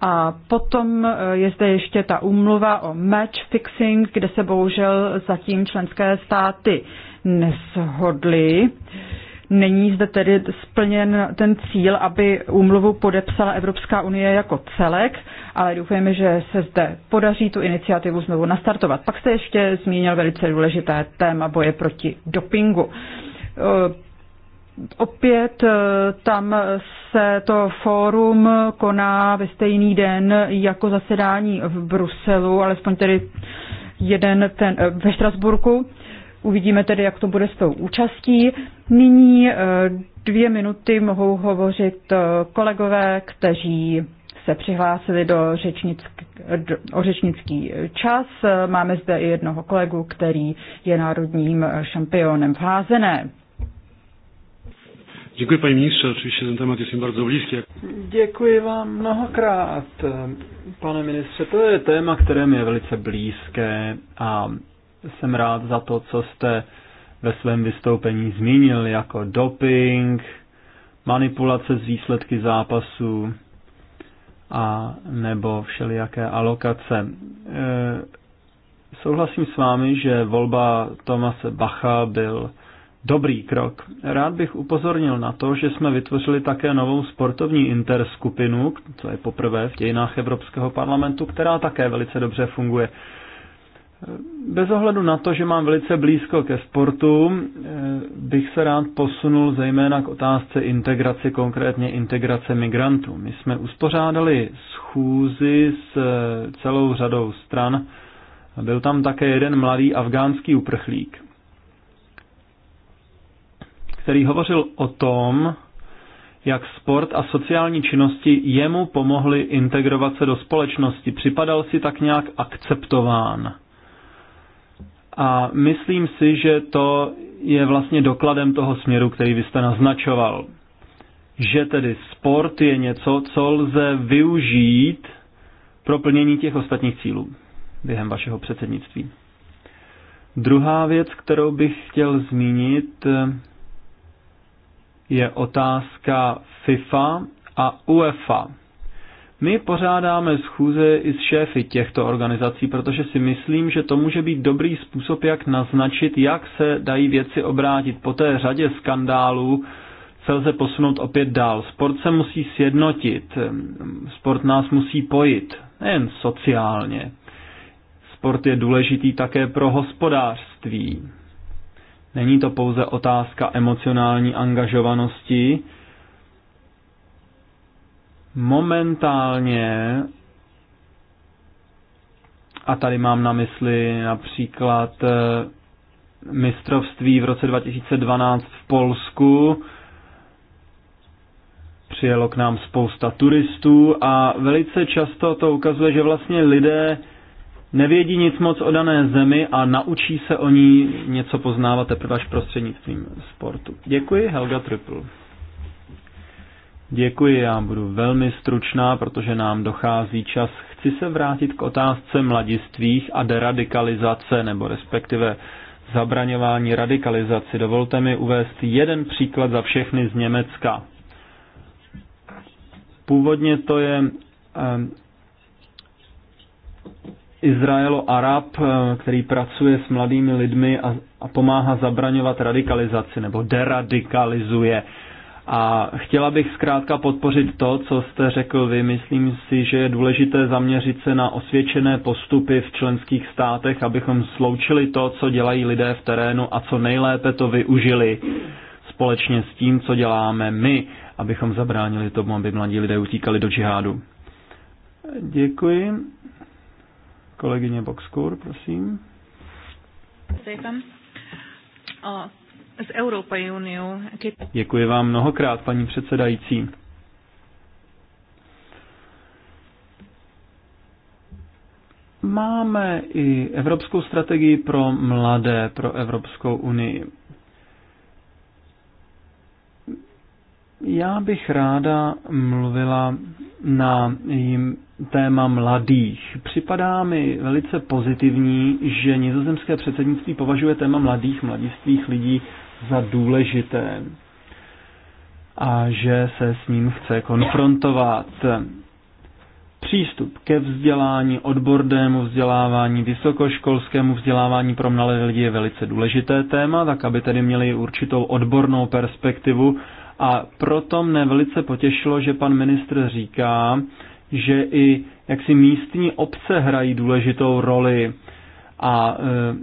A potom e, je zde ještě ta úmluva o match fixing, kde se bohužel zatím členské státy neshodly. Není zde tedy splněn ten cíl, aby úmluvu podepsala Evropská unie jako celek, ale doufejme, že se zde podaří tu iniciativu znovu nastartovat. Pak jste ještě zmínil velice důležité téma boje proti dopingu. E, Opět eh, tam se to fórum koná ve stejný den jako zasedání v Bruselu, alespoň tedy jeden ten eh, ve Štrasburku. Uvidíme tedy, jak to bude s tou účastí. Nyní eh, dvě minuty mohou hovořit kolegové, kteří se přihlásili do řečnick, do, o řečnický čas. Máme zde i jednoho kolegu, který je národním šampionem v házené. Děkuji, paní ministře, oczywiście ten temat je mi bardzo blízký. Děkuji vám mnohokrát, pane ministře. To je téma, které mi je velice blízké a jsem rád za to, co jste ve svém vystoupení zmínil, jako doping, manipulace z výsledky zápasů a nebo všelijaké alokace. E, souhlasím s vámi, že volba Tomase Bacha byl dobrý krok. Rád bych upozornil na to, že jsme vytvořili také novou sportovní interskupinu, co je poprvé v dějinách Evropského parlamentu, která také velice dobře funguje. Bez ohledu na to, že mám velice blízko ke sportu, eh, bych se rád posunul zejména k otázce integrace, konkrétně integrace migrantů. My jsme uspořádali schůzi s eh, celou řadou stran. Byl tam také jeden mladý afgánský uprchlík který hovořil o tom, jak sport a sociální činnosti jemu pomohly integrovat se do společnosti. Připadal si tak nějak akceptován. A myslím si, že to je vlastně dokladem toho směru, který vy jste naznačoval. Že tedy sport je něco, co lze využít pro plnění těch ostatních cílů během vašeho předsednictví. Druhá věc, kterou bych chtěl zmínit, je otázka FIFA a UEFA. My pořádáme schůze i s šéfy těchto organizací, protože si myslím, že to může být dobrý způsob, jak naznačit, jak se dají věci obrátit. Po té řadě skandálů se lze posunout opět dál. Sport se musí sjednotit, sport nás musí pojit, nejen sociálně. Sport je důležitý také pro hospodářství. Není to pouze otázka emocionální angažovanosti. Momentálně, a tady mám na mysli například eh, mistrovství v roce 2012 v Polsku, přijelo k nám spousta turistů a velice často to ukazuje, že vlastně lidé nevědí nic moc o dané zemi a naučí se o ní něco poznávat teprve až prostřednictvím sportu. Děkuji, Helga Triple. Děkuji, já budu velmi stručná, protože nám dochází čas. Chci se vrátit k otázce mladistvých a deradikalizace, nebo respektive zabraňování radikalizaci. Dovolte mi uvést jeden příklad za všechny z Německa. Původně to je eh, Izraelo-Arab, eh, který pracuje s mladými lidmi a, a pomáhá zabraňovat radikalizaci nebo deradikalizuje. A chtěla bych zkrátka podpořit to, co jste řekl vy. Myslím si, že je důležité zaměřit se na osvědčené postupy v členských státech, abychom sloučili to, co dělají lidé v terénu a co nejlépe to využili společně s tím, co děláme my, abychom zabránili tomu, aby mladí lidé utíkali do džihádu. Děkuji. Kolegyně Boxkur, prosím. Z Evropy Uniu. Děkuji vám mnohokrát, paní předsedající. Máme i Evropskou strategii pro mladé, pro Evropskou unii. Já bych ráda mluvila na téma mladých. Připadá mi velice pozitivní, že nizozemské předsednictví považuje téma mladých, mladistvých lidí za důležité a že se s ním chce konfrontovat. Přístup ke vzdělání, odbornému vzdělávání, vysokoškolskému vzdělávání pro mladé lidi je velice důležité téma, tak aby tedy měli určitou odbornou perspektivu. A proto mne velice potěšilo, že pan ministr říká, že i jaksi místní obce hrají důležitou roli a e,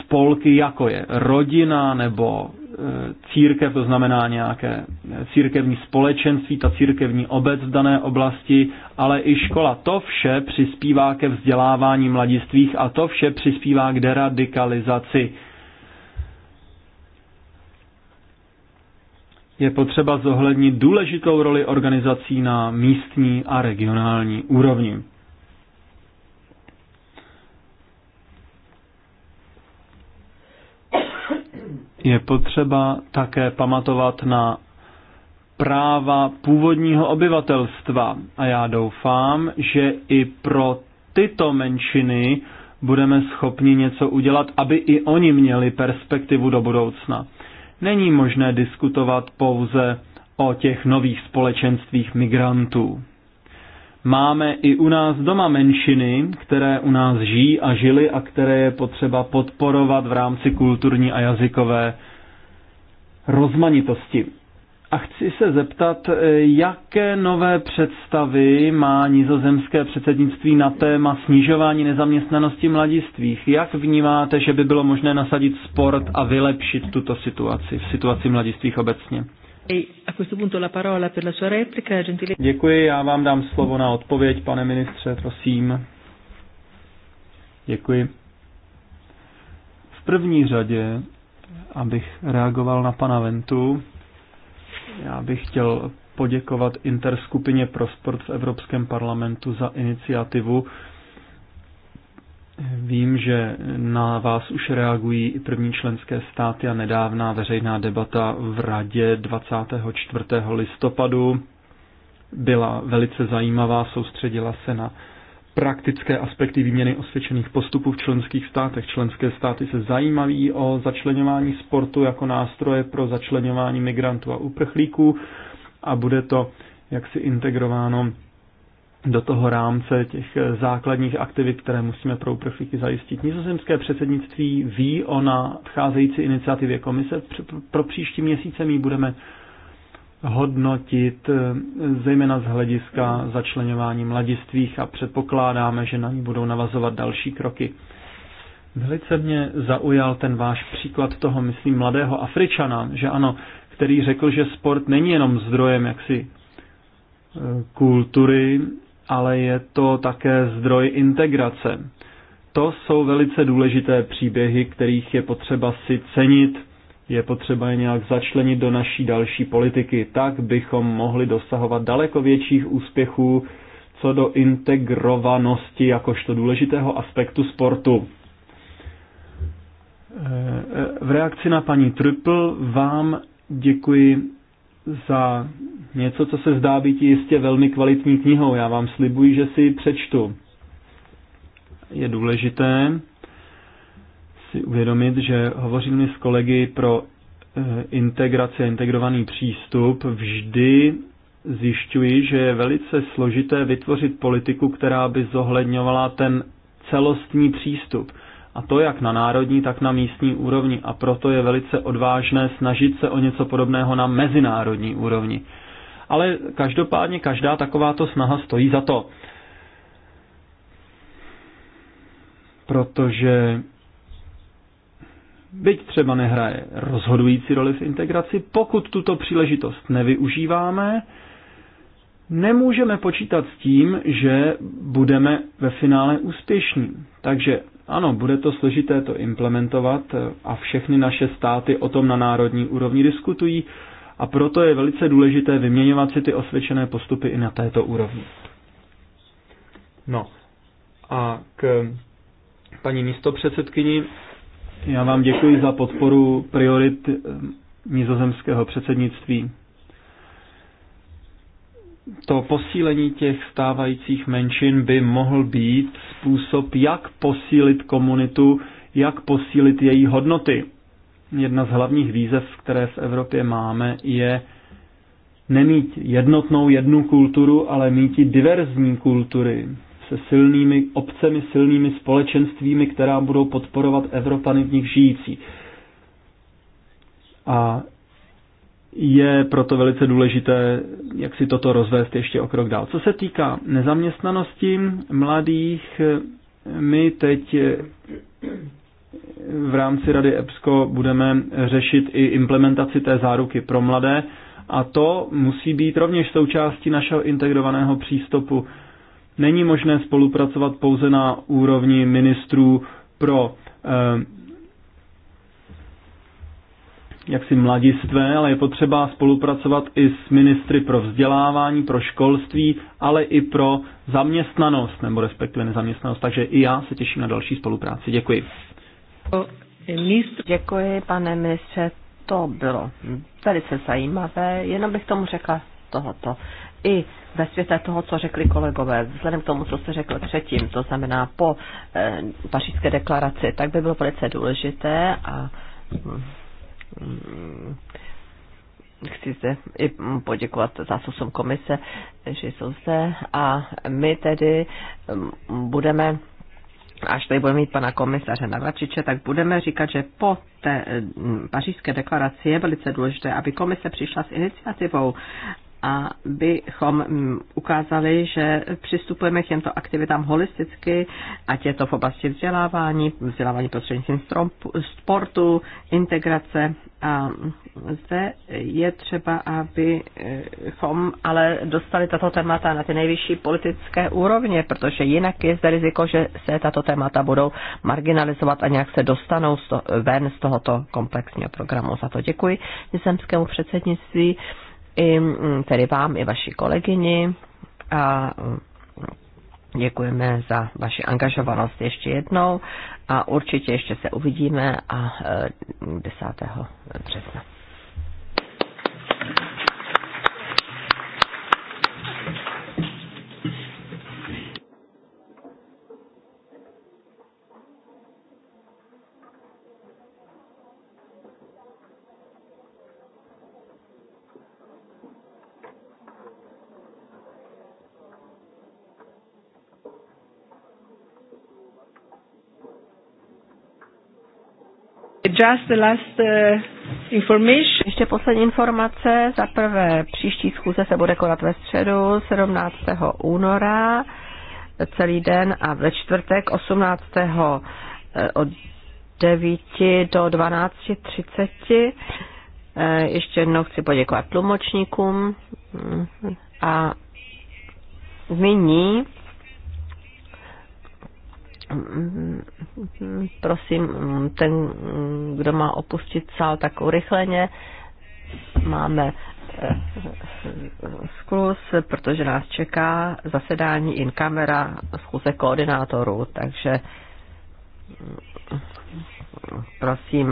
spolky, jako je rodina nebo e, církev, to znamená nějaké e, církevní společenství, ta církevní obec v dané oblasti, ale i škola. To vše přispívá ke vzdělávání mladistvých a to vše přispívá k deradikalizaci je potřeba zohlednit důležitou roli organizací na místní a regionální úrovni. Je potřeba také pamatovat na práva původního obyvatelstva a já doufám, že i pro tyto menšiny budeme schopni něco udělat, aby i oni měli perspektivu do budoucna není možné diskutovat pouze o těch nových společenstvích migrantů. Máme i u nás doma menšiny, které u nás žijí a žily a které je potřeba podporovat v rámci kulturní a jazykové rozmanitosti. A chci se zeptat, eh, jaké nové představy má nizozemské předsednictví na téma snižování nezaměstnanosti mladistvých? Jak vnímáte, že by bylo možné nasadit sport a vylepšit tuto situaci, v situaci mladistvých obecně? E, Děkuji, já vám dám slovo na odpověď, pane ministře, prosím. Děkuji. V první řadě, abych reagoval na pana Ventu, já bych chtěl poděkovat Interskupině pro sport v Evropském parlamentu za iniciativu. Vím, že na vás už reagují i první členské státy a nedávná veřejná debata v Radě 24. listopadu byla velice zajímavá, soustředila se na praktické aspekty výměny osvědčených postupů v členských státech. Členské státy se zajímaví o začlenování sportu jako nástroje pro začlenování migrantů a uprchlíků a bude to jaksi integrováno do toho rámce těch základních aktivit, které musíme pro uprchlíky zajistit. Nizozemské předsednictví ví o nadcházející iniciativě komise. Pro příští měsíce my budeme hodnotit, eh, zejména z hlediska začlenování mladistvých a předpokládáme, že na ní budou navazovat další kroky. Velice mě zaujal ten váš příklad toho, myslím, mladého Afričana, že ano, který řekl, že sport není jenom zdrojem jaksi eh, kultury, ale je to také zdroj integrace. To jsou velice důležité příběhy, kterých je potřeba si cenit je potřeba je nějak začlenit do naší další politiky. Tak bychom mohli dosahovat daleko větších úspěchů co do integrovanosti jakožto důležitého aspektu sportu. Eh, v reakci na paní Triple vám děkuji za něco, co se zdá být jistě velmi kvalitní knihou. Já vám slibuji, že si ji přečtu. Je důležité, si uvědomit, že hovořím s kolegy pro eh, integraci a integrovaný přístup, vždy zjišťuji, že je velice složité vytvořit politiku, která by zohledňovala ten celostní přístup. A to jak na národní, tak na místní úrovni. A proto je velice odvážné snažit se o něco podobného na mezinárodní úrovni. Ale každopádně každá takováto snaha stojí za to. Protože byť třeba nehraje rozhodující roli v integraci, pokud tuto příležitost nevyužíváme, nemůžeme počítat s tím, že budeme ve finále úspěšní. Takže ano, bude to složité to implementovat a všechny naše státy o tom na národní úrovni diskutují a proto je velice důležité vyměňovat si ty osvědčené postupy i na této úrovni. No a k paní místopředsedkyni já vám děkuji za podporu priorit eh, nizozemského předsednictví. To posílení těch stávajících menšin by mohl být způsob, jak posílit komunitu, jak posílit její hodnoty. Jedna z hlavních výzev, které v Evropě máme, je nemít jednotnou jednu kulturu, ale mít i diverzní kultury, se silnými obcemi, silnými společenstvími, která budou podporovat Evropany v nich žijící. A je proto velice důležité, jak si toto rozvést ještě o krok dál. Co se týká nezaměstnanosti mladých, my teď v rámci Rady EBSCO budeme řešit i implementaci té záruky pro mladé a to musí být rovněž součástí našeho integrovaného přístupu Není možné spolupracovat pouze na úrovni ministrů pro eh, jaksi mladistvé, ale je potřeba spolupracovat i s ministry pro vzdělávání, pro školství, ale i pro zaměstnanost, nebo respektive nezaměstnanost. Takže i já se těším na další spolupráci. Děkuji. Děkuji, pane ministře. To bylo velice zajímavé. Jenom bych tomu řekla tohoto i ve světle toho, co řekli kolegové, vzhledem k tomu, co se řekl předtím, to znamená po e, pařížské deklaraci, tak by bylo velice důležité a mm, chci se i poděkovat zástupcům komise, že jsou zde a my tedy mm, budeme až tady budeme mít pana komisaře Navračiče, tak budeme říkat, že po té mm, pařížské deklaraci je velice důležité, aby komise přišla s iniciativou abychom mm, ukázali, že přistupujeme k těmto aktivitám holisticky, ať je to v oblasti vzdělávání, vzdělávání prostřednictvím sportu, integrace. A zde je třeba, abychom ale dostali tato témata na ty nejvyšší politické úrovně, protože jinak je zde riziko, že se tato témata budou marginalizovat a nějak se dostanou ven z tohoto komplexního programu. Za to děkuji nizemskému předsednictví i mm, tedy vám, i vaší kolegyni a mm, děkujeme za vaši angažovanost ještě jednou a určitě ještě se uvidíme a 10. E, března. Just the last uh, information. Ještě poslední informace. Za prvé, příští schůze se bude konat ve středu 17. února celý den a ve čtvrtek 18. Eh, od 9 do 12.30. Eh, ještě jednou chci poděkovat tlumočníkům mm, a nyní prosím, ten, kdo má opustit sál tak urychleně, máme eh, sklus, protože nás čeká zasedání in kamera schůze koordinátorů, takže mm, prosím,